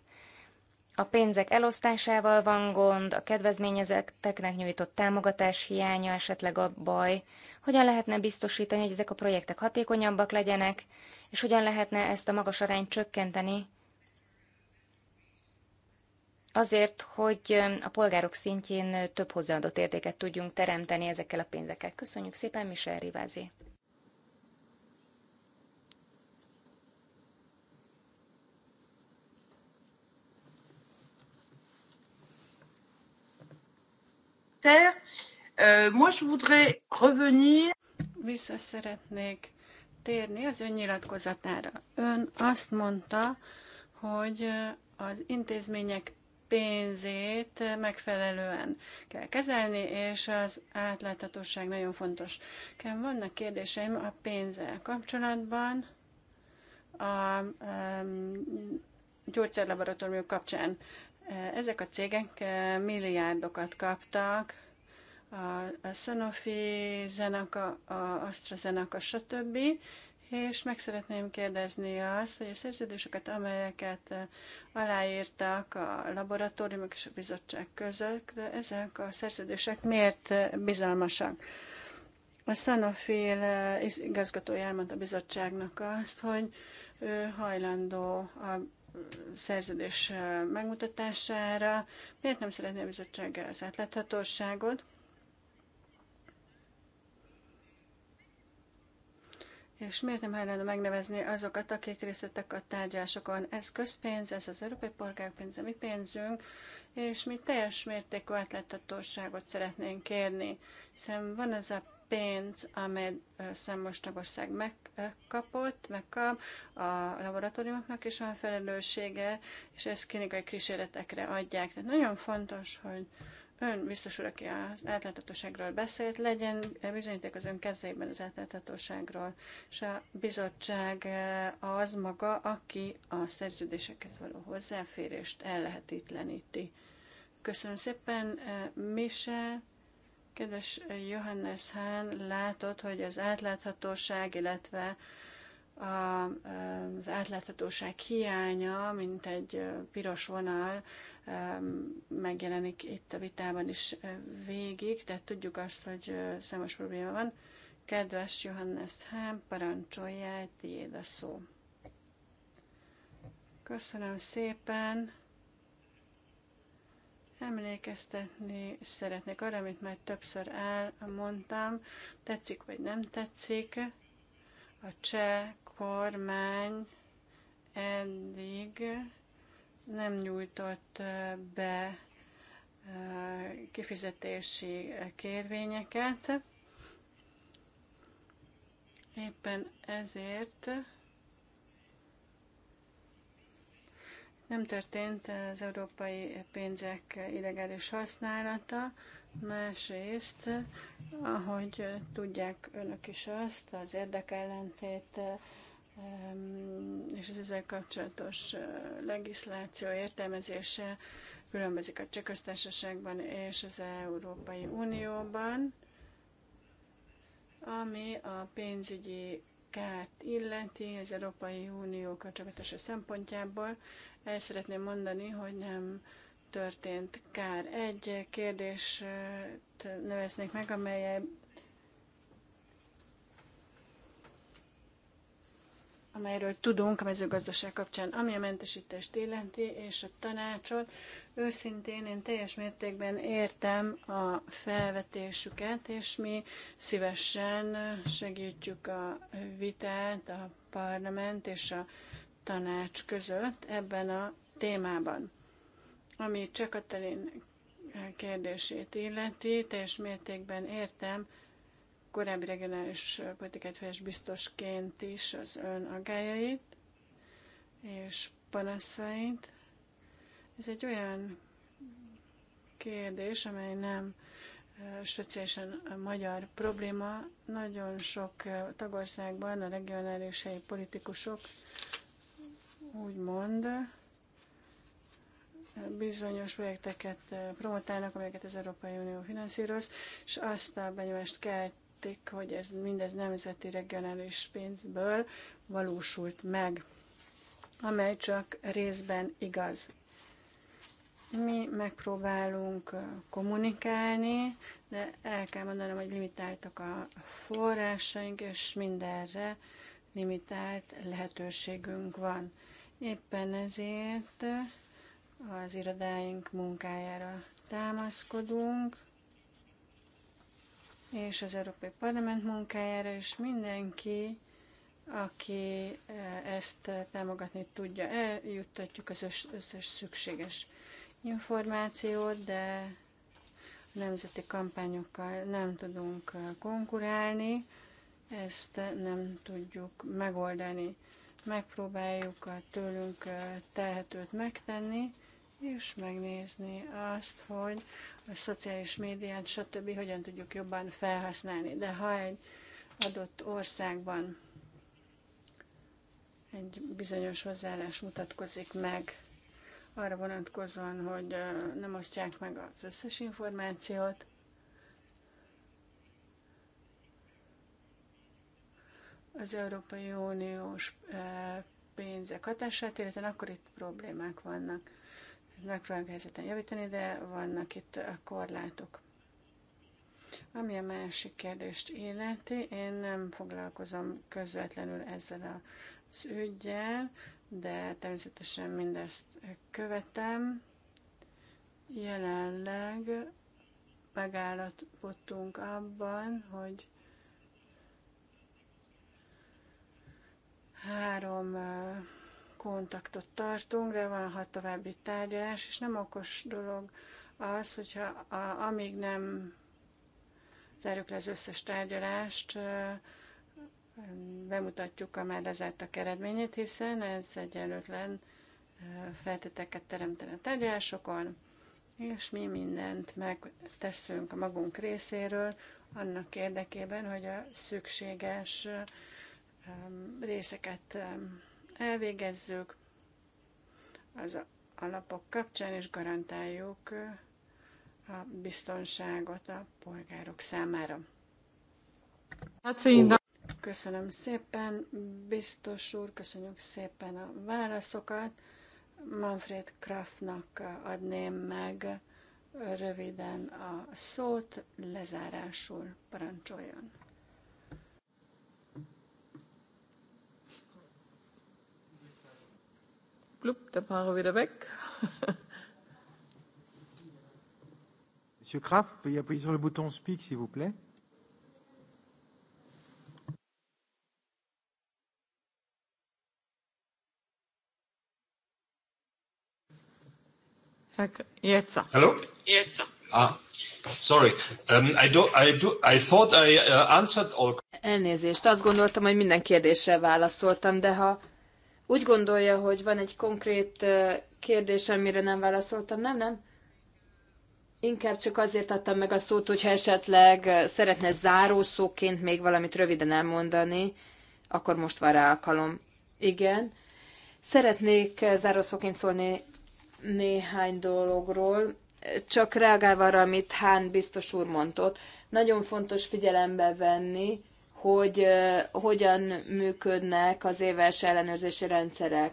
A pénzek elosztásával van gond, a kedvezményezetteknek nyújtott támogatás hiánya esetleg a baj. Hogyan lehetne biztosítani, hogy ezek a projektek hatékonyabbak legyenek, és hogyan lehetne ezt a magas arányt csökkenteni azért, hogy a polgárok szintjén több hozzáadott értéket tudjunk teremteni ezekkel a pénzekkel. Köszönjük szépen, Michel Rivázi!
Euh, moi, je voudrais revenir. serait szeretnék térni az ön nyilatkozatára. Ön azt mondta, hogy az intézmények pénzét megfelelően kell kezelni, és az átláthatóság nagyon fontos. Nekem vannak kérdéseim a pénzzel kapcsolatban, a um, gyógyszerlaboratórium kapcsán. Ezek a cégek eh, milliárdokat kaptak, a Sanofi, zenaka, a AstraZeneca, stb. És meg szeretném kérdezni azt, hogy a szerződéseket, amelyeket eh, aláírtak a laboratóriumok és a bizottság között, ezek a szerződések miért eh, bizalmasak? A Sanofi eh, igazgatója elmondta a bizottságnak azt, hogy ő hajlandó a szerződés megmutatására. Miért nem szeretné a bizottság az átláthatóságot? És miért nem hajlandó megnevezni azokat, akik részt vettek a tárgyalásokon? Ez közpénz, ez az európai polgárpénz, a mi pénzünk, és mi teljes mértékű átláthatóságot szeretnénk kérni, hiszen van az a pénz, amely számos tagország megkapott, megkap a laboratóriumoknak is van felelőssége, és ezt klinikai kísérletekre adják. Tehát nagyon fontos, hogy Ön biztos úr, aki az átláthatóságról beszélt, legyen bizonyíték az ön kezében az átláthatóságról, és a bizottság eh, az maga, aki a szerződésekhez való hozzáférést ellehetetleníti. Köszönöm szépen, eh, Mise. Kedves Johannes Hahn, látod, hogy az átláthatóság, illetve a, eh, az átláthatóság hiánya, mint egy piros vonal, megjelenik itt a vitában is eh, végig, tehát tudjuk azt, hogy eh, számos probléma van. Kedves Johannes Hám, parancsoljál, tiéd a szó. Köszönöm szépen. Emlékeztetni szeretnék arra, amit már többször elmondtam, tetszik vagy nem tetszik, a cseh kormány eddig nem nyújtott be kifizetési kérvényeket. Éppen ezért nem történt az európai pénzek illegális használata, másrészt, ahogy tudják önök is azt, az érdekellentét és az ezzel kapcsolatos legisláció értelmezése különbözik a Csehköztársaságban és az Európai Unióban, ami a pénzügyi kárt illeti az Európai Unió kapcsolatos szempontjából. El szeretném mondani, hogy nem történt kár. Egy kérdést neveznék meg, amelyet amelyről tudunk a mezőgazdaság kapcsán, ami a mentesítést illeti, és a tanácsot. Őszintén én teljes mértékben értem a felvetésüket, és mi szívesen segítjük a vitát a parlament és a tanács között ebben a témában. Ami csak Katalin kérdését illeti, teljes mértékben értem korábbi regionális politikát fejes biztosként is az ön agájait és panaszait. Ez egy olyan kérdés, amely nem speciálisan a magyar probléma. Nagyon sok tagországban a regionális helyi politikusok úgymond bizonyos projekteket promotálnak, amelyeket az Európai Unió finanszíroz, és azt a benyomást kell tették, hogy ez mindez nemzeti regionális pénzből valósult meg, amely csak részben igaz. Mi megpróbálunk kommunikálni, de el kell mondanom, hogy limitáltak a forrásaink, és mindenre limitált lehetőségünk van. Éppen ezért az irodáink munkájára támaszkodunk, és az Európai Parlament munkájára, és mindenki, aki e, ezt támogatni tudja, eljuttatjuk az összes szükséges információt, de a nemzeti kampányokkal nem tudunk e, konkurálni, ezt nem tudjuk megoldani. Megpróbáljuk a tőlünk e, telhetőt megtenni, és megnézni azt, hogy a szociális médiát, stb. hogyan tudjuk jobban felhasználni. De ha egy adott országban egy bizonyos hozzáállás mutatkozik meg arra vonatkozóan, hogy nem osztják meg az összes információt, az Európai Uniós pénzek hatását, illetve akkor itt problémák vannak megpróbálunk helyzeten javítani, de vannak itt a korlátok. Ami a másik kérdést illeti, én nem foglalkozom közvetlenül ezzel az ügyjel, de természetesen mindezt követem. Jelenleg megállapodtunk abban, hogy három kontaktot tartunk, de van hat további tárgyalás, és nem okos dolog az, hogyha a, amíg nem zárjuk le az összes tárgyalást, bemutatjuk a már lezártak eredményét, hiszen ez egyenlőtlen feltéteket teremtene a tárgyalásokon, és mi mindent megteszünk a magunk részéről annak érdekében, hogy a szükséges részeket elvégezzük az alapok kapcsán, és garantáljuk a biztonságot a polgárok számára. Köszönöm szépen, biztos úr, köszönjük szépen a válaszokat. Manfred Kraftnak adném meg röviden a szót, lezárásul parancsoljon. Blub, da war er wieder weg.
Monsieur Kraft, veuillez appuyer sur le bouton Speak, s'il vous plaît.
Hello?
Ah, sorry. Um, I, do, I, do, I thought I uh, answered all... Elnézést, azt gondoltam, hogy minden kérdésre válaszoltam, de ha úgy gondolja, hogy van egy konkrét kérdés, amire nem válaszoltam. Nem, nem. Inkább csak azért adtam meg a szót, hogyha esetleg szeretne zárószóként még valamit röviden elmondani, akkor most van rá alkalom. Igen. Szeretnék zárószóként szólni néhány dologról, csak reagálva arra, amit Hán biztos úr mondott. Nagyon fontos figyelembe venni, hogy hogyan működnek az éves ellenőrzési rendszerek.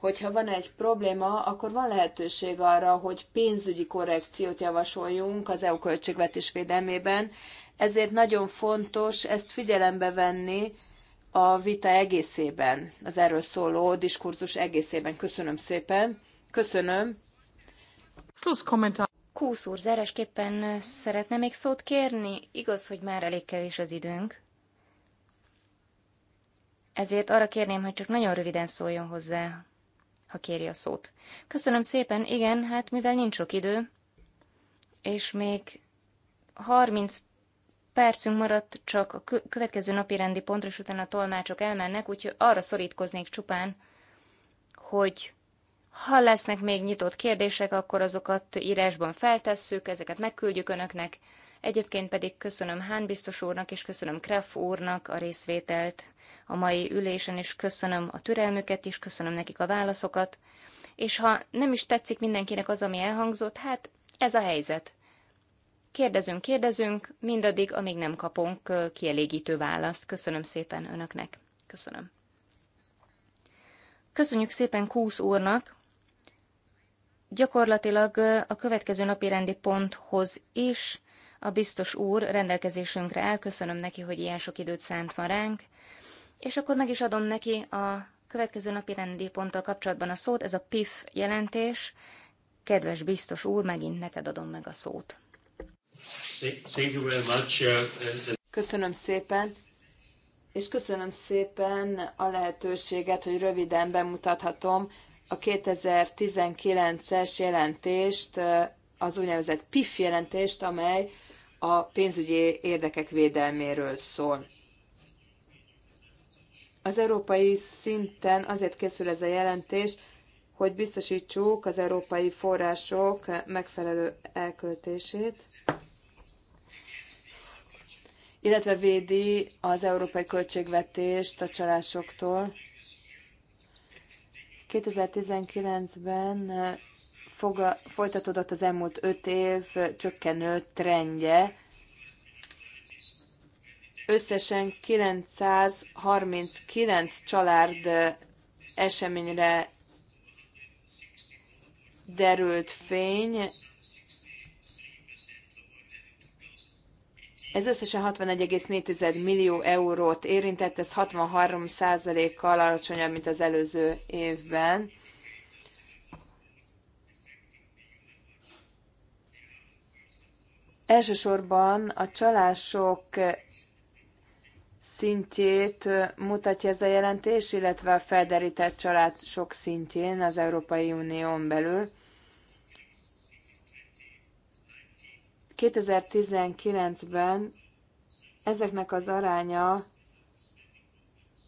Hogyha van egy probléma, akkor van lehetőség arra, hogy pénzügyi korrekciót javasoljunk az EU költségvetés védelmében, ezért nagyon fontos ezt figyelembe venni a vita egészében, az erről szóló diskurzus egészében. Köszönöm szépen. Köszönöm. Plusz kommentár.
Kúsz úr, zárásképpen szeretne még szót kérni? Igaz, hogy már elég kevés az időnk ezért arra kérném, hogy csak nagyon röviden szóljon hozzá, ha kéri a szót. Köszönöm szépen, igen, hát mivel nincs sok idő, és még 30 percünk maradt csak a következő napi rendi pontra, és utána a tolmácsok elmennek, úgyhogy arra szorítkoznék csupán, hogy ha lesznek még nyitott kérdések, akkor azokat írásban feltesszük, ezeket megküldjük önöknek. Egyébként pedig köszönöm Hán biztos úrnak, és köszönöm Kreff úrnak a részvételt a mai ülésen, és köszönöm a türelmüket is, köszönöm nekik a válaszokat. És ha nem is tetszik mindenkinek az, ami elhangzott, hát ez a helyzet. Kérdezünk, kérdezünk, mindaddig, amíg nem kapunk kielégítő választ. Köszönöm szépen önöknek. Köszönöm. Köszönjük szépen Kúsz úrnak. Gyakorlatilag a következő napi rendi ponthoz is a biztos úr rendelkezésünkre áll. Köszönöm neki, hogy ilyen sok időt szánt ma ránk. És akkor meg is adom neki a következő napi rendi ponttal kapcsolatban a szót, ez a PIF jelentés. Kedves biztos úr, megint neked
adom meg a szót.
Uh,
köszönöm szépen, és köszönöm szépen a lehetőséget, hogy röviden bemutathatom a 2019-es jelentést, uh, az úgynevezett PIF jelentést, amely a pénzügyi érdekek védelméről szól. Az európai szinten azért készül ez a jelentés, hogy biztosítsuk az európai források megfelelő elköltését, illetve védi az európai költségvetést a csalásoktól. 2019-ben eh, folytatódott az elmúlt öt év csökkenő trendje, összesen 939 család eseményre derült fény. Ez összesen 61,4 millió eurót érintett, ez 63 kal alacsonyabb, mint az előző évben. Elsősorban a csalások szintjét mutatja ez a jelentés, illetve a felderített család sok szintjén az Európai Unión belül. 2019-ben ezeknek az aránya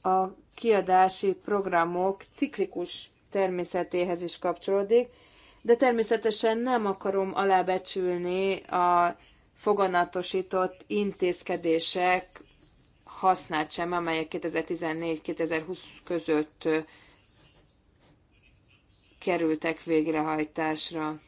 a kiadási programok ciklikus természetéhez is kapcsolódik, de természetesen nem akarom alábecsülni a foganatosított intézkedések használt sem, amelyek 2014-2020 között kerültek végrehajtásra.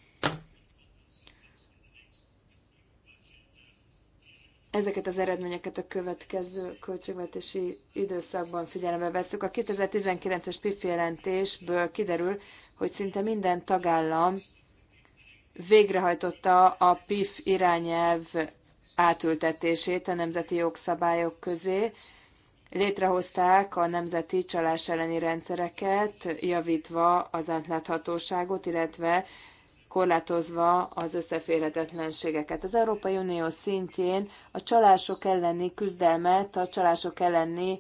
Ezeket az eredményeket a következő költségvetési időszakban figyelembe veszük. A 2019-es PIF jelentésből kiderül, hogy szinte minden tagállam végrehajtotta a PIF irányelv átültetését a nemzeti jogszabályok közé. Létrehozták a nemzeti csalás elleni rendszereket, javítva az átláthatóságot, illetve korlátozva az összeférhetetlenségeket. Az Európai Unió szintjén a csalások elleni küzdelmet a csalások elleni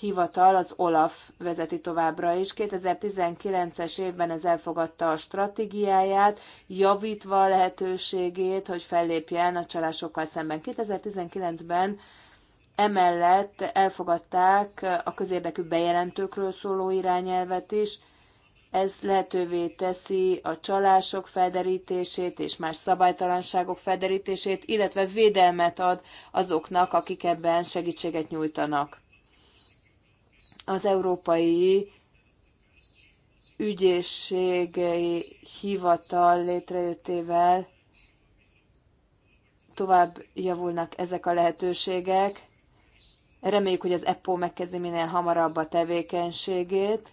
hivatal, az OLAF vezeti továbbra is. 2019-es évben ez elfogadta a stratégiáját, javítva a lehetőségét, hogy fellépjen a csalásokkal szemben. 2019-ben emellett elfogadták a közérdekű bejelentőkről szóló irányelvet is, ez lehetővé teszi a csalások felderítését és más szabálytalanságok felderítését, illetve védelmet ad azoknak, akik ebben segítséget nyújtanak az Európai Ügyészségi Hivatal létrejöttével tovább javulnak ezek a lehetőségek. Reméljük, hogy az EPPO megkezdi minél hamarabb a tevékenységét.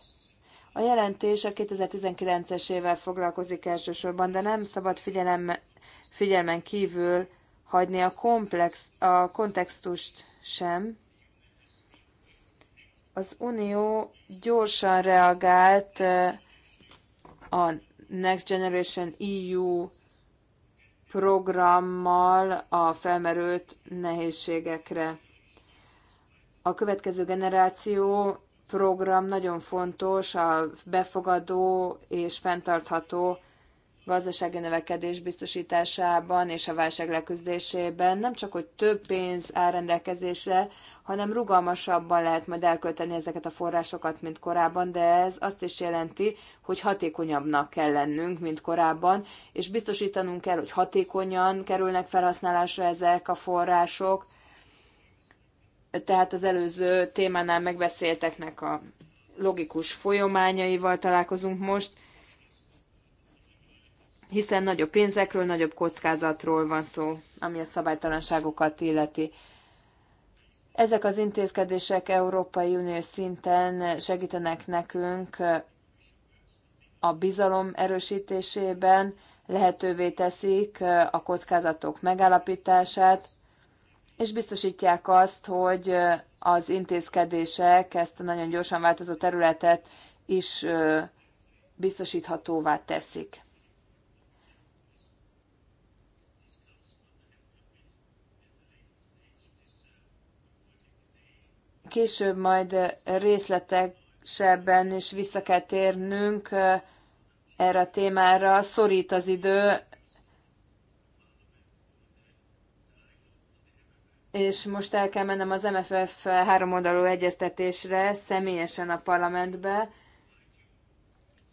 A jelentés a 2019-es évvel foglalkozik elsősorban, de nem szabad figyelem, figyelmen kívül hagyni a komplex, a kontextust sem. Az Unió gyorsan reagált a Next Generation EU programmal a felmerült nehézségekre. A következő generáció program nagyon fontos a befogadó és fenntartható gazdasági növekedés biztosításában és a válság leküzdésében. Nem csak, hogy több pénz áll rendelkezésre, hanem rugalmasabban lehet majd elkölteni ezeket a forrásokat, mint korábban, de ez azt is jelenti, hogy hatékonyabbnak kell lennünk, mint korábban, és biztosítanunk kell, hogy hatékonyan kerülnek felhasználásra ezek a források, tehát az előző témánál megbeszélteknek a logikus folyományaival találkozunk most, hiszen nagyobb pénzekről, nagyobb kockázatról van szó, ami a szabálytalanságokat illeti. Ezek az intézkedések Európai Unió szinten segítenek nekünk a bizalom erősítésében, lehetővé teszik a kockázatok megállapítását, és biztosítják azt, hogy az intézkedések ezt a nagyon gyorsan változó területet is biztosíthatóvá teszik. később majd részletesebben is vissza kell térnünk erre a témára. Szorít az idő, és most el kell mennem az MFF háromoldalú egyeztetésre, személyesen a parlamentbe,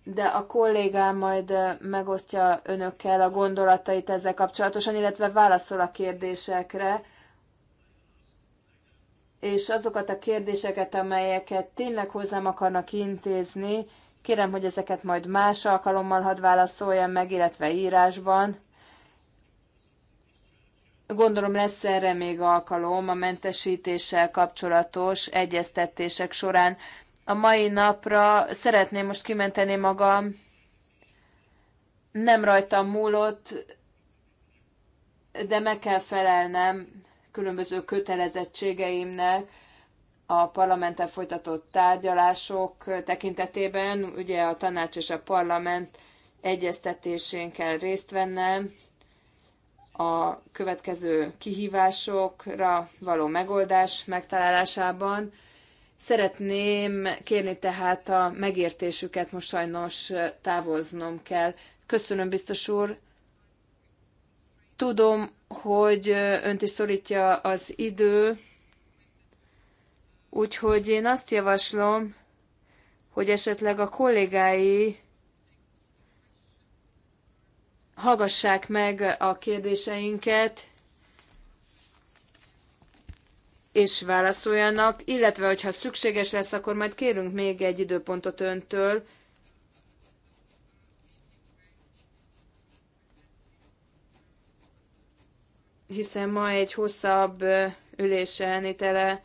de a kollégám majd megosztja önökkel a gondolatait ezzel kapcsolatosan, illetve válaszol a kérdésekre és azokat a kérdéseket, amelyeket tényleg hozzám akarnak intézni, kérem, hogy ezeket majd más alkalommal hadd válaszoljam meg, illetve írásban. Gondolom lesz erre még alkalom a mentesítéssel kapcsolatos egyeztetések során. A mai napra szeretném most kimenteni magam, nem rajtam múlott, de meg kell felelnem különböző kötelezettségeimnek a parlamenttel folytatott tárgyalások tekintetében. Ugye a tanács és a parlament egyeztetésén kell részt vennem, a következő kihívásokra való megoldás megtalálásában. Szeretném kérni tehát a megértésüket, most sajnos távoznom kell. Köszönöm, biztos úr. Tudom, hogy önt is szorítja az idő, úgyhogy én azt javaslom, hogy esetleg a kollégái hallgassák meg a kérdéseinket, és válaszoljanak, illetve hogyha szükséges lesz, akkor majd kérünk még egy időpontot öntől, hiszen ma egy hosszabb ülésen itele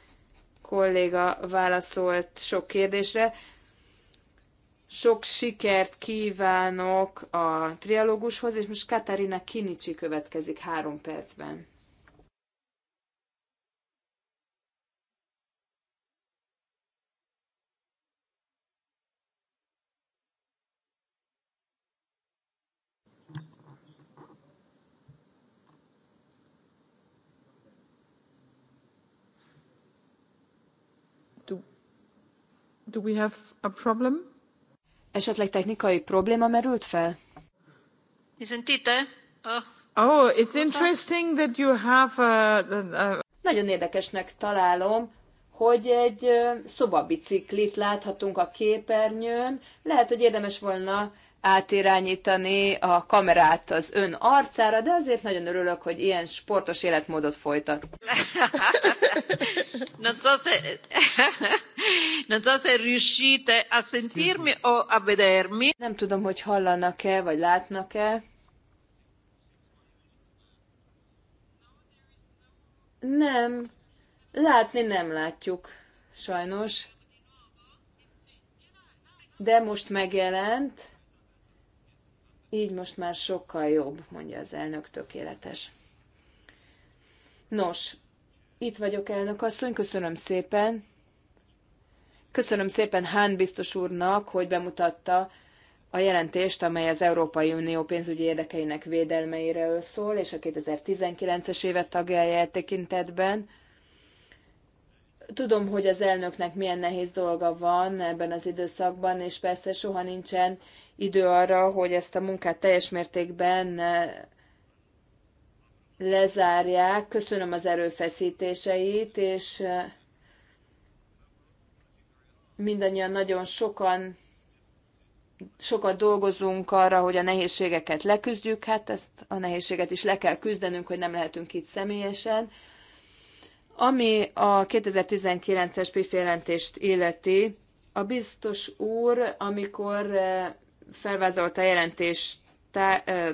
kolléga válaszolt sok kérdésre. Sok sikert kívánok a trialógushoz, és most Katarina Kinicsi következik három percben.
Do we have a problem?
Esetleg technikai probléma merült fel?
Isn't it, eh? Oh,
oh it's interesting that you have a, a... Nagyon érdekesnek találom, hogy egy szobabiciklit láthatunk a képernyőn. Lehet, hogy érdemes volna átirányítani a kamerát az ön arcára, de azért nagyon örülök, hogy ilyen sportos életmódot folytat. non so se, non so se riuscite a sentirmi o a vedermi. Nem tudom, hogy hallanak-e, vagy látnak-e. Nem. Látni nem látjuk, sajnos. De most megjelent. Így most már sokkal jobb, mondja az elnök tökéletes. Nos, itt vagyok, elnök asszony, köszönöm szépen. Köszönöm szépen Hán biztos úrnak, hogy bemutatta a jelentést, amely az Európai Unió pénzügyi érdekeinek védelmeiről szól, és a 2019-es évet tagja tekintetben. Tudom, hogy az elnöknek milyen nehéz dolga van ebben az időszakban, és persze soha nincsen idő arra, hogy ezt a munkát teljes mértékben eh, lezárják. Köszönöm az erőfeszítéseit, és eh, mindannyian nagyon sokan sokat dolgozunk arra, hogy a nehézségeket leküzdjük, hát ezt a nehézséget is le kell küzdenünk, hogy nem lehetünk itt személyesen. Ami a 2019-es PIF jelentést illeti, a biztos úr, amikor eh, felvázolta a jelentés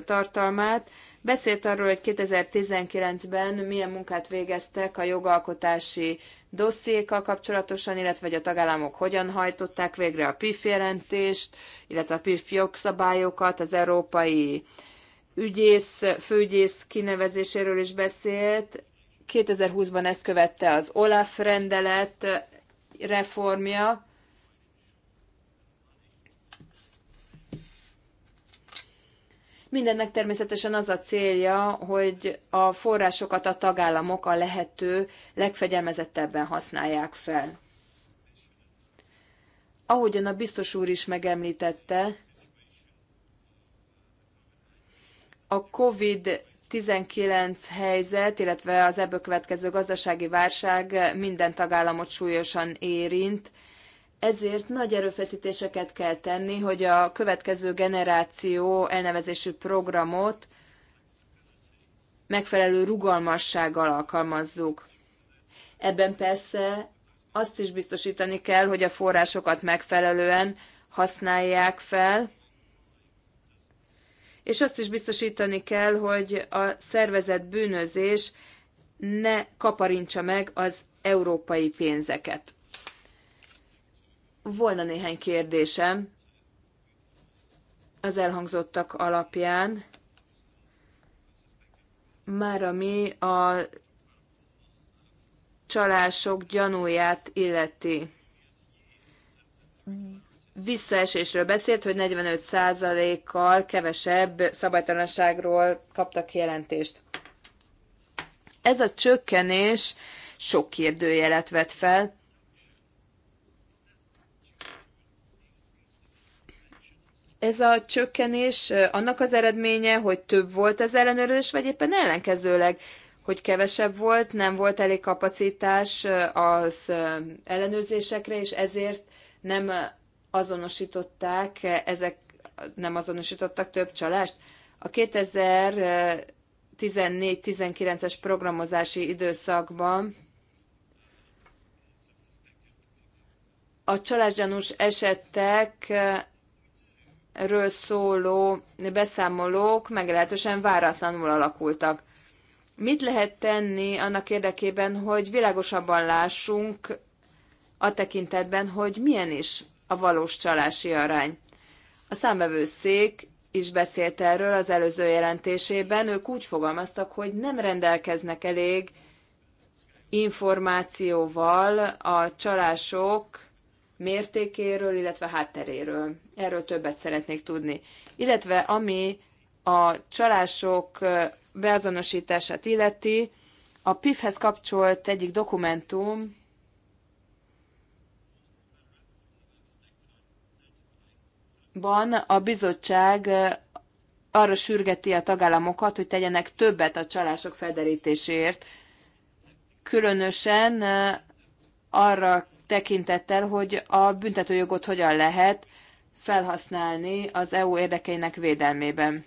tartalmát. Beszélt arról, hogy 2019-ben milyen munkát végeztek a jogalkotási dossziékkal kapcsolatosan, illetve hogy a tagállamok hogyan hajtották végre a PIF jelentést, illetve a PIF jogszabályokat, az európai ügyész, főügyész kinevezéséről is beszélt. 2020-ban ezt követte az OLAF rendelet reformja, Mindennek természetesen az a célja, hogy a forrásokat a tagállamok a lehető legfegyelmezettebben használják fel. Ahogyan a biztos úr is megemlítette, a COVID 19 helyzet, illetve az ebből következő gazdasági válság minden tagállamot súlyosan érint, ezért nagy erőfeszítéseket kell tenni, hogy a következő generáció elnevezésű programot megfelelő rugalmassággal alkalmazzuk. Ebben persze azt is biztosítani kell, hogy a forrásokat megfelelően használják fel, és azt is biztosítani kell, hogy a szervezett bűnözés ne kaparintsa meg az európai pénzeket. Volna néhány kérdésem az elhangzottak alapján, már ami a csalások gyanúját illeti. Visszaesésről beszélt, hogy 45%-kal kevesebb szabálytalanságról kaptak jelentést. Ez a csökkenés sok kérdőjelet vet fel, ez a csökkenés annak az eredménye, hogy több volt az ellenőrzés, vagy éppen ellenkezőleg, hogy kevesebb volt, nem volt elég kapacitás az ellenőrzésekre, és ezért nem azonosították, ezek nem azonosítottak több csalást. A 2014-19-es programozási időszakban a csalásgyanús esetek ről szóló beszámolók meglehetősen váratlanul alakultak. Mit lehet tenni annak érdekében, hogy világosabban lássunk a tekintetben, hogy milyen is a valós csalási arány? A számvevőszék is beszélt erről az előző jelentésében, ők úgy fogalmaztak, hogy nem rendelkeznek elég információval a csalások mértékéről, illetve hátteréről. Erről többet szeretnék tudni. Illetve ami a csalások beazonosítását illeti, a PIF-hez kapcsolt egyik dokumentum, ban a bizottság arra sürgeti a tagállamokat, hogy tegyenek többet a csalások felderítéséért. Különösen arra tekintettel, hogy a büntetőjogot hogyan lehet felhasználni az EU érdekeinek védelmében.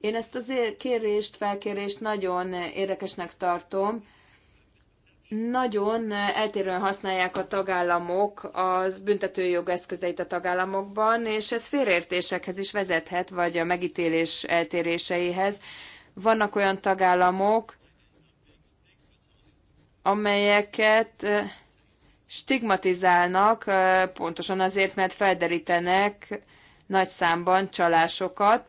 Én ezt az kérést, felkérést nagyon érdekesnek tartom. Nagyon eltérően használják a tagállamok a büntetőjog eszközeit a tagállamokban, és ez félértésekhez is vezethet, vagy a megítélés eltéréseihez. Vannak olyan tagállamok, amelyeket stigmatizálnak, pontosan azért, mert felderítenek nagy számban csalásokat,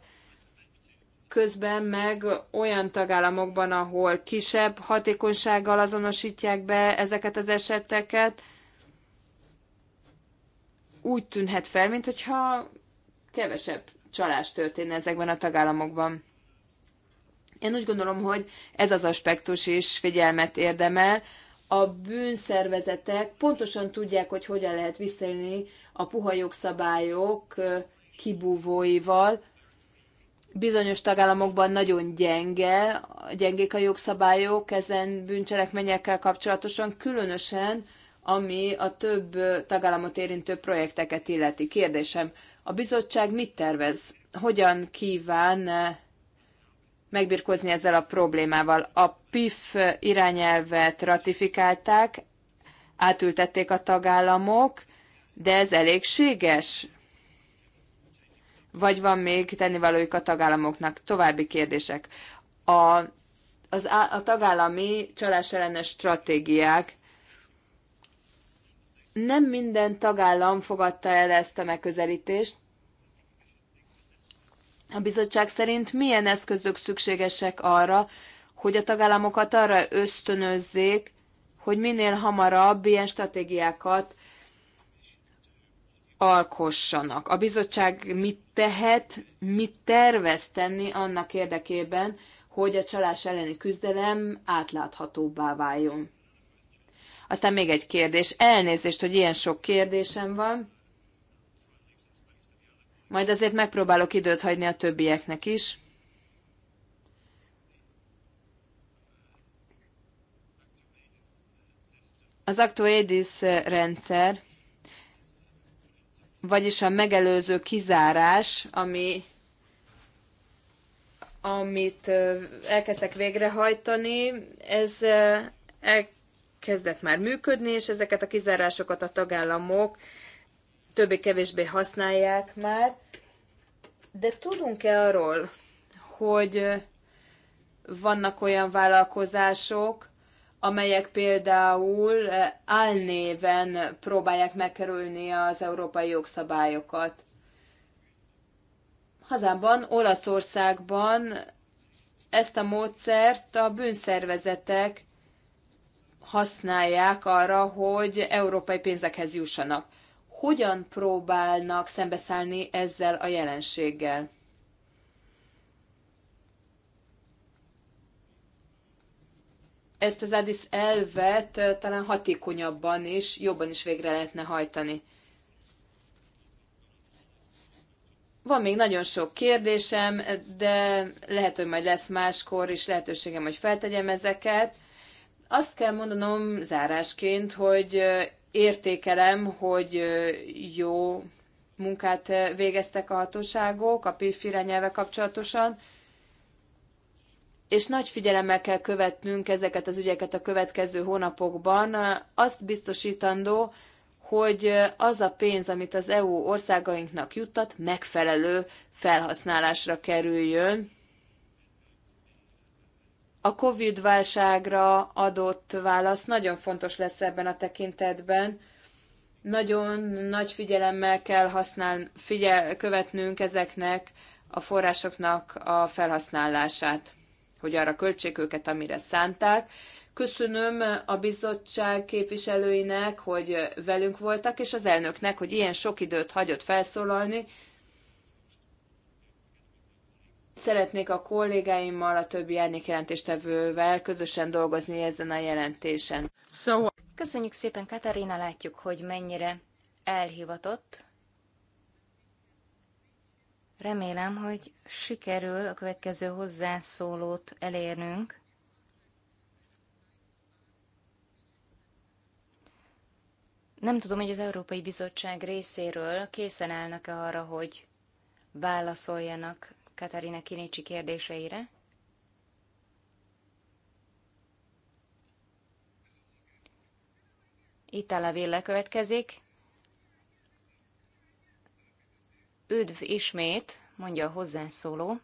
közben meg olyan tagállamokban, ahol kisebb hatékonysággal azonosítják be ezeket az eseteket, úgy tűnhet fel, mintha kevesebb csalás történne ezekben a tagállamokban. Én úgy gondolom, hogy ez az aspektus is figyelmet érdemel. A bűnszervezetek pontosan tudják, hogy hogyan lehet visszaélni a puha jogszabályok kibúvóival. Bizonyos tagállamokban nagyon gyenge, gyengék a jogszabályok ezen bűncselekményekkel kapcsolatosan, különösen ami a több tagállamot érintő projekteket illeti. Kérdésem, a bizottság mit tervez? Hogyan kíván megbirkózni ezzel a problémával. A PIF irányelvet ratifikálták, átültették a tagállamok, de ez elégséges? Vagy van még tennivalóik a tagállamoknak? További kérdések. A, az, a tagállami csalás ellenes stratégiák nem minden tagállam fogadta el ezt a megközelítést, a bizottság szerint milyen eszközök szükségesek arra, hogy a tagállamokat arra ösztönözzék, hogy minél hamarabb ilyen stratégiákat alkossanak. A bizottság mit tehet, mit tervez tenni annak érdekében, hogy a csalás elleni küzdelem átláthatóbbá váljon. Aztán még egy kérdés. Elnézést, hogy ilyen sok kérdésem van. Majd azért megpróbálok időt hagyni a többieknek is. Az Actuadis rendszer, vagyis a megelőző kizárás, ami amit elkezdtek végrehajtani, ez elkezdett már működni, és ezeket a kizárásokat a tagállamok többé-kevésbé használják már, de tudunk-e arról, hogy vannak olyan vállalkozások, amelyek például álnéven próbálják megkerülni az európai jogszabályokat. Hazámban, Olaszországban ezt a módszert a bűnszervezetek használják arra, hogy európai pénzekhez jussanak hogyan próbálnak szembeszállni ezzel a jelenséggel. Ezt az Addis elvet eh, talán hatékonyabban is, jobban is végre lehetne hajtani. Van még nagyon sok kérdésem, de lehet, hogy majd lesz máskor is lehetőségem, hogy feltegyem ezeket. Azt kell mondanom zárásként, hogy eh, értékelem, hogy jó munkát végeztek a hatóságok a PIF irányelve kapcsolatosan, és nagy figyelemmel kell követnünk ezeket az ügyeket a következő hónapokban. Azt biztosítandó, hogy az a pénz, amit az EU országainknak juttat, megfelelő felhasználásra kerüljön, a COVID-válságra adott válasz nagyon fontos lesz ebben a tekintetben. Nagyon nagy figyelemmel kell használ, figyel, követnünk ezeknek a forrásoknak a felhasználását, hogy arra költsék őket, amire szánták. Köszönöm a bizottság képviselőinek, hogy velünk voltak, és az elnöknek, hogy ilyen sok időt hagyott felszólalni, Szeretnék a kollégáimmal, a többi árnyékjelentéstevővel jelentéstevővel közösen dolgozni ezen a jelentésen. So...
Köszönjük szépen, Katarina, látjuk, hogy mennyire elhivatott. Remélem, hogy sikerül a következő hozzászólót elérnünk. Nem tudom, hogy az Európai Bizottság részéről készen állnak-e arra, hogy válaszoljanak Katarina Kinicsi kérdéseire. Itt a levél következik. Üdv ismét, mondja a hozzászóló.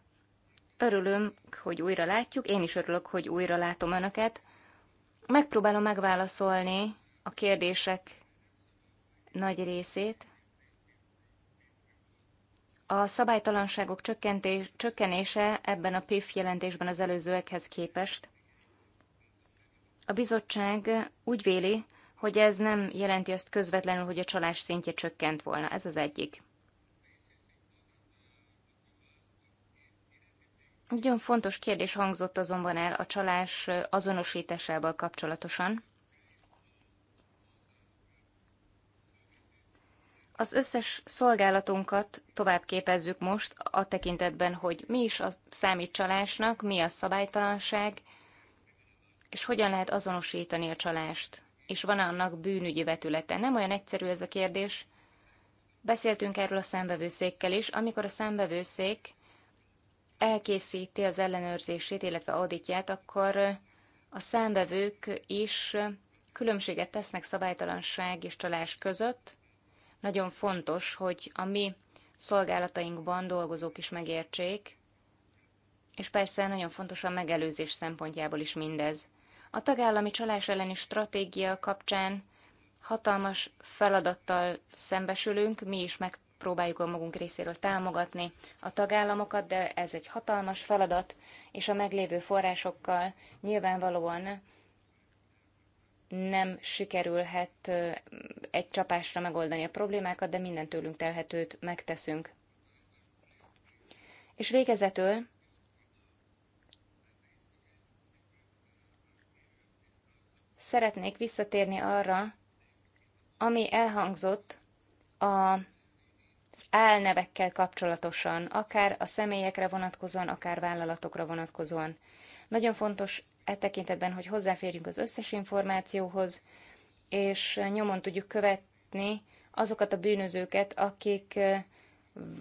Örülöm, hogy újra látjuk, én is örülök, hogy újra látom Önöket. Megpróbálom megválaszolni a kérdések nagy részét. A szabálytalanságok csökkentés, csökkenése ebben a PIF jelentésben az előzőekhez képest. A bizottság úgy véli, hogy ez nem jelenti azt közvetlenül, hogy a csalás szintje csökkent volna. Ez az egyik. Nagyon fontos kérdés hangzott azonban el a csalás azonosításával kapcsolatosan. Az összes szolgálatunkat tovább képezzük most a tekintetben, hogy mi is a számít csalásnak, mi a szabálytalanság, és hogyan lehet azonosítani a csalást. És van -e annak bűnügyi vetülete. Nem olyan egyszerű ez a kérdés. Beszéltünk erről a számbevőszékkel is, amikor a számbevőszék elkészíti az ellenőrzését, illetve auditját, akkor a számbevők is különbséget tesznek szabálytalanság és csalás között, nagyon fontos, hogy a mi szolgálatainkban dolgozók is megértsék, és persze nagyon fontos a megelőzés szempontjából is mindez. A tagállami csalás elleni stratégia kapcsán hatalmas feladattal szembesülünk, mi is megpróbáljuk a magunk részéről támogatni a tagállamokat, de ez egy hatalmas feladat, és a meglévő forrásokkal nyilvánvalóan nem sikerülhet egy csapásra megoldani a problémákat, de minden tőlünk telhetőt megteszünk. És végezetül szeretnék visszatérni arra, ami elhangzott a az álnevekkel kapcsolatosan, akár a személyekre vonatkozóan, akár vállalatokra vonatkozóan. Nagyon fontos e tekintetben, hogy hozzáférjünk az összes információhoz, és nyomon tudjuk követni azokat a bűnözőket, akik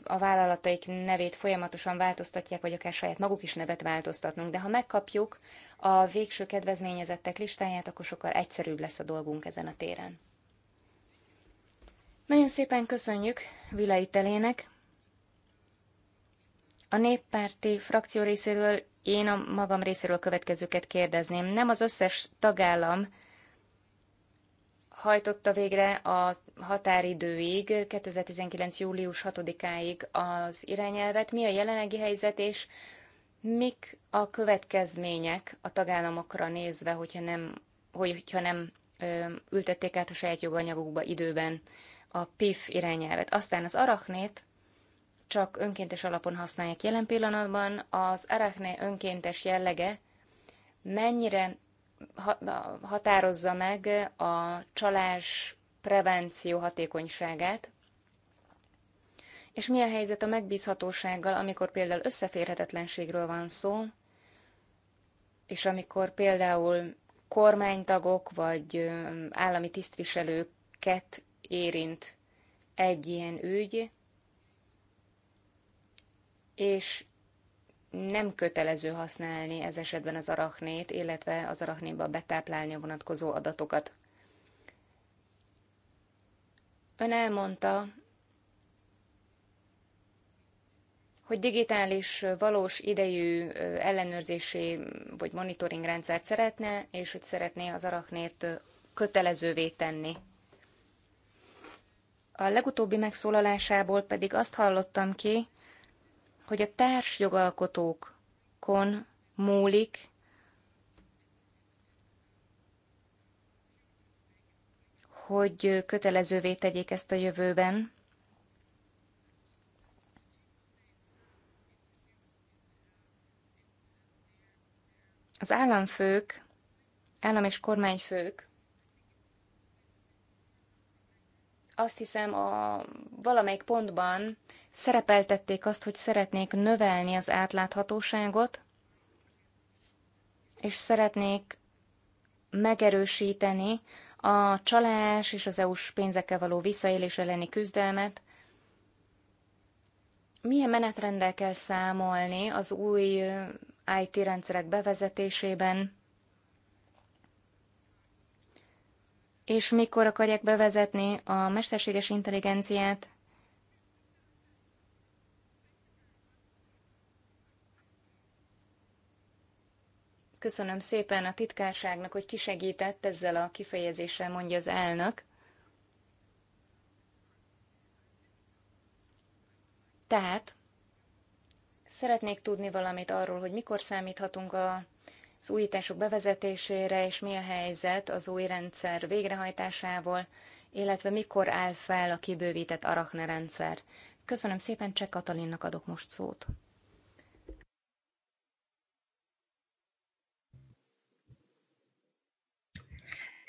a vállalataik nevét folyamatosan változtatják, vagy akár saját maguk is nevet változtatnunk. De ha megkapjuk a végső kedvezményezettek listáját, akkor sokkal egyszerűbb lesz a dolgunk ezen a téren. Nagyon szépen köszönjük Vilai Telének. A néppárti frakció részéről én a magam részéről a következőket kérdezném. Nem az összes tagállam hajtotta végre a határidőig, 2019. július 6-áig az irányelvet. Mi a jelenlegi helyzet, és mik a következmények a tagállamokra nézve, hogyha nem, hogyha nem ö, ültették át a saját joganyagukba időben a PIF irányelvet. Aztán az arachnét csak önkéntes alapon használják jelen pillanatban, az arachne önkéntes jellege mennyire határozza meg a csalás prevenció hatékonyságát, és mi a helyzet a megbízhatósággal, amikor például összeférhetetlenségről van szó, és amikor például kormánytagok vagy állami tisztviselőket érint egy ilyen ügy, és nem kötelező használni ez esetben az arachnét, illetve az arachnéba betáplálni a vonatkozó adatokat. Ön elmondta, hogy digitális, valós idejű ellenőrzési vagy monitoring rendszert szeretne, és hogy szeretné az arachnét kötelezővé tenni. A legutóbbi megszólalásából pedig azt hallottam ki, hogy a jogalkotókon múlik, hogy kötelezővé tegyék ezt a jövőben. Az államfők, állam és kormányfők azt hiszem a valamelyik pontban szerepeltették azt, hogy szeretnék növelni az átláthatóságot, és szeretnék megerősíteni a csalás és az EU-s pénzekkel való visszaélés elleni küzdelmet. Milyen menetrendel kell számolni az új uh, IT rendszerek bevezetésében, és mikor akarják bevezetni a mesterséges intelligenciát, Köszönöm szépen a titkárságnak, hogy kisegített ezzel a kifejezéssel, mondja az elnök. Tehát szeretnék tudni valamit arról, hogy mikor számíthatunk a az újítások bevezetésére, és mi a helyzet az új rendszer végrehajtásával, illetve mikor áll fel a kibővített Arachne rendszer. Köszönöm szépen, Cseh Katalinnak adok most szót.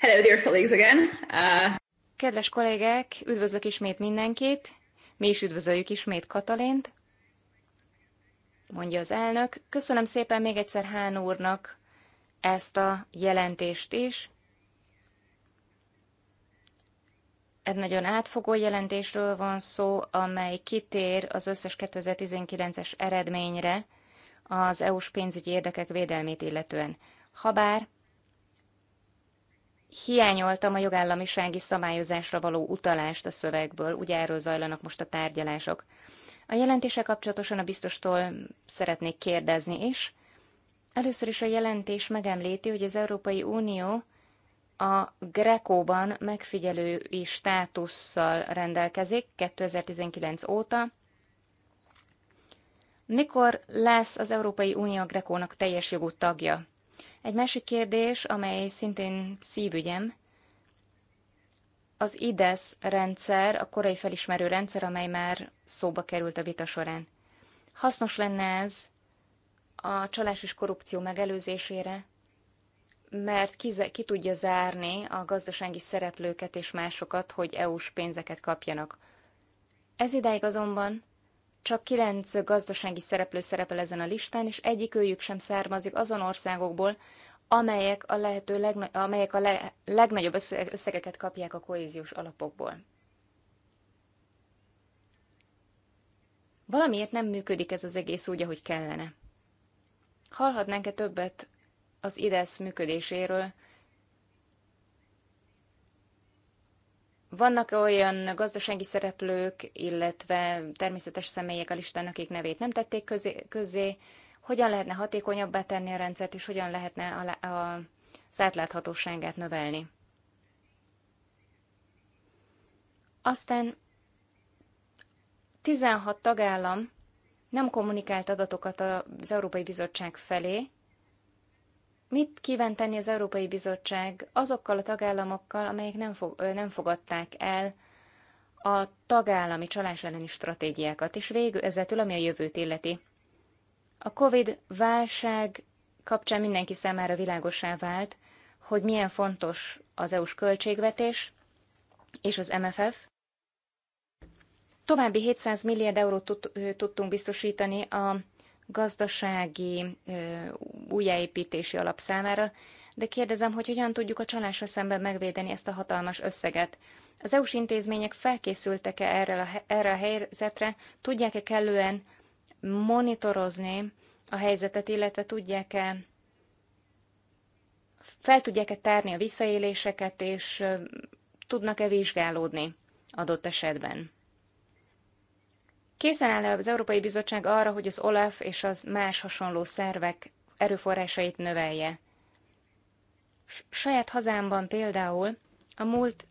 Hello, dear colleagues
again. Uh... Kedves kollégák, üdvözlök ismét mindenkit. Mi is üdvözöljük ismét Katalint, mondja az elnök. Köszönöm szépen még egyszer Hán úrnak ezt a jelentést is. Egy nagyon átfogó jelentésről van szó, amely kitér az összes 2019-es eredményre az EU-s pénzügyi érdekek védelmét illetően. Habár hiányoltam a jogállamisági szabályozásra való utalást a szövegből, ugye erről zajlanak most a tárgyalások. A jelentése kapcsolatosan a biztostól szeretnék kérdezni is. Először is a jelentés megemlíti, hogy az Európai Unió a Grekóban megfigyelői státusszal rendelkezik 2019 óta. Mikor lesz az Európai Unió a Grekónak teljes jogú tagja? Egy másik kérdés, amely szintén szívügyem, az IDES rendszer, a korai felismerő rendszer, amely már szóba került a vita során. Hasznos lenne ez a csalás és korrupció megelőzésére, mert ki, ki tudja zárni a gazdasági szereplőket és másokat, hogy EU-s pénzeket kapjanak. Ez idáig azonban csak kilenc gazdasági szereplő szerepel ezen a listán, és egyik őjük sem származik azon országokból, amelyek a, lehető legna- amelyek a le- legnagyobb összegeket kapják a kohéziós alapokból. Valamiért nem működik ez az egész úgy, ahogy kellene. Hallhatnánk-e többet az IDESZ működéséről, Vannak olyan gazdasági szereplők, illetve természetes személyek a listán, akik nevét nem tették közé, közé. Hogyan lehetne hatékonyabbá tenni a rendszert, és hogyan lehetne a, a, az átláthatóságát növelni? Aztán 16 tagállam nem kommunikált adatokat az Európai Bizottság felé, Mit kíván tenni az Európai Bizottság azokkal a tagállamokkal, amelyek nem, fog, nem fogadták el a tagállami csalás elleni stratégiákat, és végül ezetül, ami a jövőt illeti. A COVID-válság kapcsán mindenki számára világosá vált, hogy milyen fontos az EU-s költségvetés és az MFF. További 700 milliárd eurót tudtunk biztosítani a gazdasági újjáépítési alap számára, de kérdezem, hogy hogyan tudjuk a csalásra szemben megvédeni ezt a hatalmas összeget. Az EU-s intézmények felkészültek-e erre a, erre a helyzetre, tudják-e kellően monitorozni a helyzetet, illetve tudják-e fel tudják-e tárni a visszaéléseket, és tudnak-e vizsgálódni adott esetben. Készen áll az Európai Bizottság arra, hogy az OLAF és az más hasonló szervek erőforrásait növelje? Saját hazámban például a múlt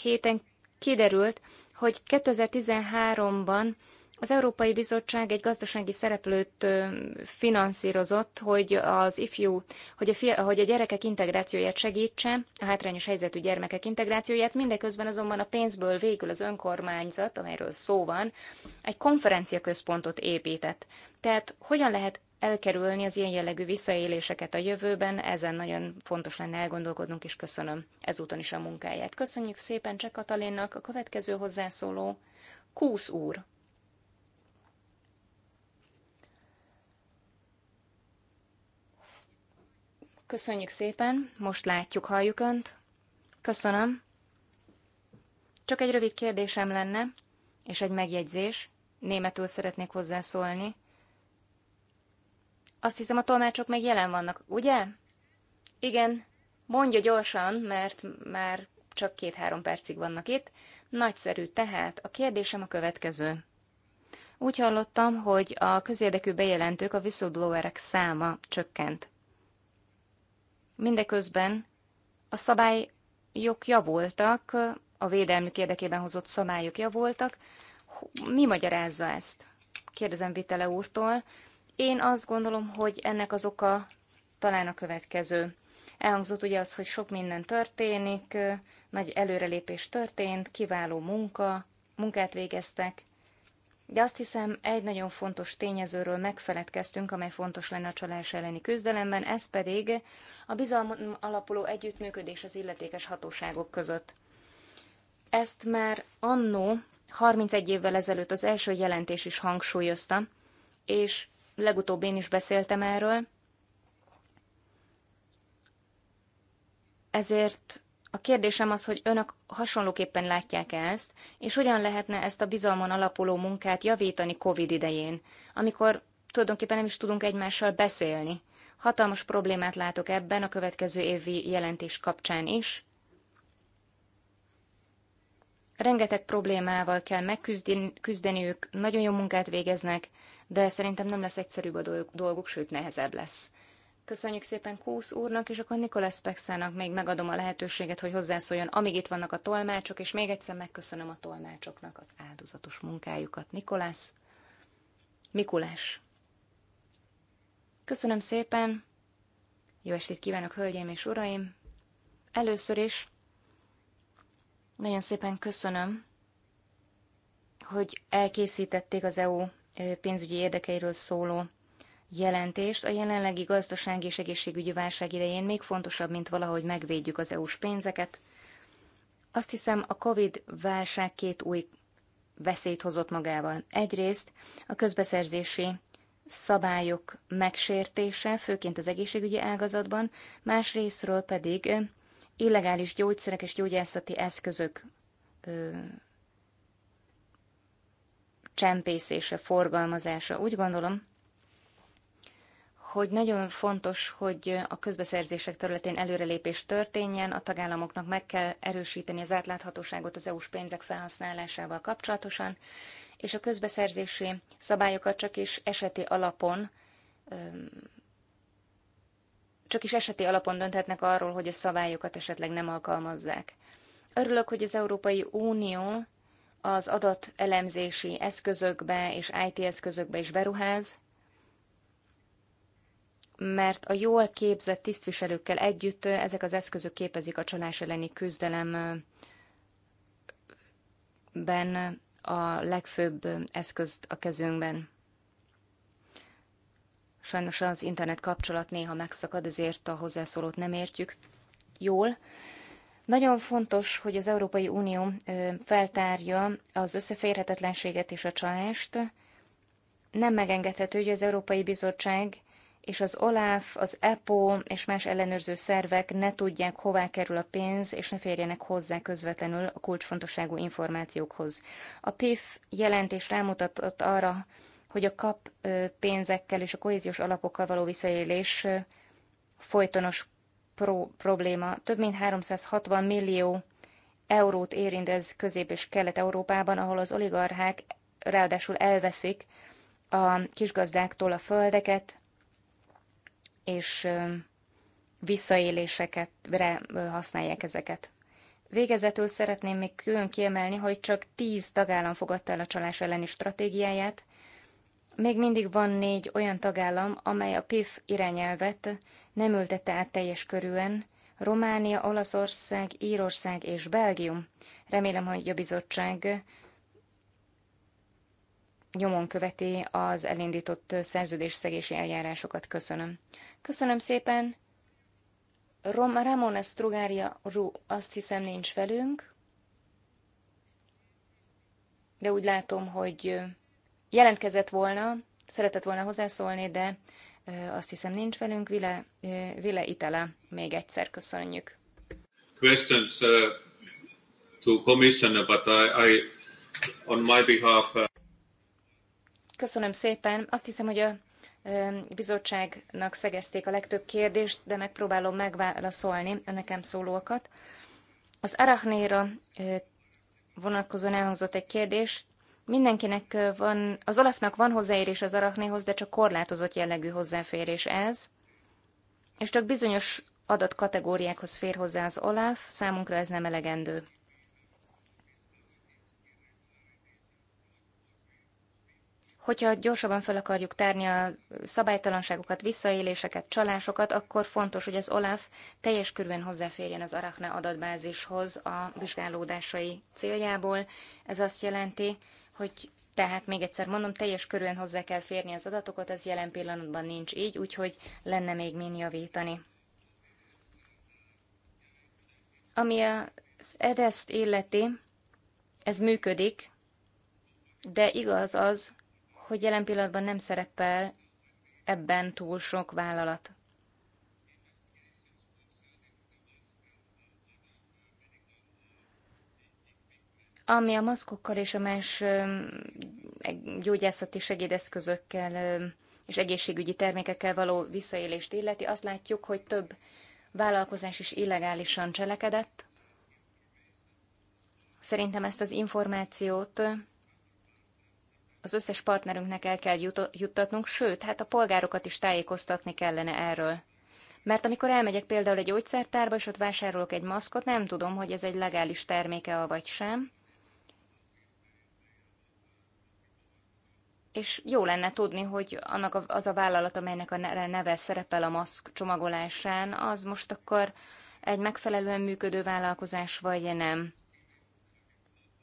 héten kiderült, hogy 2013-ban az Európai Bizottság egy gazdasági szereplőt finanszírozott, hogy az ifjú, hogy a, fia, hogy a gyerekek integrációját segítse, a hátrányos helyzetű gyermekek integrációját, mindeközben azonban a pénzből végül az önkormányzat, amelyről szó van, egy konferenciaközpontot épített. Tehát hogyan lehet elkerülni az ilyen jellegű visszaéléseket a jövőben, ezen nagyon fontos lenne elgondolkodnunk, és köszönöm ezúton is a munkáját. Köszönjük szépen Cseh Katalinnak, a következő hozzászóló Kúsz úr. Köszönjük szépen, most látjuk, halljuk Önt. Köszönöm. Csak egy rövid kérdésem lenne, és egy megjegyzés. Németül szeretnék hozzászólni. Azt hiszem, a tolmácsok még jelen vannak, ugye? Igen, mondja gyorsan, mert már csak két-három percig vannak itt. Nagyszerű, tehát a kérdésem a következő. Úgy hallottam, hogy a közérdekű bejelentők, a whistleblowerek száma csökkent. Mindeközben a szabályok javultak, a védelmük érdekében hozott szabályok javultak. Mi magyarázza ezt? Kérdezem Vitele úrtól. Én azt gondolom, hogy ennek az oka talán a következő. Elhangzott ugye az, hogy sok minden történik, nagy előrelépés történt, kiváló munka, munkát végeztek, de azt hiszem, egy nagyon fontos tényezőről megfeledkeztünk, amely fontos lenne a csalás elleni küzdelemben, ez pedig a bizalmon alapuló együttműködés az illetékes hatóságok között. Ezt már annó, 31 évvel ezelőtt az első jelentés is hangsúlyozta, és legutóbb én is beszéltem erről, ezért a kérdésem az, hogy önök hasonlóképpen látják -e ezt, és hogyan lehetne ezt a bizalmon alapuló munkát javítani COVID idején, amikor tulajdonképpen nem is tudunk egymással beszélni. Hatalmas problémát látok ebben a következő évi jelentés kapcsán is. Rengeteg problémával kell megküzdeniük, nagyon jó munkát végeznek, de szerintem nem lesz egyszerűbb a dolguk, sőt nehezebb lesz. Köszönjük szépen Kósz úrnak, és akkor Nikolás Pexának még megadom a lehetőséget, hogy hozzászóljon, amíg itt vannak a tolmácsok, és még egyszer megköszönöm a tolmácsoknak az áldozatos munkájukat. Nikolás, Mikulás. Köszönöm szépen! Jó estét kívánok, hölgyeim és uraim! Először is nagyon szépen köszönöm, hogy elkészítették az EU pénzügyi érdekeiről szóló jelentést. A jelenlegi gazdasági és egészségügyi válság idején még fontosabb, mint valahogy megvédjük az EU-s pénzeket. Azt hiszem, a COVID válság két új veszélyt hozott magával. Egyrészt a közbeszerzési szabályok megsértése, főként az egészségügyi ágazatban, másrésztről pedig illegális gyógyszerek és gyógyászati eszközök ö, csempészése, forgalmazása. Úgy gondolom, hogy nagyon fontos, hogy a közbeszerzések területén előrelépés történjen, a tagállamoknak meg kell erősíteni az átláthatóságot az EU-s pénzek felhasználásával kapcsolatosan, és a közbeszerzési szabályokat csak is eseti alapon csak is eseti alapon dönthetnek arról, hogy a szabályokat esetleg nem alkalmazzák. Örülök, hogy az Európai Unió az adatelemzési eszközökbe és IT eszközökbe is beruház, mert a jól képzett tisztviselőkkel együtt ezek az eszközök képezik a csalás elleni küzdelemben a legfőbb eszközt a kezünkben. Sajnos az internet kapcsolat néha megszakad, ezért a hozzászólót nem értjük jól. Nagyon fontos, hogy az Európai Unió feltárja az összeférhetetlenséget és a csalást. Nem megengedhető, hogy az Európai Bizottság és az OLAF, az EPO és más ellenőrző szervek ne tudják, hová kerül a pénz, és ne férjenek hozzá közvetlenül a kulcsfontosságú információkhoz. A PIF jelentés rámutatott arra, hogy a kap pénzekkel és a kohéziós alapokkal való visszaélés folytonos pro- probléma. Több mint 360 millió eurót érint ez Közép- és Kelet-Európában, ahol az oligarchák ráadásul elveszik a kisgazdáktól a földeket, és visszaélésekre használják ezeket. Végezetül szeretném még külön kiemelni, hogy csak 10 tagállam fogadta el a csalás elleni stratégiáját. Még mindig van négy olyan tagállam, amely a PIF irányelvet nem ültette át teljes körűen, Románia, Olaszország, Írország és Belgium. Remélem, hogy a bizottság nyomon követi az elindított szerződésszegési eljárásokat. Köszönöm. Köszönöm szépen. Rom, Ramon Estrugária Ru, azt hiszem nincs velünk, de úgy látom, hogy jelentkezett volna, szeretett volna hozzászólni, de azt hiszem nincs velünk. Vile, Vile Itala, még egyszer köszönjük.
Questions uh, to commissioner, but I, I on my behalf... Uh...
Köszönöm szépen. Azt hiszem, hogy a bizottságnak szegezték a legtöbb kérdést, de megpróbálom megválaszolni a nekem szólókat. Az arachnéra vonatkozóan elhangzott egy kérdés. Mindenkinek van, az Olafnak van hozzáérés az arachnéhoz, de csak korlátozott jellegű hozzáférés ez, és csak bizonyos adatkategóriákhoz fér hozzá az Olaf, számunkra ez nem elegendő. Hogyha gyorsabban fel akarjuk tárni a szabálytalanságokat, visszaéléseket, csalásokat, akkor fontos, hogy az OLAF teljes körben hozzáférjen az Arachne adatbázishoz a vizsgálódásai céljából. Ez azt jelenti, hogy tehát még egyszer mondom, teljes körben hozzá kell férni az adatokat, ez jelen pillanatban nincs így, úgyhogy lenne még min javítani. Ami az EDESZ illeti, ez működik, de igaz az, hogy jelen pillanatban nem szerepel ebben túl sok vállalat. Ami a maszkokkal és a más gyógyászati segédeszközökkel és egészségügyi termékekkel való visszaélést illeti, azt látjuk, hogy több vállalkozás is illegálisan cselekedett. Szerintem ezt az információt az összes partnerünknek el kell juttatnunk, sőt, hát a polgárokat is tájékoztatni kellene erről. Mert amikor elmegyek például egy gyógyszertárba, és ott vásárolok egy maszkot, nem tudom, hogy ez egy legális terméke, vagy sem. És jó lenne tudni, hogy annak az a vállalat, amelynek a neve szerepel a maszk csomagolásán, az most akkor egy megfelelően működő vállalkozás, vagy nem.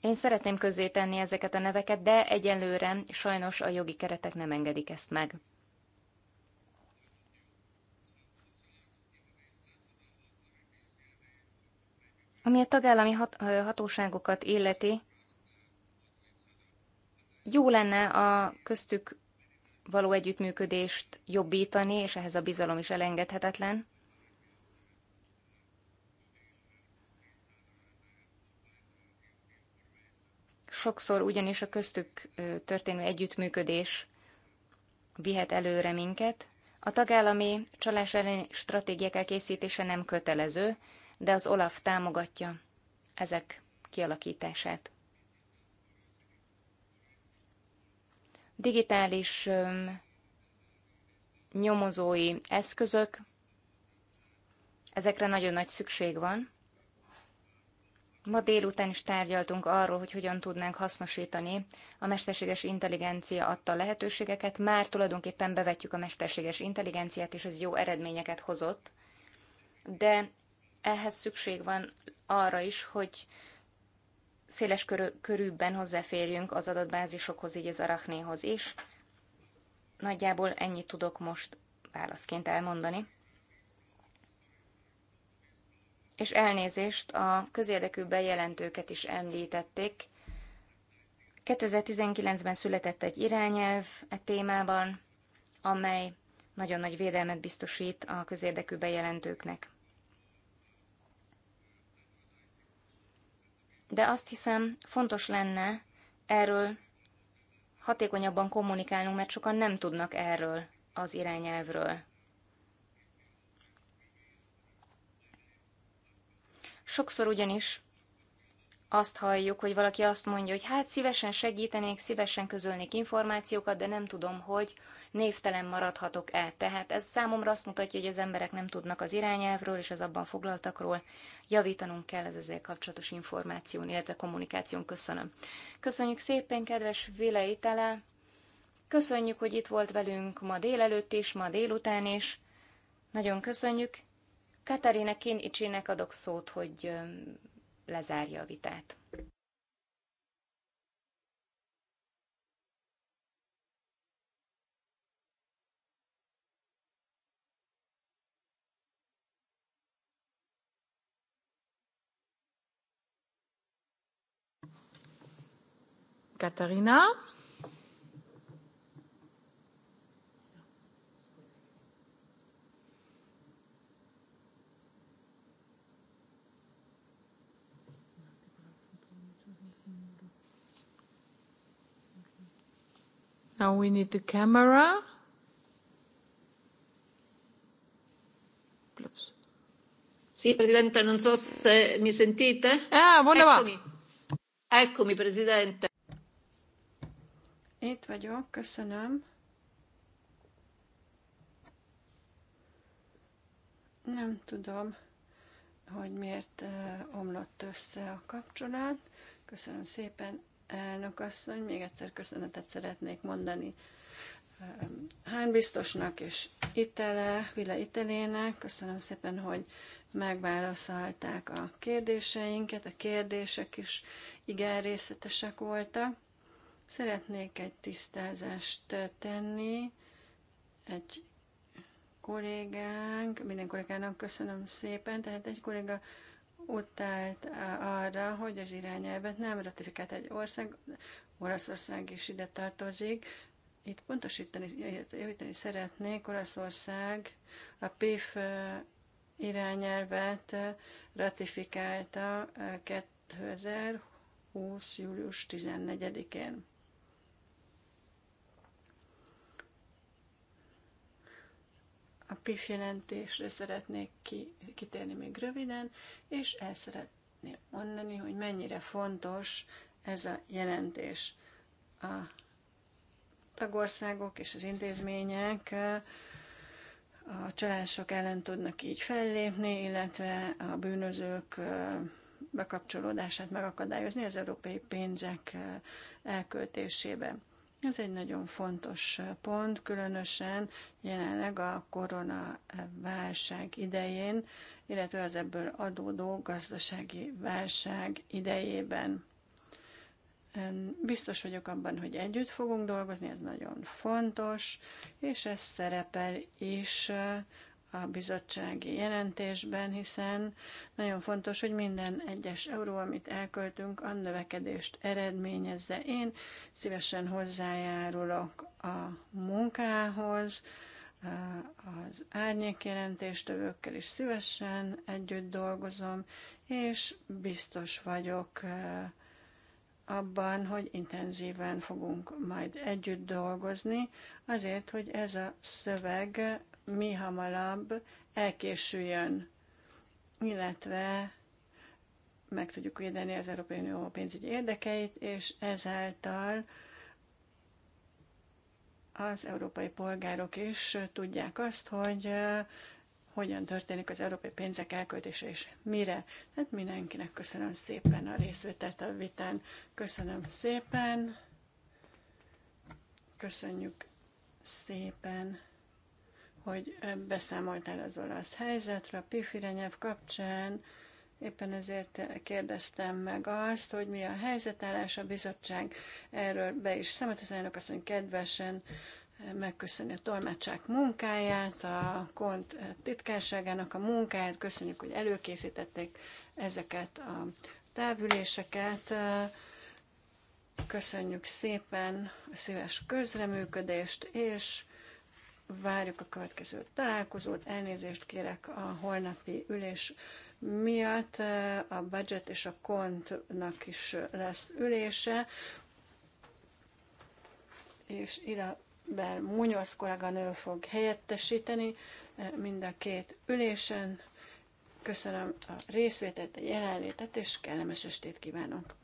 Én szeretném közzétenni ezeket a neveket, de egyelőre sajnos a jogi keretek nem engedik ezt meg. Ami a tagállami hat, hatóságokat illeti, jó lenne a köztük való együttműködést jobbítani, és ehhez a bizalom is elengedhetetlen. Sokszor ugyanis a köztük történő együttműködés vihet előre minket. A tagállami csalás elleni stratégiák elkészítése nem kötelező, de az OLAF támogatja ezek kialakítását. Digitális nyomozói eszközök, ezekre nagyon nagy szükség van. Ma délután is tárgyaltunk arról, hogy hogyan tudnánk hasznosítani a mesterséges intelligencia adta lehetőségeket. Már tulajdonképpen bevetjük a mesterséges intelligenciát, és ez jó eredményeket hozott. De ehhez szükség van arra is, hogy széles körül, körülben hozzáférjünk az adatbázisokhoz, így az arachnéhoz is. Nagyjából ennyit tudok most válaszként elmondani és elnézést a közérdekű bejelentőket is említették. 2019-ben született egy irányelv e témában, amely nagyon nagy védelmet biztosít a közérdekű bejelentőknek. De azt hiszem, fontos lenne erről hatékonyabban kommunikálnunk, mert sokan nem tudnak erről az irányelvről. Sokszor ugyanis azt halljuk, hogy valaki azt mondja, hogy hát szívesen segítenék, szívesen közölnék információkat, de nem tudom, hogy névtelen maradhatok el. Tehát ez számomra azt mutatja, hogy az emberek nem tudnak az irányelvről és az abban foglaltakról. Javítanunk kell az ezzel kapcsolatos információn, illetve kommunikáción. Köszönöm. Köszönjük szépen, kedves Vile Itele. Köszönjük, hogy itt volt velünk ma délelőtt is, ma délután is. Nagyon köszönjük, Katarina Kinicsinek adok szót, hogy lezárja a vitát.
Katarina? Now we need the camera. Oops. Sì, Presidente, non so se mi sentite.
Ah, buona Eccomi.
Eccomi, Presidente. Itt vagyok, köszönöm. Nem tudom, hogy miért eh, omlott össze a kapcsolat. Köszönöm szépen elnök asszony, még egyszer köszönetet szeretnék mondani um, Hány biztosnak és Itele, Vila Itelének. Köszönöm szépen, hogy megválaszolták a kérdéseinket. A kérdések is igen részletesek voltak. Szeretnék egy tisztázást tenni. Egy kollégánk, minden kollégának köszönöm szépen, tehát egy kolléga utált arra, hogy az irányelvet nem ratifikált egy ország, Olaszország is ide tartozik. Itt pontosítani javítani szeretnék, Olaszország a PIF irányelvet ratifikálta 2020. Eh, július 14-én. A PIF jelentésre szeretnék ki, kitérni még röviden, és el szeretném mondani, hogy mennyire fontos ez a jelentés. A tagországok és az intézmények a csalások ellen tudnak így fellépni, illetve a bűnözők bekapcsolódását megakadályozni az európai pénzek elköltésében ez egy nagyon fontos pont, különösen jelenleg a koronaválság idején, illetve az ebből adódó gazdasági válság idejében. Biztos vagyok abban, hogy együtt fogunk dolgozni, ez nagyon fontos, és ez szerepel is a bizottsági jelentésben, hiszen nagyon fontos, hogy minden egyes euró, amit elköltünk, a növekedést eredményezze. Én szívesen hozzájárulok a munkához, az árnyék jelentéstövőkkel is szívesen együtt dolgozom, és biztos vagyok abban, hogy intenzíven fogunk majd együtt dolgozni, azért, hogy ez a szöveg mi hamarabb elkésüljön, illetve meg tudjuk védeni az Európai Unió pénzügyi érdekeit, és ezáltal az európai polgárok is tudják azt, hogy hogyan történik az európai pénzek elköltése és mire. Hát mindenkinek köszönöm szépen a részvételt a vitán. Köszönöm szépen. Köszönjük szépen hogy beszámoltál az olasz helyzetről, a PIF irányelv e kapcsán. Éppen ezért kérdeztem meg azt, hogy mi a helyzetállás, a bizottság erről be is számolt. Az elnök asszony kedvesen megköszöni a tolmácsák munkáját, a kont titkárságának a munkáját, köszönjük, hogy előkészítették ezeket a távüléseket. Köszönjük szépen a szíves közreműködést, és várjuk a következő találkozót. Elnézést kérek a holnapi ülés miatt. A budget és a kontnak is lesz ülése. És Ilabel Munyosz kolléganő fog helyettesíteni eh, mind a két ülésen. Köszönöm a részvételt, a jelenlétet, és kellemes estét kívánok!